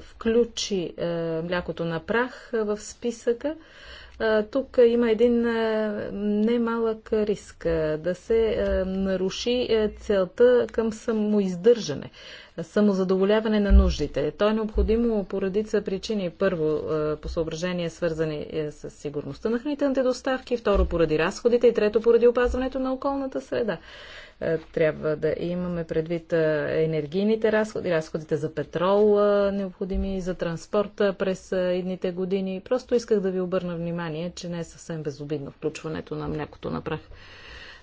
включи млякото на прах в списъка, тук има един немалък риск да се наруши целта към самоиздържане самозадоволяване на нуждите. То е необходимо по редица причини. Първо, е, по съображение, свързани е, с сигурността на хранителните доставки, второ, поради разходите и трето, поради опазването на околната среда е, трябва да имаме предвид енергийните разходи, разходите за петрол, необходими за транспорта през едните години. Просто исках да ви обърна внимание, че не е съвсем безобидно включването на млякото на прах.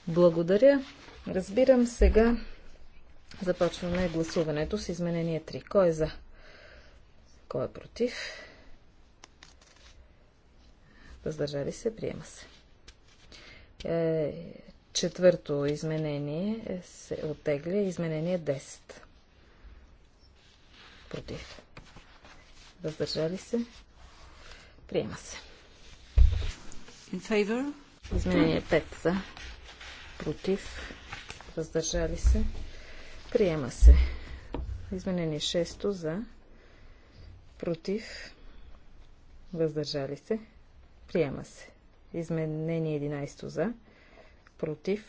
Благодаря. Разбирам сега Започваме гласуването с изменение 3. Кой е за? Кой е против? Въздържали се, приема се. Е, четвърто изменение се оттегля. Изменение 10. Против. Въздържали се. Приема се. In favor? Изменение 5 за. Против. Въздържали се. Приема се. Изменение 6 за. Против. Въздържали се. Приема се. Изменение 11 за. Против.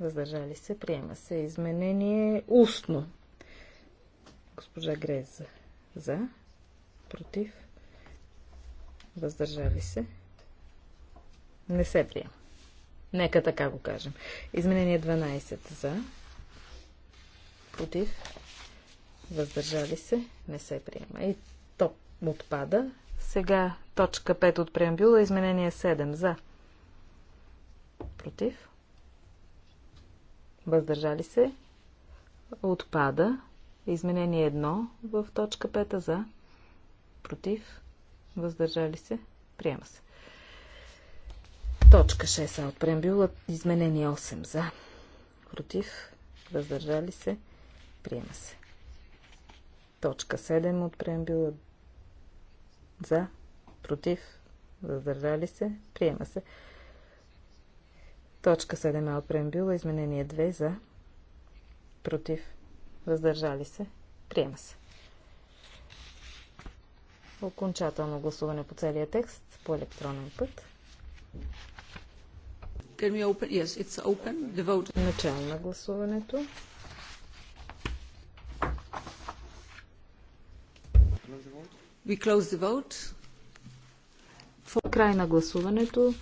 Въздържали се. Приема се. Изменение устно. Госпожа Греза. За. Против. Въздържали се. Не се приема. Нека така го кажем. Изменение 12 за против, въздържали се, не се приема. И то отпада. Сега точка 5 от преамбюла, изменение 7 за, против, въздържали се, отпада. Изменение 1 в точка 5 за, против, въздържали се, приема се. Точка 6 от преамбюла, изменение 8 за, против, въздържали се, Приема се. Точка 7 от преамбюла. За. Против. Въздържали се. Приема се. Точка 7 е от преамбюла. Изменение 2. За. Против. Въздържали се. Приема се. Окончателно гласуване по целия текст по електронен път. Can we open? Yes, it's open. The vote. Начало на гласуването. Край на гласуването.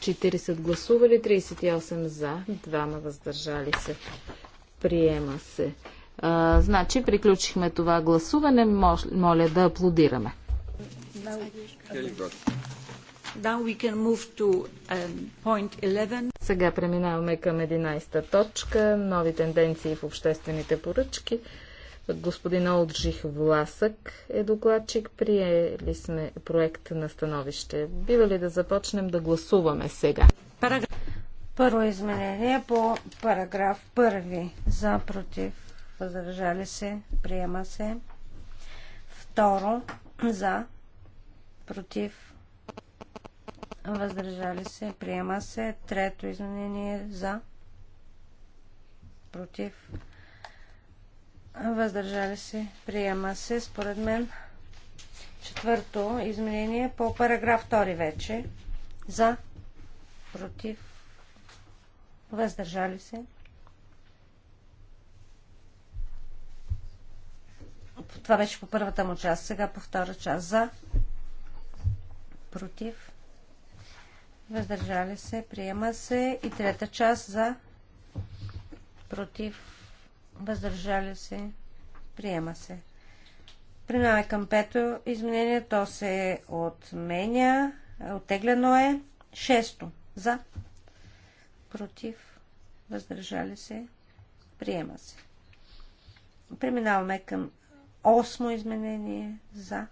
40 гласували, 38 за, 2 въздържали се. Приема се. А, значи приключихме това гласуване. Мож, моля да аплодираме. Um, Сега преминаваме към 11 точка. Нови тенденции в обществените поръчки. Господин Олджих Власък е докладчик. Приели сме проект на становище. Бива ли да започнем да гласуваме сега? Параграф... Първо изменение по параграф първи. За, против, въздържали се, приема се. Второ, за, против, въздържали се, приема се. Трето изменение за, против, Въздържали се. Приема се. Според мен. Четвърто изменение по параграф 2 вече. За. Против. Въздържали се. Това беше по първата му част. Сега по втора част. За. Против. Въздържали се. Приема се. И трета част за. Против въздържали се, приема се. Преминаваме към пето изменение, то се отменя, Отеглено е. Шесто, за, против, въздържали се, приема се. Преминаваме към осмо изменение, за,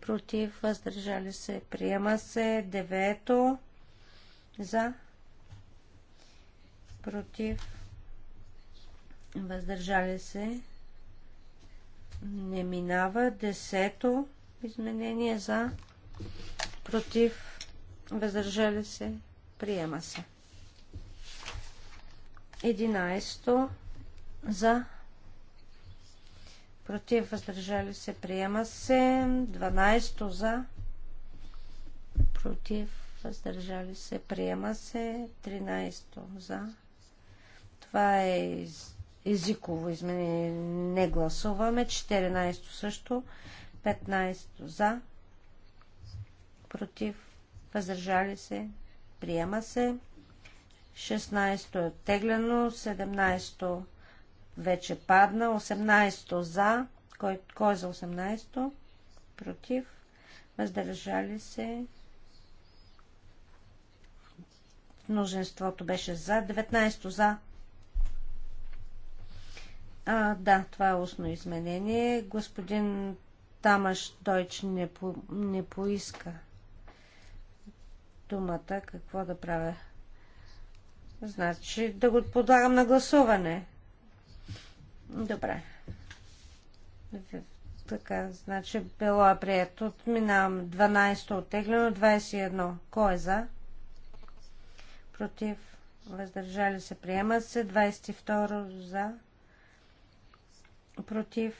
против, въздържали се, приема се. Девето, за, против, въздържали се, не минава. Десето изменение за, против, въздържали се, приема се. Единайсто за, против, въздържали се, приема се. Дванайсто за, против, въздържали се, приема се. Тринайсто за. Това е езиково изменение не гласуваме. 14 също. 15 за. Против. Въздържали се. Приема се. 16 е оттеглено. 17 вече падна. 18 за. Кой, кой е за 18? Против. Въздържали се. Множеството беше за. 19 за а, да, това е устно изменение. Господин Тамаш Дойч не, по, не поиска думата. Какво да правя? Значи да го подлагам на гласуване. Добре. Така, значи било е прието. Отминавам 12 оттеглено, 21. Кой е за? Против. Въздържали се. Приемат се. 22 за против,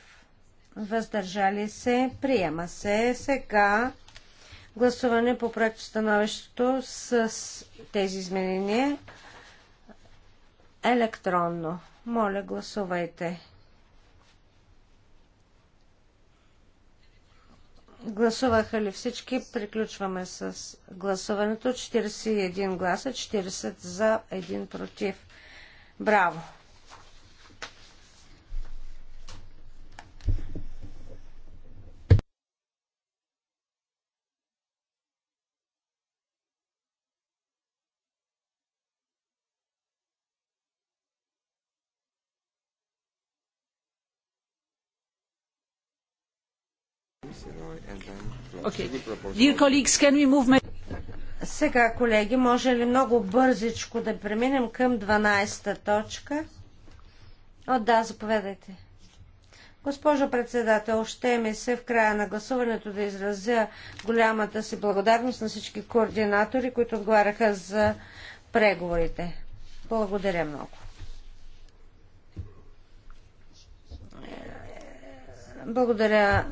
въздържали се, приема се. Сега гласуване по проект становището с тези изменения електронно. Моля, гласувайте. Гласуваха ли всички? Приключваме с гласуването. 41 гласа, 40 за, 1 против. Браво! Сега, колеги, може ли много бързичко да преминем към 12-та точка? О, да, заповедайте. Госпожо председател, ще ми се в края на гласуването да изразя голямата си благодарност на всички координатори, които отговаряха за преговорите. Благодаря много. Благодаря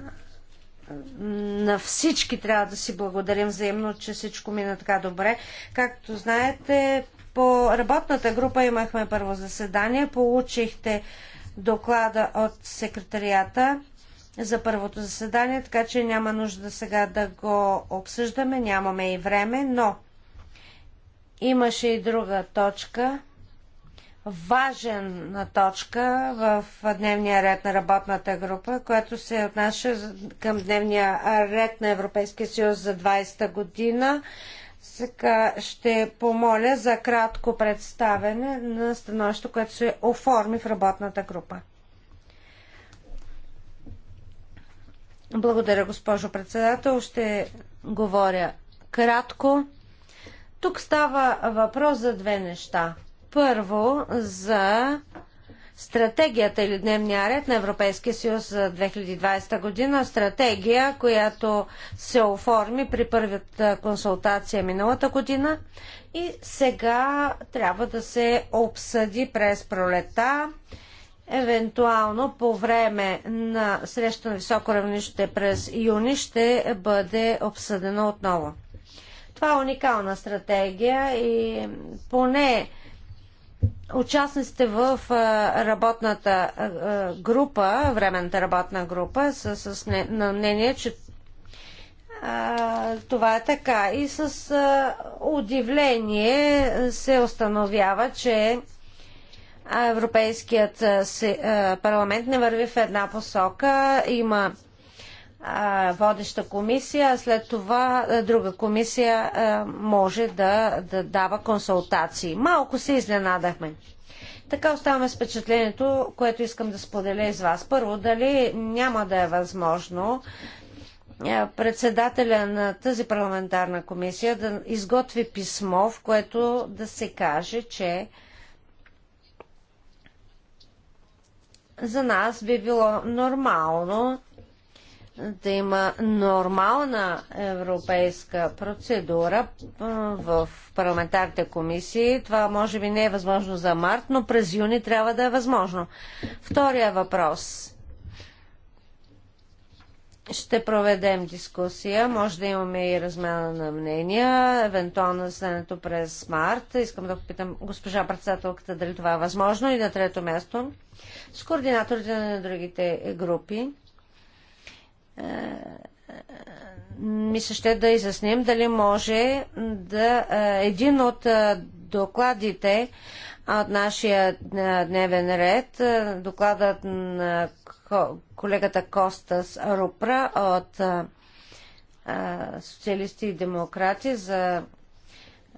на всички трябва да си благодарим взаимно, че всичко мина така добре. Както знаете, по работната група имахме първо заседание, получихте доклада от секретарията за първото заседание, така че няма нужда сега да го обсъждаме, нямаме и време, но имаше и друга точка – важна точка в дневния ред на работната група, която се отнася към дневния ред на Европейския съюз за 20-та година. Сега ще помоля за кратко представене на становището, което се оформи в работната група. Благодаря, госпожо председател. Ще говоря кратко. Тук става въпрос за две неща – първо за стратегията или дневния ред на Европейския съюз за 2020 година. Стратегия, която се оформи при първата консултация миналата година и сега трябва да се обсъди през пролета. Евентуално по време на среща на високо равнище през юни ще бъде обсъдено отново. Това е уникална стратегия и поне Участниците в работната група, временната работна група, са с на мнение, че а, това е така. И с а, удивление се установява, че Европейският парламент не върви в една посока. Има водеща комисия, а след това друга комисия може да, да дава консултации. Малко се изненадахме. Така оставаме с впечатлението, което искам да споделя с вас. Първо, дали няма да е възможно председателя на тази парламентарна комисия да изготви писмо, в което да се каже, че за нас би било нормално да има нормална европейска процедура в парламентарните комисии. Това може би не е възможно за март, но през юни трябва да е възможно. Втория въпрос. Ще проведем дискусия, може да имаме и размяна на мнения, евентуално заседанието през март. Искам да попитам госпожа председателката дали това е възможно и на трето място с координаторите на другите групи ми се ще да изясним дали може да е, един от е, докладите от нашия е, дневен ред, докладът на колегата Костас Рупра от социалисти и демократи за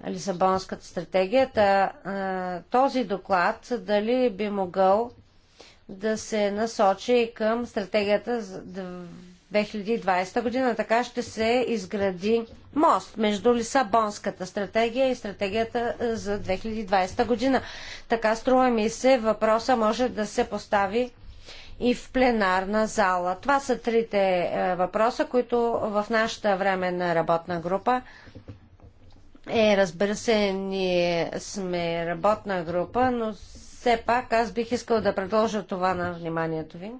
Лисабонската стратегия. Този доклад дали би могъл да се насочи към стратегията 2020 година. Така ще се изгради мост между Лисабонската стратегия и стратегията е, за 2020 година. Така струва ми се, въпроса може да се постави и в пленарна зала. Това са трите е, въпроса, които в нашата временна работна група е, разбира се, ние сме работна група, но все пак аз бих искал да предложа това на вниманието ви.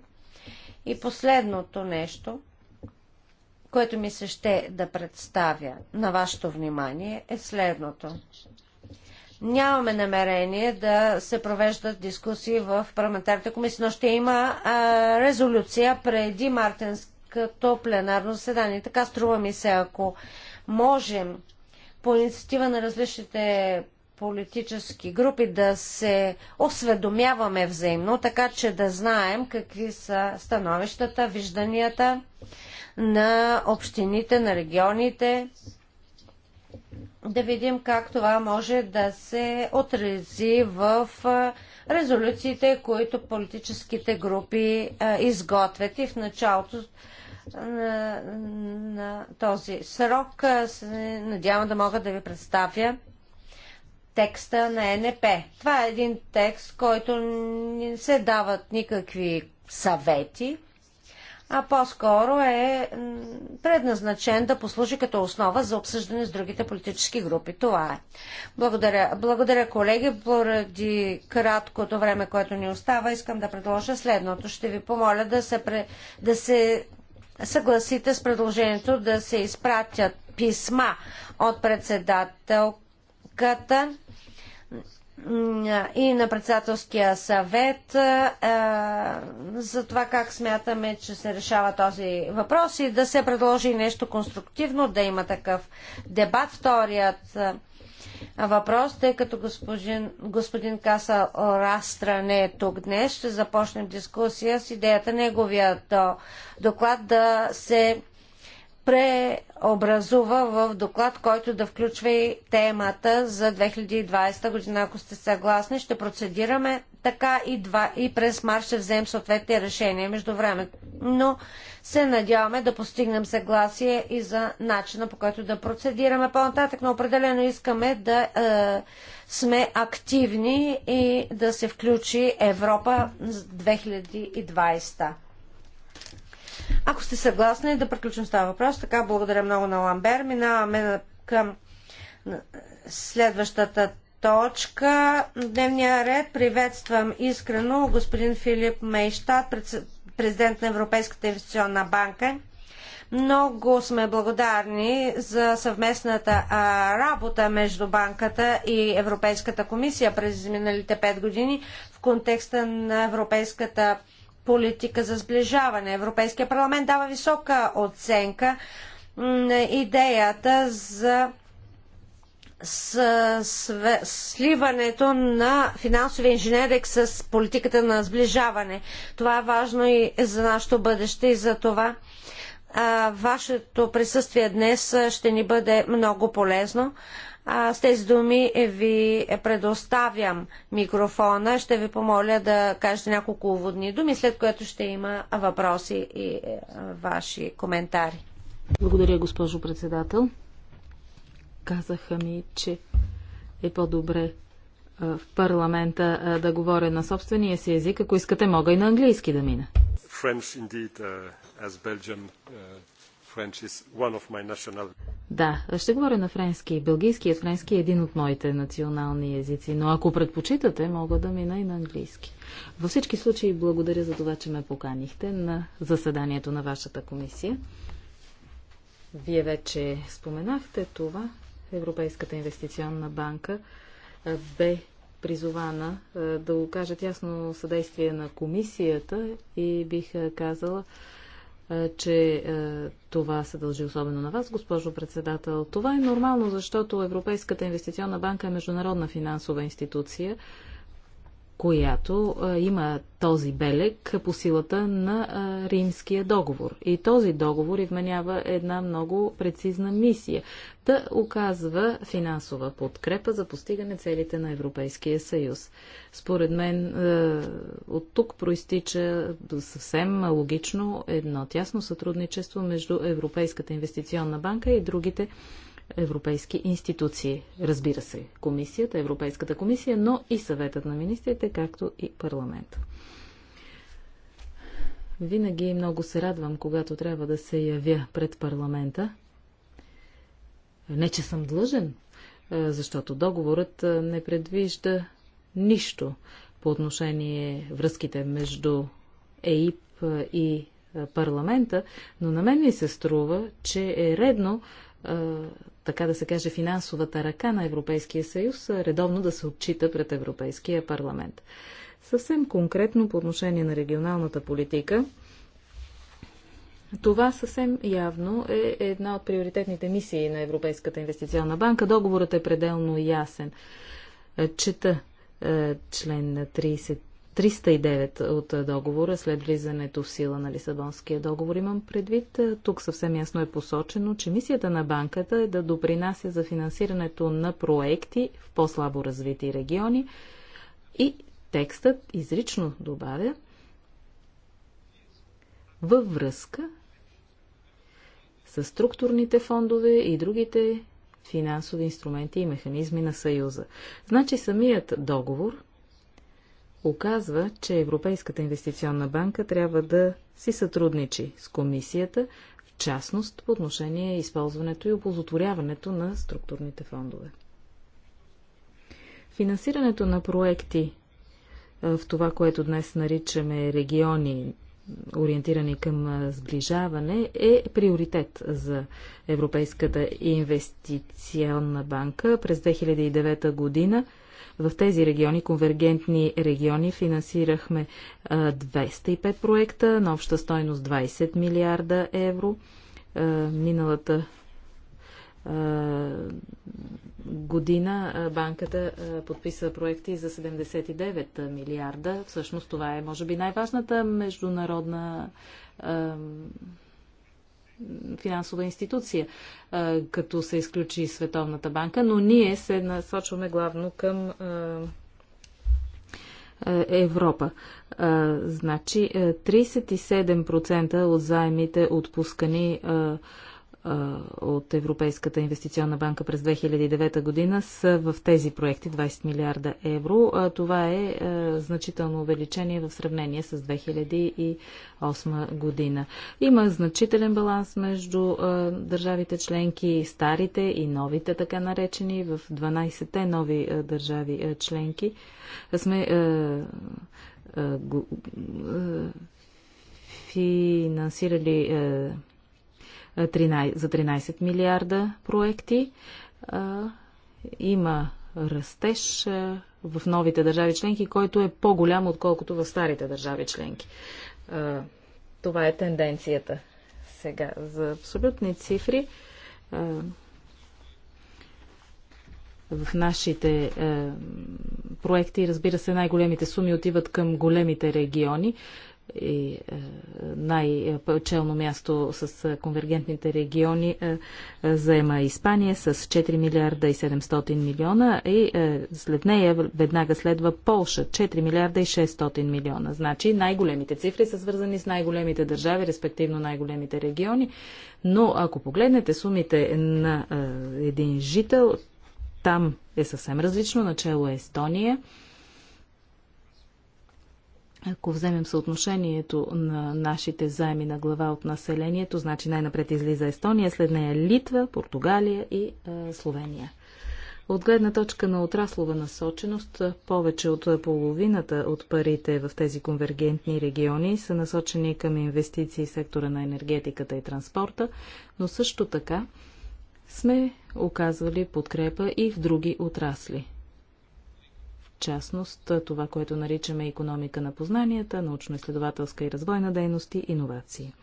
И последното нещо, което ми се ще да представя на вашето внимание, е следното. Нямаме намерение да се провеждат дискусии в парламентарните комисия, но ще има а, резолюция преди мартенското пленарно заседание. Така струва ми се, ако можем по инициатива на различните политически групи да се осведомяваме взаимно, така че да знаем какви са становищата, вижданията на общините, на регионите, да видим как това може да се отрези в резолюциите, които политическите групи изготвят. И в началото на, на този срок надявам да мога да ви представя текста на НП. Това е един текст, който не се дават никакви съвети, а по-скоро е предназначен да послужи като основа за обсъждане с другите политически групи. Това е. Благодаря, благодаря колеги. Поради краткото време, което ни остава, искам да предложа следното. Ще ви помоля да се, да се съгласите с предложението да се изпратят писма от председателката и на председателския съвет за това как смятаме, че се решава този въпрос и да се предложи нещо конструктивно, да има такъв дебат. Вторият въпрос, тъй като господин, господин Каса Растра не е тук днес, ще започнем дискусия с идеята неговия доклад да се преобразува в доклад, който да включва и темата за 2020 година. Ако сте съгласни, ще процедираме така и, два, и през март ще вземем съответни решения между времето. Но се надяваме да постигнем съгласие и за начина по който да процедираме по-нататък, но определено искаме да е, сме активни и да се включи Европа 2020. Ако сте съгласни да приключим с това въпрос, така благодаря много на Ламбер. Минаваме към следващата точка. Дневния ред приветствам искрено господин Филип Мейштад, президент на Европейската инвестиционна банка. Много сме благодарни за съвместната а, работа между банката и Европейската комисия през изминалите 5 години в контекста на Европейската политика за сближаване. Европейския парламент дава висока оценка на идеята за с, с, сливането на финансовия инженерик с политиката на сближаване. Това е важно и за нашето бъдеще и за това а, вашето присъствие днес ще ни бъде много полезно с тези думи ви предоставям микрофона. Ще ви помоля да кажете няколко уводни думи, след което ще има въпроси и е, ваши коментари. Благодаря, госпожо председател. Казаха ми, че е по-добре е, в парламента е, да говоря на собствения си език. Ако искате, мога и на английски да мина. French, indeed, uh, as Belgium uh, да, ще говоря на френски. Белгийският френски е един от моите национални езици, но ако предпочитате, мога да мина и на английски. Във всички случаи благодаря за това, че ме поканихте на заседанието на вашата комисия. Вие вече споменахте това. Европейската инвестиционна банка бе призована да окажат ясно съдействие на комисията и бих казала, е, че е, това се дължи особено на вас, госпожо председател. Това е нормално, защото Европейската инвестиционна банка е международна финансова институция която има този белег по силата на Римския договор. И този договор вменява една много прецизна мисия да оказва финансова подкрепа за постигане целите на Европейския съюз. Според мен от тук проистича съвсем логично едно тясно сътрудничество между Европейската инвестиционна банка и другите европейски институции. Разбира се, комисията, Европейската комисия, но и съветът на министрите, както и парламент. Винаги много се радвам, когато трябва да се явя пред парламента. Не, че съм длъжен, защото договорът не предвижда нищо по отношение връзките между ЕИП и парламента, но на мен ми се струва, че е редно така да се каже, финансовата ръка на Европейския съюз редовно да се отчита пред Европейския парламент. Съвсем конкретно по отношение на регионалната политика, това съвсем явно е една от приоритетните мисии на Европейската инвестиционна банка. Договорът е пределно ясен. Е, чета е, член 309 от е, договора след влизането в сила на Лисабонския договор. Имам предвид, е, тук съвсем ясно е посочено, че мисията на банката е да допринася за финансирането на проекти в по-слабо развити региони и текстът изрично добавя във връзка с структурните фондове и другите финансови инструменти и механизми на Съюза. Значи самият договор – оказва, че Европейската инвестиционна банка трябва да си сътрудничи с комисията, в частност по отношение използването и оползотворяването на структурните фондове. Финансирането на проекти в това, което днес наричаме региони, ориентирани към сближаване, е приоритет за Европейската инвестиционна банка. През 2009 година в тези региони, конвергентни региони, финансирахме 205 проекта на обща стойност 20 милиарда евро. Миналата година банката подписа проекти за 79 милиарда. Всъщност това е, може би, най-важната международна финансова институция, като се изключи Световната банка, но ние се насочваме главно към Европа. Значи 37% от заемите отпускани от Европейската инвестиционна банка през 2009 година са в тези проекти 20 милиарда евро. Това е значително увеличение в сравнение с 2008 година. Има значителен баланс между държавите членки, старите и новите, така наречени, в 12-те нови държави членки. Сме финансирали за 13 милиарда проекти. Има растеж в новите държави членки, който е по-голям, отколкото в старите държави членки. Това е тенденцията сега. За абсолютни цифри в нашите проекти. Разбира се, най-големите суми отиват към големите региони и е, най-челно място с е, конвергентните региони е, заема Испания с 4 милиарда и 700 милиона и след нея веднага следва Полша 4 милиарда и 600 милиона. Значи най-големите цифри са свързани с най-големите държави, респективно най-големите региони, но ако погледнете сумите на един жител, там е съвсем различно. Начало е Естония, ако вземем съотношението на нашите заеми на глава от населението, значи най-напред излиза Естония, след нея Литва, Португалия и е, Словения. От гледна точка на отраслова насоченост, повече от половината от парите в тези конвергентни региони са насочени към инвестиции в сектора на енергетиката и транспорта, но също така сме оказвали подкрепа и в други отрасли частност това, което наричаме економика на познанията, научно-изследователска и развойна дейност и иновации.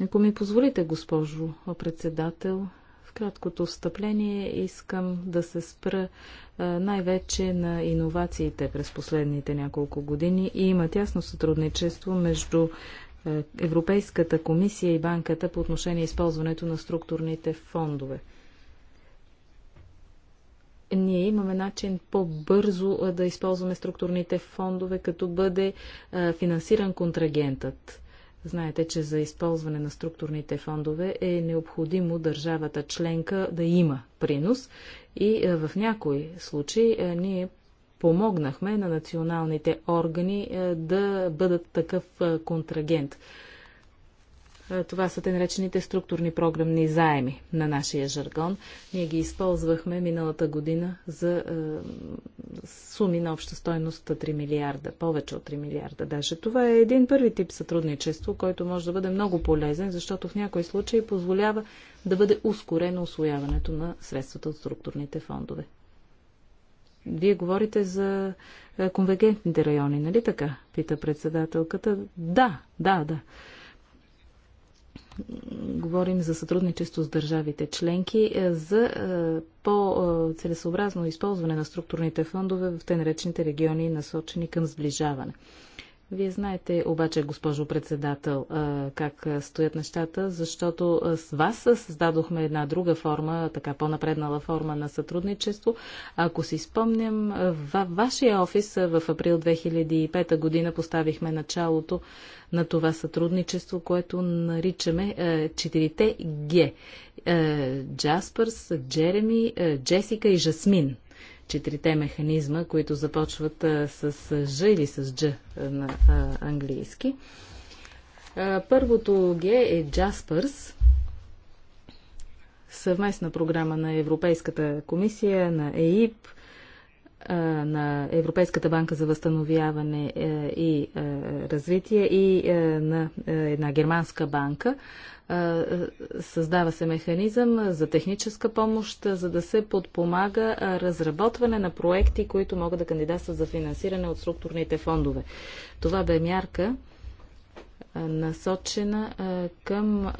Ако ми позволите, госпожо председател, в краткото встъпление искам да се спра най-вече на иновациите през последните няколко години и има тясно сътрудничество между Европейската комисия и банката по отношение използването на структурните фондове ние имаме начин по-бързо да използваме структурните фондове, като бъде финансиран контрагентът. Знаете, че за използване на структурните фондове е необходимо държавата членка да има принос и в някои случаи ние помогнахме на националните органи да бъдат такъв контрагент. Е, това са те наречените структурни програмни заеми на нашия жаргон. Ние ги използвахме миналата година за е, суми на обща стойност 3 милиарда, повече от 3 милиарда. Даже това е един първи тип сътрудничество, който може да бъде много полезен, защото в някои случаи позволява да бъде ускорено освояването на средствата от структурните фондове. Вие говорите за е, конвергентните райони, нали така? Пита председателката. Да, да, да говорим за сътрудничество с държавите членки е, за е, по-целесообразно използване на структурните фондове в те наречените региони, насочени към сближаване. Вие знаете обаче, госпожо председател, как стоят нещата, защото с вас създадохме една друга форма, така по-напреднала форма на сътрудничество. Ако си спомням, във вашия офис в април 2005 година поставихме началото на това сътрудничество, което наричаме 4 Г. Джаспърс, Джереми, Джесика и Жасмин четирите механизма, които започват с Ж или с Дж на английски. Първото Г е Jaspers, съвместна програма на Европейската комисия, на ЕИП, на Европейската банка за възстановяване и развитие и на една германска банка Създава се механизъм за техническа помощ, за да се подпомага разработване на проекти, които могат да кандидатстват за финансиране от структурните фондове. Това бе мярка насочена към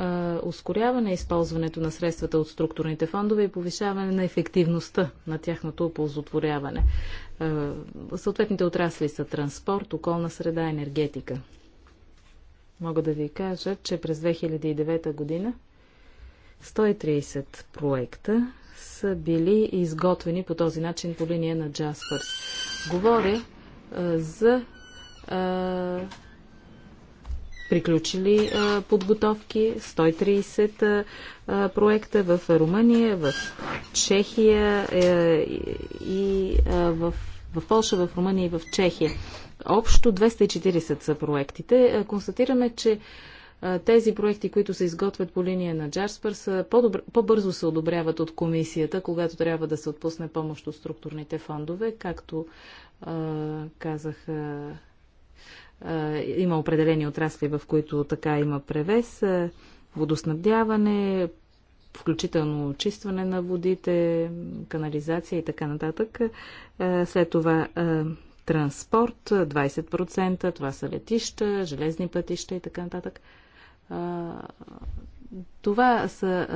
ускоряване използването на средствата от структурните фондове и повишаване на ефективността на тяхното оползотворяване. Съответните отрасли са транспорт, околна среда, енергетика мога да ви кажа, че през 2009 година 130 проекта са били изготвени по този начин по линия на Jaspers. Говоря а, за а, приключили а, подготовки, 130 а, проекта в Румъния, в Чехия а, е, и а, в, в Польша, в Румъния и в Чехия. Общо 240 са проектите. Е, констатираме, че е, тези проекти, които се изготвят по линия на Джарспър, са по-бързо по се одобряват от комисията, когато трябва да се отпусне помощ от структурните фондове, както а, е, казах. А, а, има определени отрасли, в които така има превес. А, водоснабдяване, включително чистване на водите, канализация и така нататък. А, след това а, транспорт 20%, това са летища, железни пътища и така нататък. Това са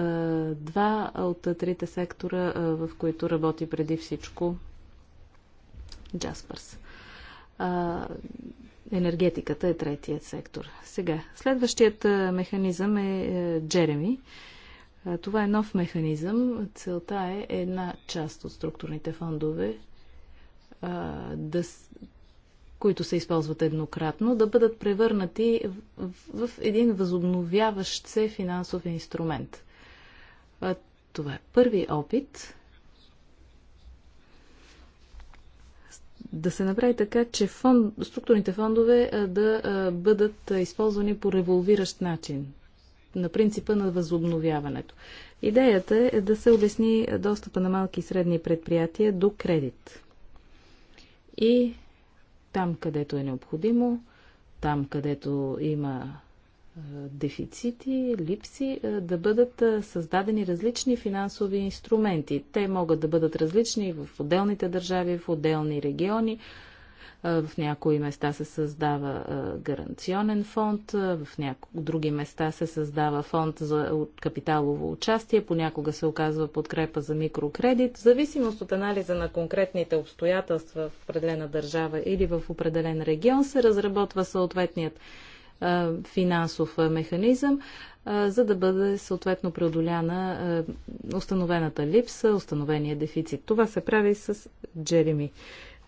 два от трите сектора, в които работи преди всичко Джаспърс. Енергетиката е третият сектор. Сега, следващият механизъм е, е Джереми. Това е нов механизъм. Целта е една част от структурните фондове да, които се използват еднократно, да бъдат превърнати в, в един възобновяващ се финансов инструмент. Това е първи опит да се направи така, че фонд, структурните фондове да бъдат използвани по револвиращ начин, на принципа на възобновяването. Идеята е да се обясни достъпа на малки и средни предприятия до кредит и там, където е необходимо, там, където има дефицити, липси, да бъдат създадени различни финансови инструменти. Те могат да бъдат различни в отделните държави, в отделни региони, в някои места се създава гаранционен фонд, в някои други места се създава фонд за капиталово участие, понякога се оказва подкрепа за микрокредит. В зависимост от анализа на конкретните обстоятелства в определена държава или в определен регион се разработва съответният финансов механизъм, за да бъде съответно преодоляна установената липса, установения дефицит. Това се прави с Джереми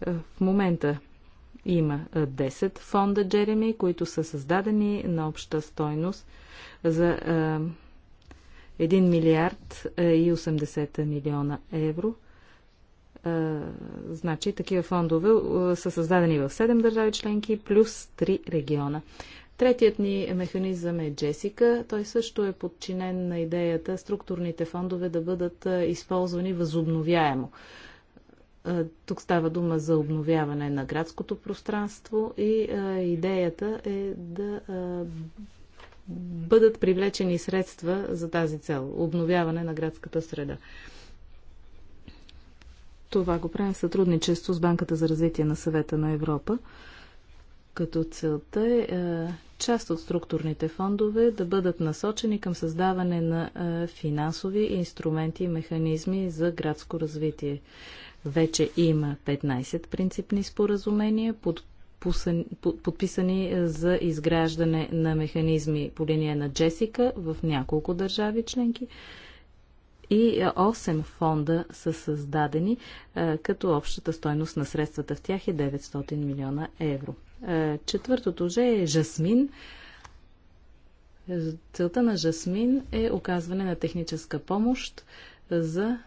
в момента. Има 10 фонда Джереми, които са създадени на обща стойност за 1 милиард и 80 милиона евро. Значи, такива фондове са създадени в 7 държави членки плюс 3 региона. Третият ни механизъм е Джесика. Той също е подчинен на идеята структурните фондове да бъдат използвани възобновяемо. Е, тук става дума за обновяване на градското пространство и е, идеята е да е, бъдат привлечени средства за тази цел обновяване на градската среда. Това го правим в сътрудничество с Банката за развитие на съвета на Европа, като целта е част от структурните фондове да бъдат насочени към създаване на финансови инструменти и механизми за градско развитие. Вече има 15 принципни споразумения, подписани е, за изграждане на механизми по линия на Джесика в няколко държави членки и 8 е, фонда са създадени, е, като общата стойност на средствата в тях е 900 милиона евро. Четвъртото же е Жасмин. Целта на Жасмин е оказване на техническа помощ за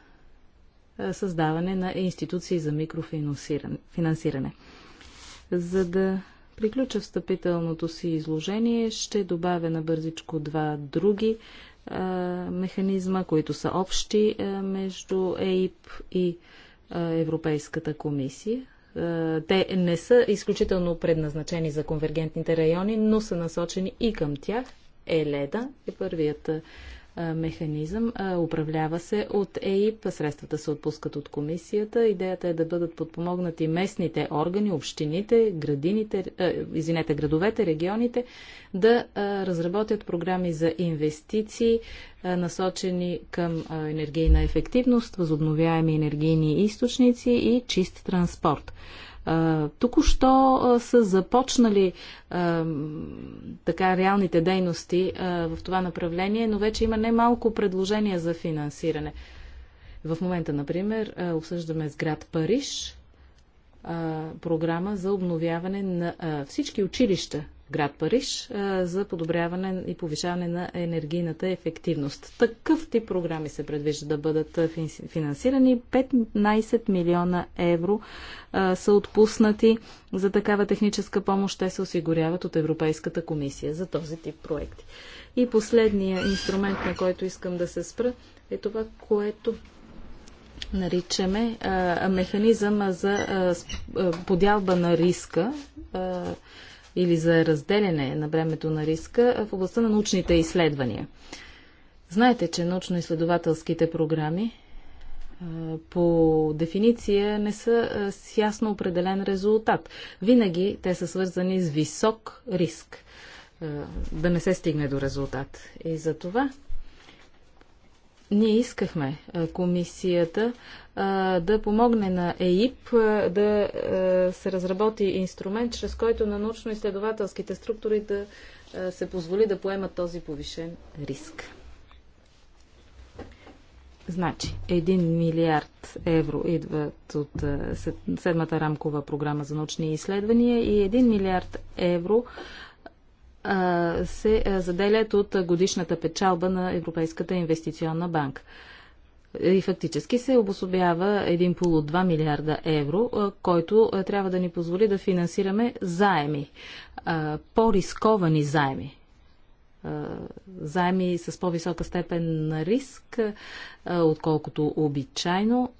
е, създаване на институции за микрофинансиране. За да приключа встъпителното си изложение, ще добавя на бързичко два други е, механизма, които са общи е, между ЕИП и Европейската комисия. Те не са изключително предназначени за конвергентните райони, но са насочени и към тях. ЕЛЕДА е първият механизъм. Управлява се от ЕИП, средствата се отпускат от комисията. Идеята е да бъдат подпомогнати местните органи, общините, градините, извинете, градовете, регионите, да разработят програми за инвестиции, насочени към енергийна ефективност, възобновяеми енергийни източници и чист транспорт. Току-що са започнали така реалните дейности в това направление, но вече има немалко предложения за финансиране. В момента, например, обсъждаме с град Париж програма за обновяване на всички училища град Париж за подобряване и повишаване на енергийната ефективност. Такъв тип програми се предвижда да бъдат финансирани. 15 милиона евро са отпуснати за такава техническа помощ. Те се осигуряват от Европейската комисия за този тип проекти. И последния инструмент, на който искам да се спра, е това, което наричаме а, механизъм за а, подялба на риска. А, или за разделяне на бремето на риска в областта на научните изследвания. Знаете, че научно-изследователските програми по дефиниция не са с ясно определен резултат. Винаги те са свързани с висок риск да не се стигне до резултат. И за това ние искахме комисията да помогне на ЕИП да се разработи инструмент, чрез който на научно-изследователските структури да се позволи да поемат този повишен риск. Значи, 1 милиард евро идват от седмата рамкова програма за научни изследвания и 1 милиард евро а, се заделят от годишната печалба на Европейската инвестиционна банка. И фактически се обособява един пул от 2 милиарда евро, който трябва да ни позволи да финансираме заеми, по-рисковани заеми заеми с по-висока степен на риск, отколкото обичайно.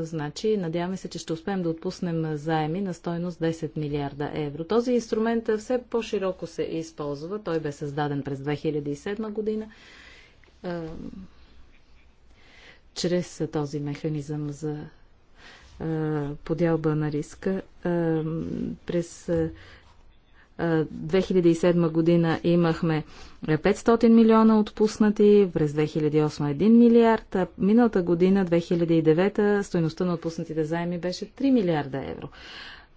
Значи, надяваме се, че ще успеем да отпуснем заеми на стойност 10 милиарда евро. Този инструмент все по-широко се използва. Той бе създаден през 2007 година. Чрез този механизъм за подялба на риска. През 2007 година имахме 500 милиона отпуснати, през 2008 1 милиард, а миналата година, 2009, стоеността на отпуснатите заеми беше 3 милиарда евро.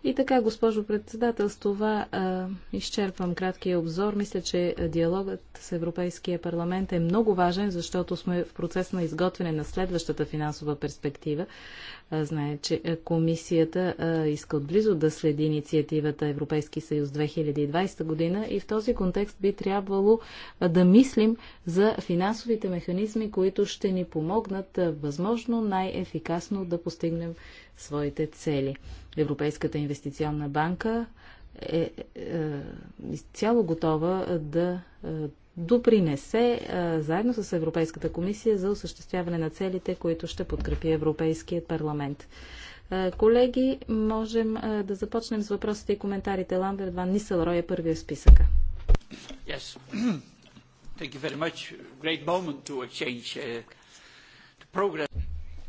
И така, госпожо председател, с това а, изчерпвам краткия обзор. Мисля, че диалогът с Европейския парламент е много важен, защото сме в процес на изготвяне на следващата финансова перспектива знае, че комисията иска отблизо да следи инициативата Европейски съюз 2020 година и в този контекст би трябвало да мислим за финансовите механизми, които ще ни помогнат възможно най-ефикасно да постигнем своите цели. Европейската инвестиционна банка е, е, е изцяло готова да допринесе а, заедно с Европейската комисия за осъществяване на целите, които ще подкрепи Европейският парламент. А, колеги, можем а, да започнем с въпросите и коментарите. Ламберт Ван Рой е първия списъка. Yes. Thank you very much. Great moment to exchange uh, the progress.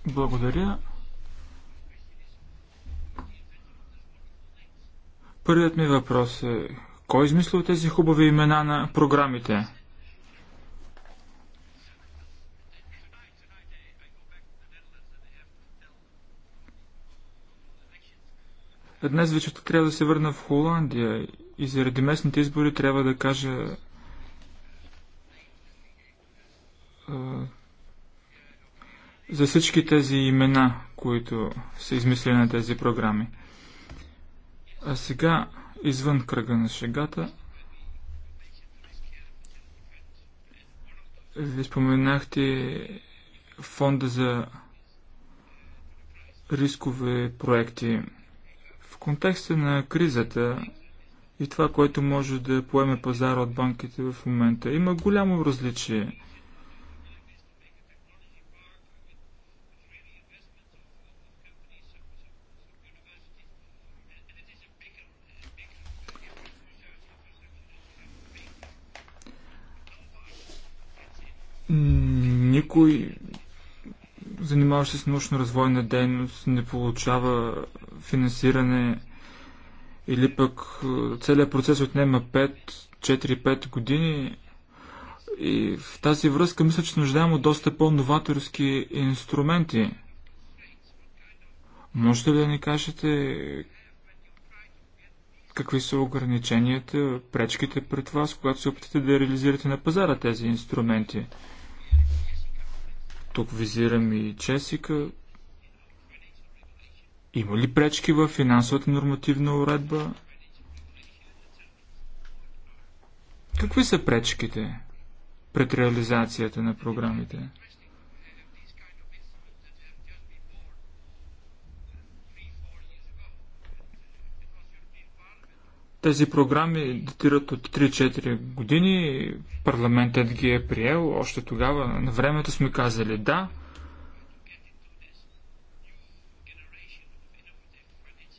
Благодаря. Първият ми въпрос е кой е измислил тези хубави имена на програмите? Днес вечерта трябва да се върна в Холандия и заради местните избори трябва да кажа за всички тези имена, които са измислени на тези програми. А сега извън кръга на шегата. Ви споменахте фонда за рискове проекти. В контекста на кризата и това, което може да поеме пазара от банките в момента, има голямо различие – Никой занимаващ се с научно-развойна дейност не получава финансиране или пък е, целият процес отнема 5, 4-5 години. И в тази връзка мисля, че нуждаем от доста по-новаторски инструменти. Можете ли да ни кажете какви са ограниченията, пречките пред вас, когато се опитате да реализирате на пазара тези инструменти? Тук визирам и Чесика. Има ли пречки в финансовата нормативна уредба? Какви са пречките пред реализацията на програмите? Тези програми датират от 3-4 години. Парламентът ги е приел. Още тогава на времето сме казали да.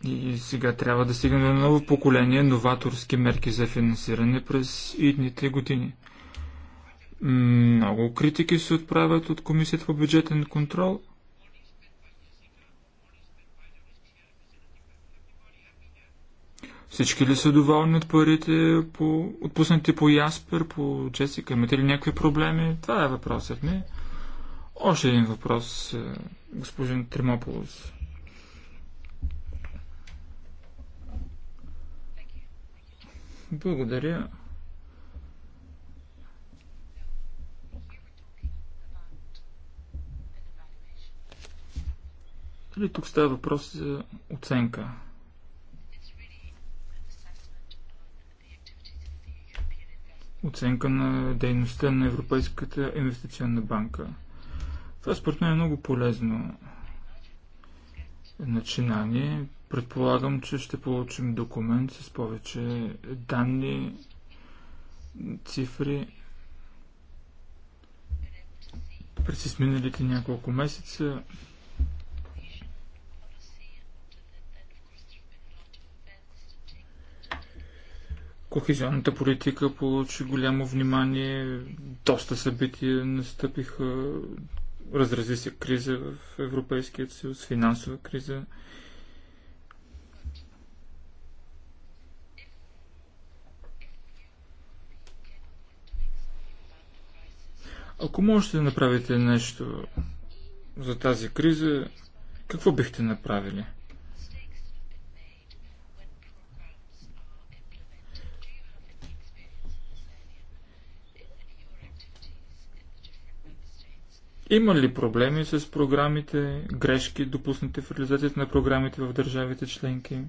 И сега трябва да стигнем до ново поколение новаторски мерки за финансиране през идните години. Много критики се отправят от Комисията по бюджетен контрол – Всички ли са доволни от парите, по, отпуснати по Яспер, по Джесика? Имате ли някакви проблеми? Това е въпросът ми. Още един въпрос, е, госпожин Тримополос. Благодаря. Или тук става въпрос за оценка? оценка на дейността на Европейската инвестиционна банка. Това според мен е много полезно начинание. Предполагам, че ще получим документ с повече данни, цифри. През изминалите няколко месеца Кохезионната политика получи голямо внимание, доста събития настъпиха, разрази се криза в Европейския съюз, финансова криза. Ако можете да направите нещо за тази криза, какво бихте направили? Има ли проблеми с програмите, грешки допуснати в реализацията на програмите в държавите членки?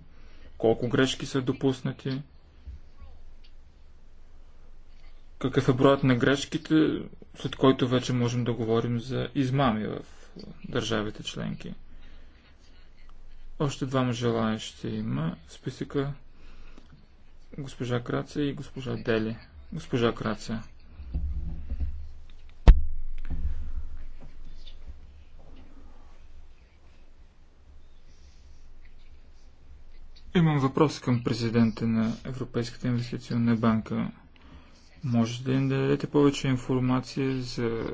Колко грешки са допуснати? Какъв е броят на грешките, след който вече можем да говорим за измами в държавите членки? Още двама желаящи има в списъка госпожа Краца и госпожа Дели. Госпожа Краца. Имам въпрос към президента на Европейската инвестиционна банка. Може ли да дадете повече информация за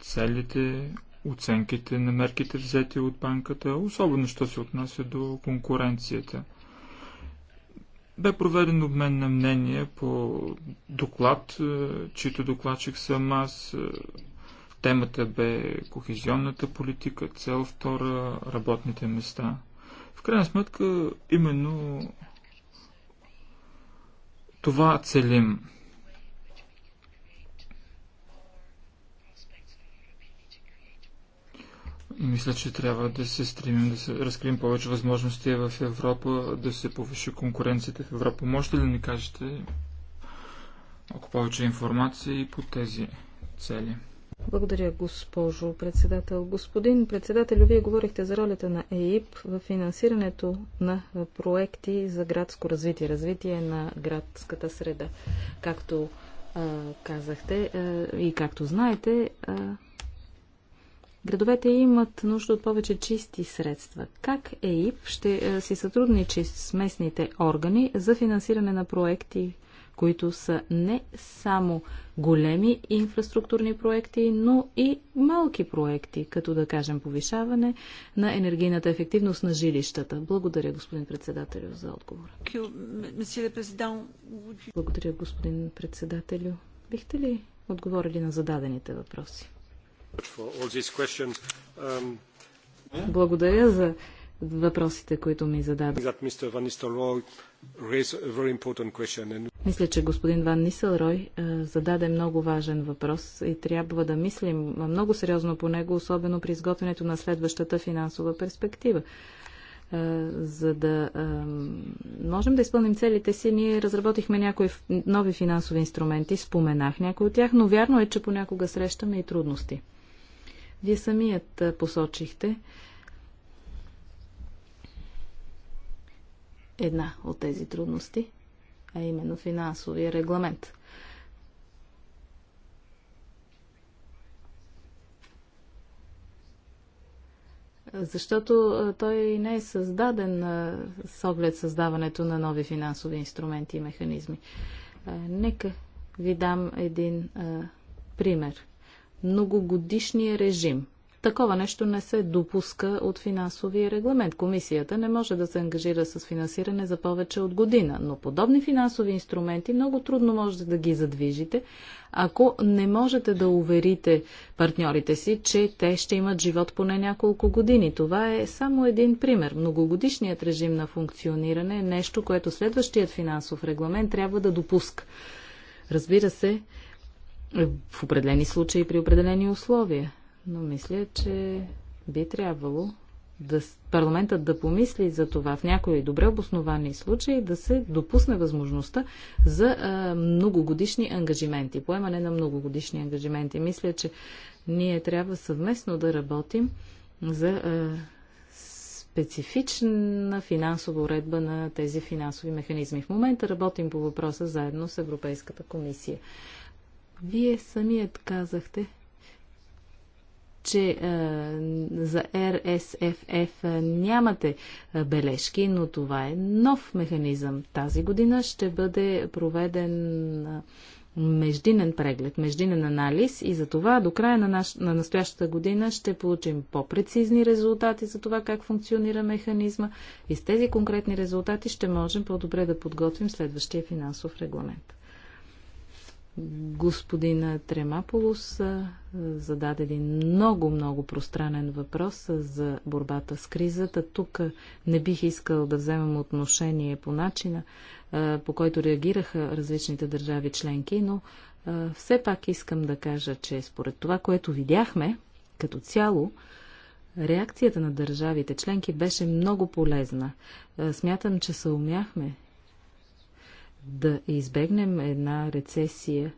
целите, оценките на мерките взети от банката, особено що се отнася до конкуренцията? Бе проведен обмен на мнение по доклад, е, чието докладчик съм аз. Е, темата бе кохезионната политика, цел втора, работните места – в крайна сметка, именно това целим. Мисля, че трябва да се стремим да се разкрием повече възможности в Европа, да се повиши конкуренцията в Европа. Можете ли да ни кажете малко повече информация и по тези цели? Благодаря, госпожо председател. Господин председател, вие говорихте за ролята на ЕИП в финансирането на проекти за градско развитие, развитие на градската среда. Както а, казахте а, и както знаете, а, градовете имат нужда от повече чисти средства. Как ЕИП ще а, си сътрудничи с местните органи за финансиране на проекти? които са не само големи инфраструктурни проекти, но и малки проекти, като да кажем повишаване на енергийната ефективност на жилищата. Благодаря, господин председателю, за отговора. Благодаря, господин председателю. Бихте ли отговорили на зададените въпроси? Um, Благодаря за въпросите, които ми зададе. Мисля, че господин Ван Нисълрой е, зададе много важен въпрос и трябва да мислим много сериозно по него, особено при изготвянето на следващата финансова перспектива. Е, за да е, можем да изпълним целите си, ние разработихме някои нови финансови инструменти, споменах някои от тях, но вярно е, че понякога срещаме и трудности. Вие самият посочихте, една от тези трудности, а именно финансовия регламент. Защото той не е създаден с оглед създаването на нови финансови инструменти и механизми. Нека ви дам един пример. Многогодишния режим Такова нещо не се допуска от финансовия регламент. Комисията не може да се ангажира с финансиране за повече от година, но подобни финансови инструменти много трудно можете да ги задвижите, ако не можете да уверите партньорите си, че те ще имат живот поне няколко години. Това е само един пример. Многогодишният режим на функциониране е нещо, което следващият финансов регламент трябва да допуска. Разбира се, в определени случаи при определени условия но мисля, че би трябвало да, парламентът да помисли за това в някои добре обосновани случаи да се допусне възможността за а, многогодишни ангажименти, поемане на многогодишни ангажименти. Мисля, че ние трябва съвместно да работим за а, специфична финансова уредба на тези финансови механизми. В момента работим по въпроса заедно с Европейската комисия. Вие самият казахте, че а, е, за РСФФ е, нямате е, бележки, но това е нов механизъм. Тази година ще бъде проведен междинен преглед, междинен анализ и за това до края на, наш, на настоящата година ще получим по-прецизни резултати за това как функционира механизма и с тези конкретни резултати ще можем по-добре да подготвим следващия финансов регламент. Господин Тремаполус зададе един много, много пространен въпрос за борбата с кризата. Тук не бих искал да вземам отношение по начина, по който реагираха различните държави членки, но все пак искам да кажа, че според това, което видяхме като цяло, реакцията на държавите членки беше много полезна. Смятам, че се умяхме да избегнем една рецесия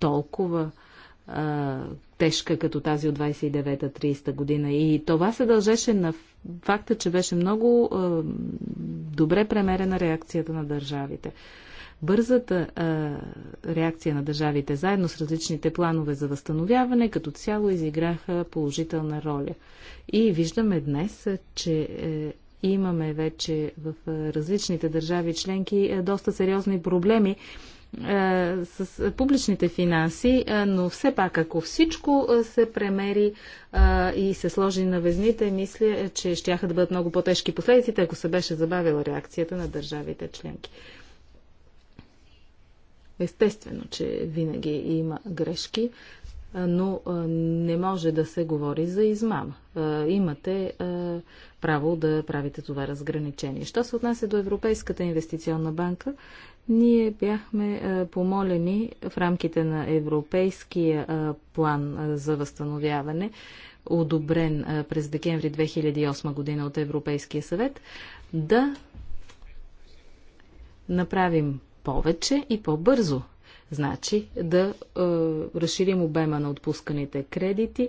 толкова а, тежка като тази от 29-30 година. И това се дължеше на факта, че беше много а, добре премерена реакцията на държавите. Бързата а, реакция на държавите заедно с различните планове за възстановяване като цяло изиграха положителна роля. И виждаме днес, че е, имаме вече в различните държави членки доста сериозни проблеми с публичните финанси, но все пак, ако всичко се премери и се сложи на везните, мисля, че ще да бъдат много по-тежки последиците, ако се беше забавила реакцията на държавите членки. Естествено, че винаги има грешки, но не може да се говори за измама. Имате право да правите това разграничение. Що се отнася до Европейската инвестиционна банка, ние бяхме помолени в рамките на Европейския план за възстановяване, одобрен през декември 2008 година от Европейския съвет, да направим повече и по-бързо Значи да е, разширим обема на отпусканите кредити,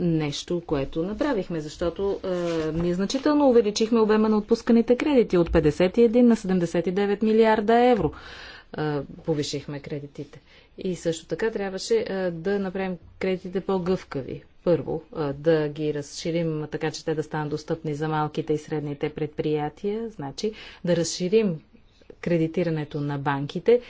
нещо, което направихме, защото е, ние значително увеличихме обема на отпусканите кредити от 51 на 79 милиарда евро. Е, повишихме кредитите. И също така трябваше е, да направим кредитите по-гъвкави. Първо, е, да ги разширим така, че те да станат достъпни за малките и средните предприятия, значи да разширим кредитирането на банките,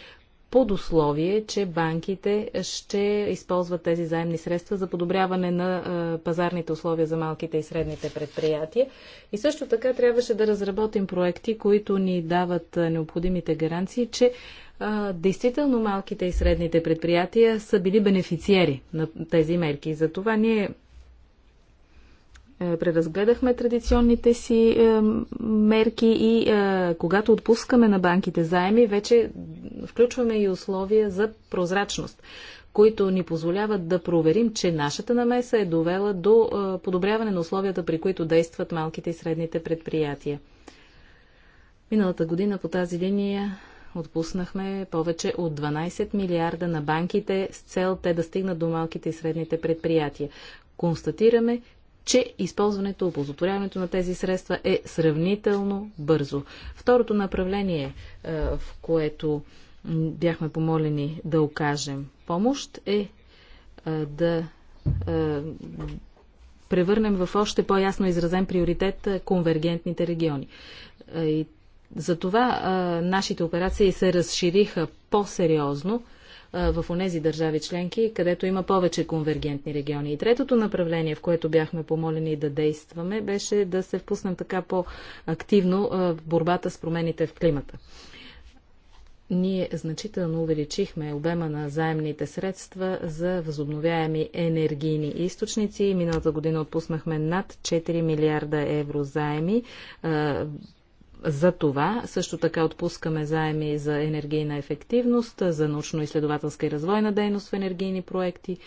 под условие, че банките ще използват тези заемни средства за подобряване на пазарните условия за малките и средните предприятия. И също така трябваше да разработим проекти, които ни дават необходимите гаранции, че а, действително малките и средните предприятия са били бенефициери на тези мерки. Затова ние е, преразгледахме традиционните си е, мерки и е, когато отпускаме на банките заеми, вече включваме и условия за прозрачност които ни позволяват да проверим, че нашата намеса е довела до подобряване на условията, при които действат малките и средните предприятия. Миналата година по тази линия отпуснахме повече от 12 милиарда на банките с цел те да стигнат до малките и средните предприятия. Констатираме, че използването, оползотворяването на тези средства е сравнително бързо. Второто направление, е, в което бяхме помолени да окажем помощ, е, е да е, превърнем в още по-ясно изразен приоритет конвергентните региони. И затова нашите операции се разшириха по-сериозно в онези държави членки, където има повече конвергентни региони. И третото направление, в което бяхме помолени да действаме, беше да се впуснем така по-активно в борбата с промените в климата ние значително увеличихме обема на заемните средства за възобновяеми енергийни източници. Миналата година отпуснахме над 4 милиарда евро заеми за това също така отпускаме заеми за енергийна ефективност, за научно-изследователска и развойна дейност в енергийни проекти,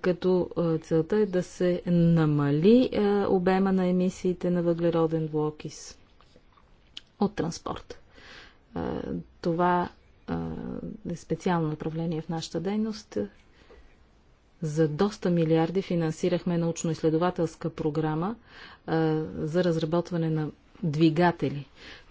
като целта е да се намали обема на емисиите на въглероден двуокис от транспорт. Това е специално направление в нашата дейност. За доста милиарди финансирахме научно-изследователска програма а, за разработване на двигатели,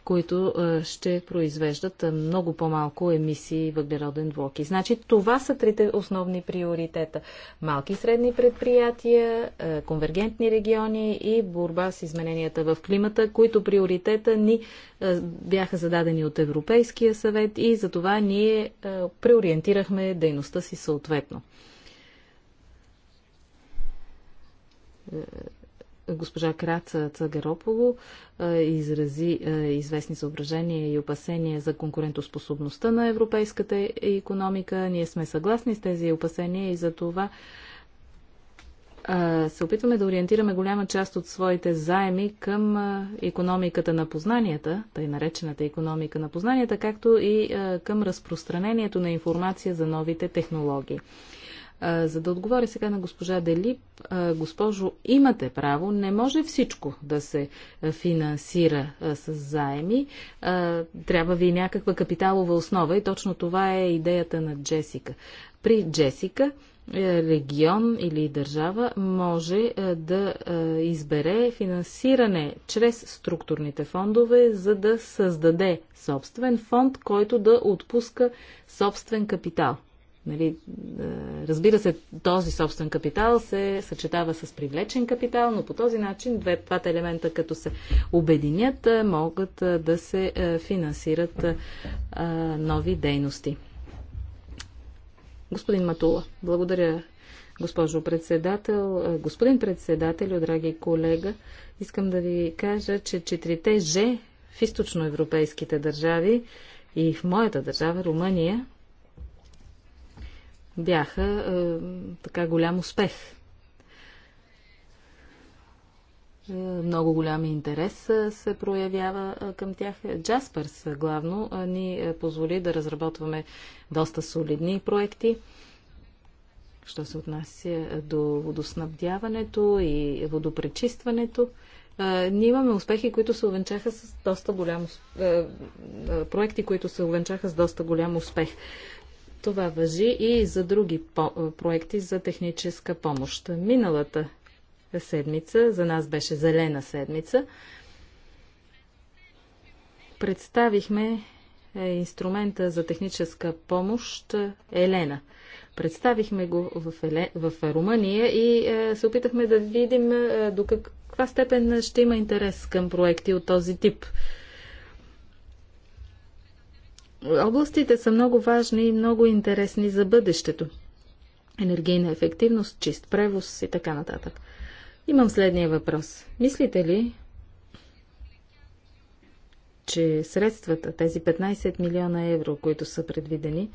които ще произвеждат много по-малко емисии въглероден двуокис. Значи това са трите основни приоритета. Малки и средни предприятия, конвергентни региони и борба с измененията в климата, които приоритета ни бяха зададени от Европейския съвет и за това ние преориентирахме дейността си съответно госпожа Краца Цагарополо изрази известни съображения и опасения за конкурентоспособността на европейската е- економика. Ние сме съгласни с тези опасения и за това се опитваме да ориентираме голяма част от своите заеми към економиката на познанията, тъй наречената економика на познанията, както и към разпространението на информация за новите технологии. За да отговоря сега на госпожа Делип, госпожо, имате право, не може всичко да се финансира с заеми. Трябва ви някаква капиталова основа и точно това е идеята на Джесика. При Джесика е, регион или държава може е, да е, избере финансиране чрез структурните фондове, за да създаде собствен фонд, който да отпуска собствен капитал – Нали, е, разбира се, този собствен капитал се съчетава с привлечен капитал, но по този начин две, двата елемента, като се обединят, е, могат е, да се финансират нови дейности. Господин Матула, благодаря, госпожо председател. Господин председател, драги колега, искам да ви кажа, че четирите же в източноевропейските държави и в моята държава, Румъния, бяха е, така голям успех. Е, много голям интерес е, се проявява е, към тях. Джаспърс главно ни позволи да разработваме доста солидни проекти, що се отнася до водоснабдяването и водопречистването ние имаме успехи, които се увенчаха с доста голям проекти, които се увенчаха с доста голям успех. Това въжи и за други е, проекти за техническа помощ. Миналата седмица, за нас беше зелена седмица, представихме е, инструмента за техническа помощ е, Елена. Представихме го в, Еле... в Румъния и се опитахме да видим до каква степен ще има интерес към проекти от този тип областите са много важни и много интересни за бъдещето. Енергийна ефективност, чист превоз и така нататък. Имам следния въпрос. Мислите ли, че средствата, тези 15 милиона евро, които са предвидени,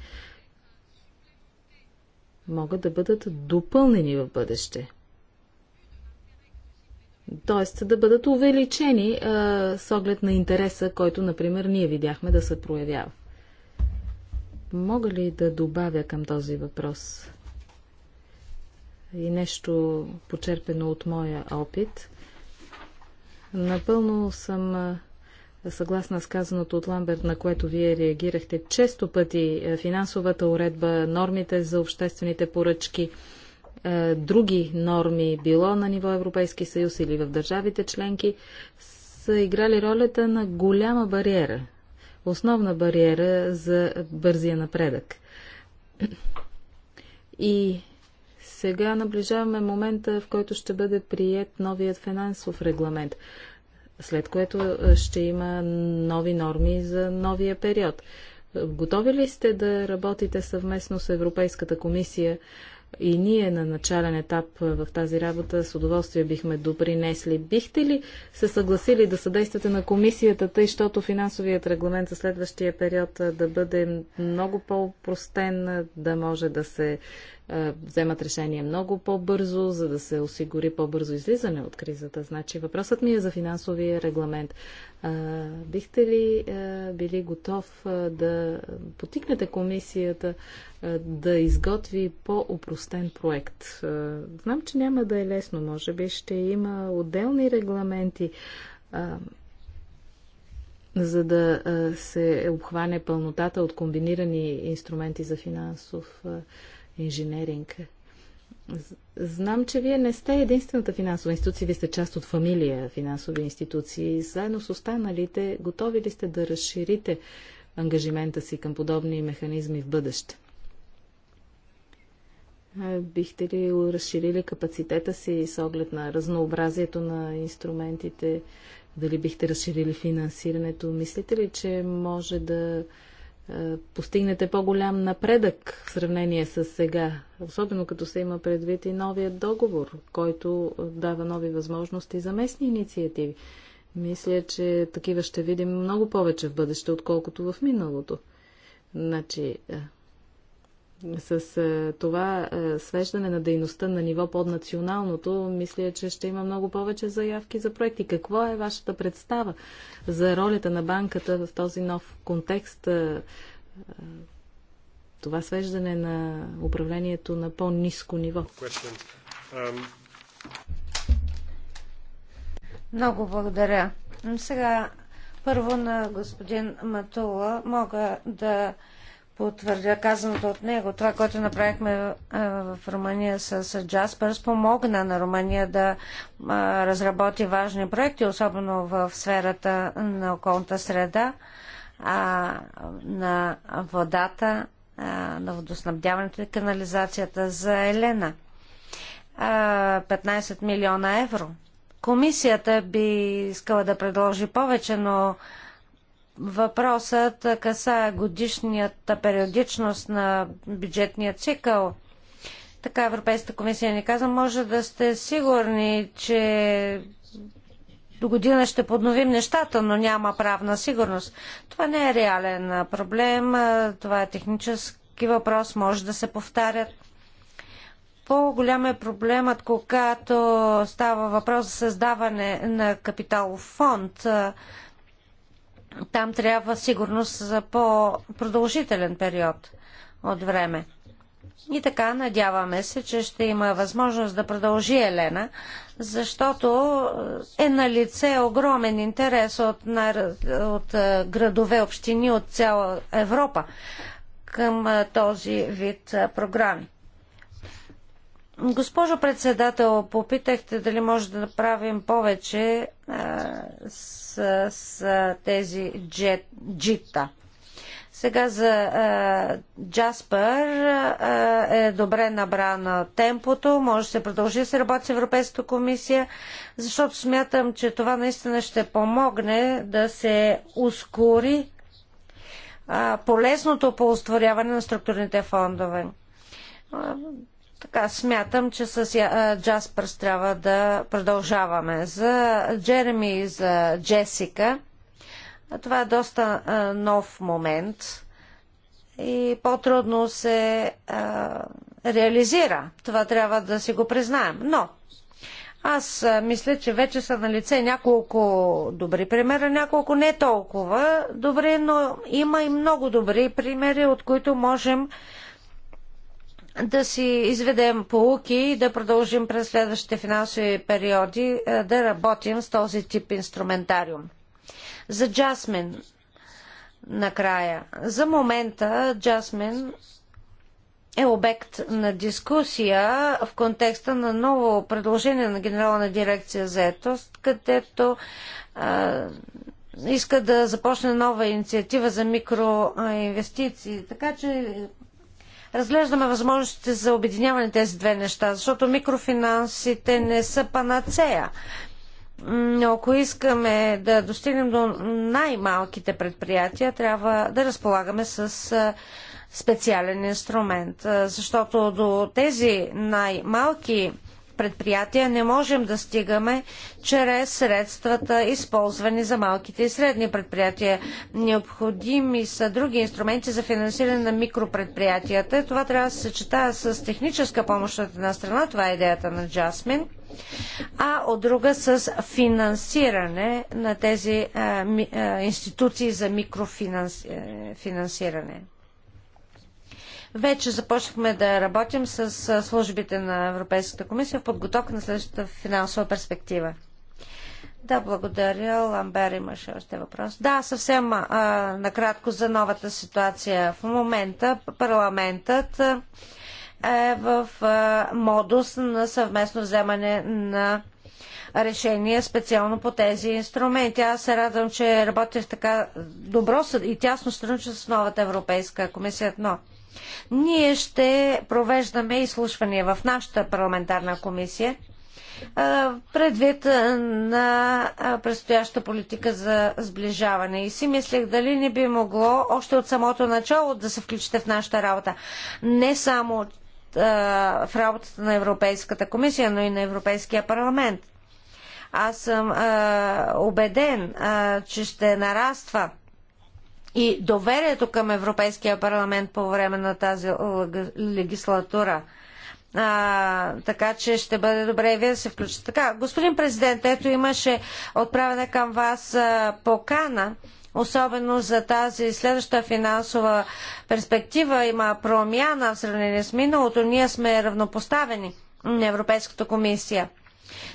могат да бъдат допълнени в бъдеще? т.е. да бъдат увеличени а, с оглед на интереса, който, например, ние видяхме да се проявява. Мога ли да добавя към този въпрос и нещо почерпено от моя опит? Напълно съм съгласна с казаното от Ламберт, на което вие реагирахте. Често пъти финансовата уредба, нормите за обществените поръчки, други норми, било на ниво Европейски съюз или в държавите членки, са играли ролята на голяма бариера основна бариера за бързия напредък. И сега наближаваме момента, в който ще бъде прият новият финансов регламент, след което ще има нови норми за новия период. Готови ли сте да работите съвместно с Европейската комисия и ние на начален етап е, в тази работа с удоволствие бихме допринесли. Бихте ли се съгласили да съдействате на комисията, тъй, защото финансовият регламент за следващия период е, да бъде много по-простен, е, да може да се е, вземат решение много по-бързо, за да се осигури по-бързо излизане от кризата. Значи въпросът ми е за финансовия регламент. Е, бихте ли е, били готов да потикнете комисията да изготви по-упростен проект? Знам, че няма да е лесно. Може би ще има отделни регламенти за да се обхване пълнотата от комбинирани инструменти за финансов инженеринг. Знам, че вие не сте единствената финансова институция, вие сте част от фамилия финансови институции. Заедно с останалите, готови ли сте да разширите ангажимента си към подобни механизми в бъдеще? Бихте ли разширили капацитета си с оглед на разнообразието на инструментите? Дали бихте разширили финансирането? Мислите ли, че може да постигнете по-голям напредък в сравнение с сега, особено като се има предвид и новия договор, който дава нови възможности за местни инициативи. Мисля, че такива ще видим много повече в бъдеще, отколкото в миналото. Значи, с е, това е, свеждане на дейността на ниво под националното, мисля, че ще има много повече заявки за проекти. Какво е вашата представа за ролята на банката в този нов контекст? Е, това свеждане на управлението на по-низко ниво. Много благодаря. Сега първо на господин Матула мога да потвърдя казаното от него. Това, което направихме е, в Румъния с Jaspers, помогна на Румъния да разработи важни проекти, особено в сферата на околната среда, на водата, на водоснабдяването и канализацията за Елена. 15 милиона евро. Комисията би искала да предложи повече, но Въпросът касае годишнията периодичност на бюджетния цикъл. Така Европейската комисия ни каза, може да сте сигурни, че до година ще подновим нещата, но няма правна сигурност. Това не е реален проблем, това е технически въпрос, може да се повтарят. По-голям е проблемът, когато става въпрос за създаване на капиталов фонд. Там трябва сигурност за по-продължителен период от време. И така, надяваме се, че ще има възможност да продължи Елена, защото е, е на лице огромен интерес от, на, от е, градове, общини от цяла Европа към е, този вид програми. Госпожо председател, попитахте дали може да направим повече а, с с, тези джита. Сега за Джаспер е добре набрана темпото, може да се продължи да се работи с Европейската комисия, защото смятам, че това наистина ще помогне да се ускори а, полезното оползотворяване на структурните фондове. Така смятам, че с Джаспърс трябва да продължаваме. За Джереми и за Джесика това е доста нов момент и по-трудно се а, реализира. Това трябва да си го признаем. Но аз мисля, че вече са на лице няколко добри примера, няколко не толкова добри, но има и много добри примери, от които можем да си изведем полуки и да продължим през следващите финансови периоди е, да работим с този тип инструментариум. За Джасмин накрая. За момента Джасмин е обект на дискусия в контекста на ново предложение на Генерална дирекция за етост, където а, иска да започне нова инициатива за микроинвестиции. Така че разглеждаме възможностите за обединяване тези две неща, защото микрофинансите не са панацея. Но ако искаме да достигнем до най-малките предприятия, трябва да разполагаме с специален инструмент, защото до тези най-малки предприятия не можем да стигаме чрез средствата, използвани за малките и средни предприятия. Необходими са други инструменти за финансиране на микропредприятията. Това трябва да се съчетае с техническа помощ от една страна, това е идеята на Джасмин, а от друга с финансиране на тези а, ми, а, институции за микрофинансиране. Вече започнахме да работим с службите на Европейската комисия в подготовка на следващата финансова перспектива. Да, благодаря. Ламбер имаше още въпрос. Да, съвсем а, накратко за новата ситуация. В момента парламентът е в а, модус на съвместно вземане на решения специално по тези инструменти. Аз се радвам, че работя в така добро и тясно сътрудничество с новата Европейска комисия. Но ние ще провеждаме изслушвания в нашата парламентарна комисия предвид на предстояща политика за сближаване. И си мислех дали не би могло още от самото начало да се включите в нашата работа. Не само в работата на Европейската комисия, но и на Европейския парламент. Аз съм убеден, че ще нараства и доверието към Европейския парламент по време на тази легислатура. А, така че ще бъде добре и вие да се включите. Така, господин президент, ето имаше отправена към вас а, покана, особено за тази следваща финансова перспектива. Има промяна в сравнение с миналото. Ние сме равнопоставени на Европейската комисия.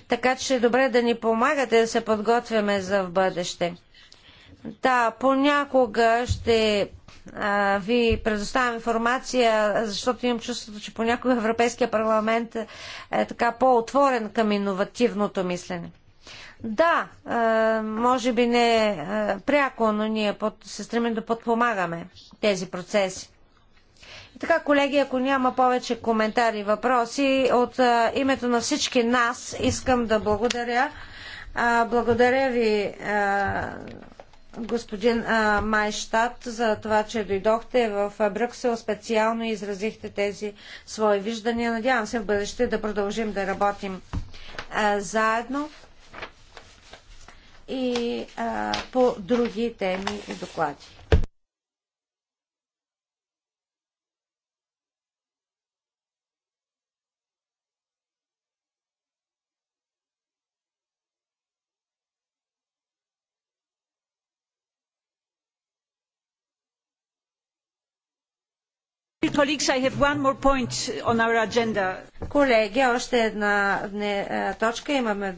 Така че е добре да ни помагате да се подготвяме за в бъдеще. Да, понякога ще а, ви предоставям информация, защото имам чувството, че понякога Европейския парламент е така по-отворен към иновативното мислене. Да, а, може би не а, пряко, но ние под, се стремим да подпомагаме тези процеси. И така, колеги, ако няма повече коментари и въпроси, от а, името на всички нас искам да благодаря. А, благодаря ви. А, господин Майштат, за това, че дойдохте в Брюксел специално и изразихте тези свои виждания. Надявам се в бъдеще да продължим да работим а, заедно и а, по други теми и доклади. Колеги, още една точка имаме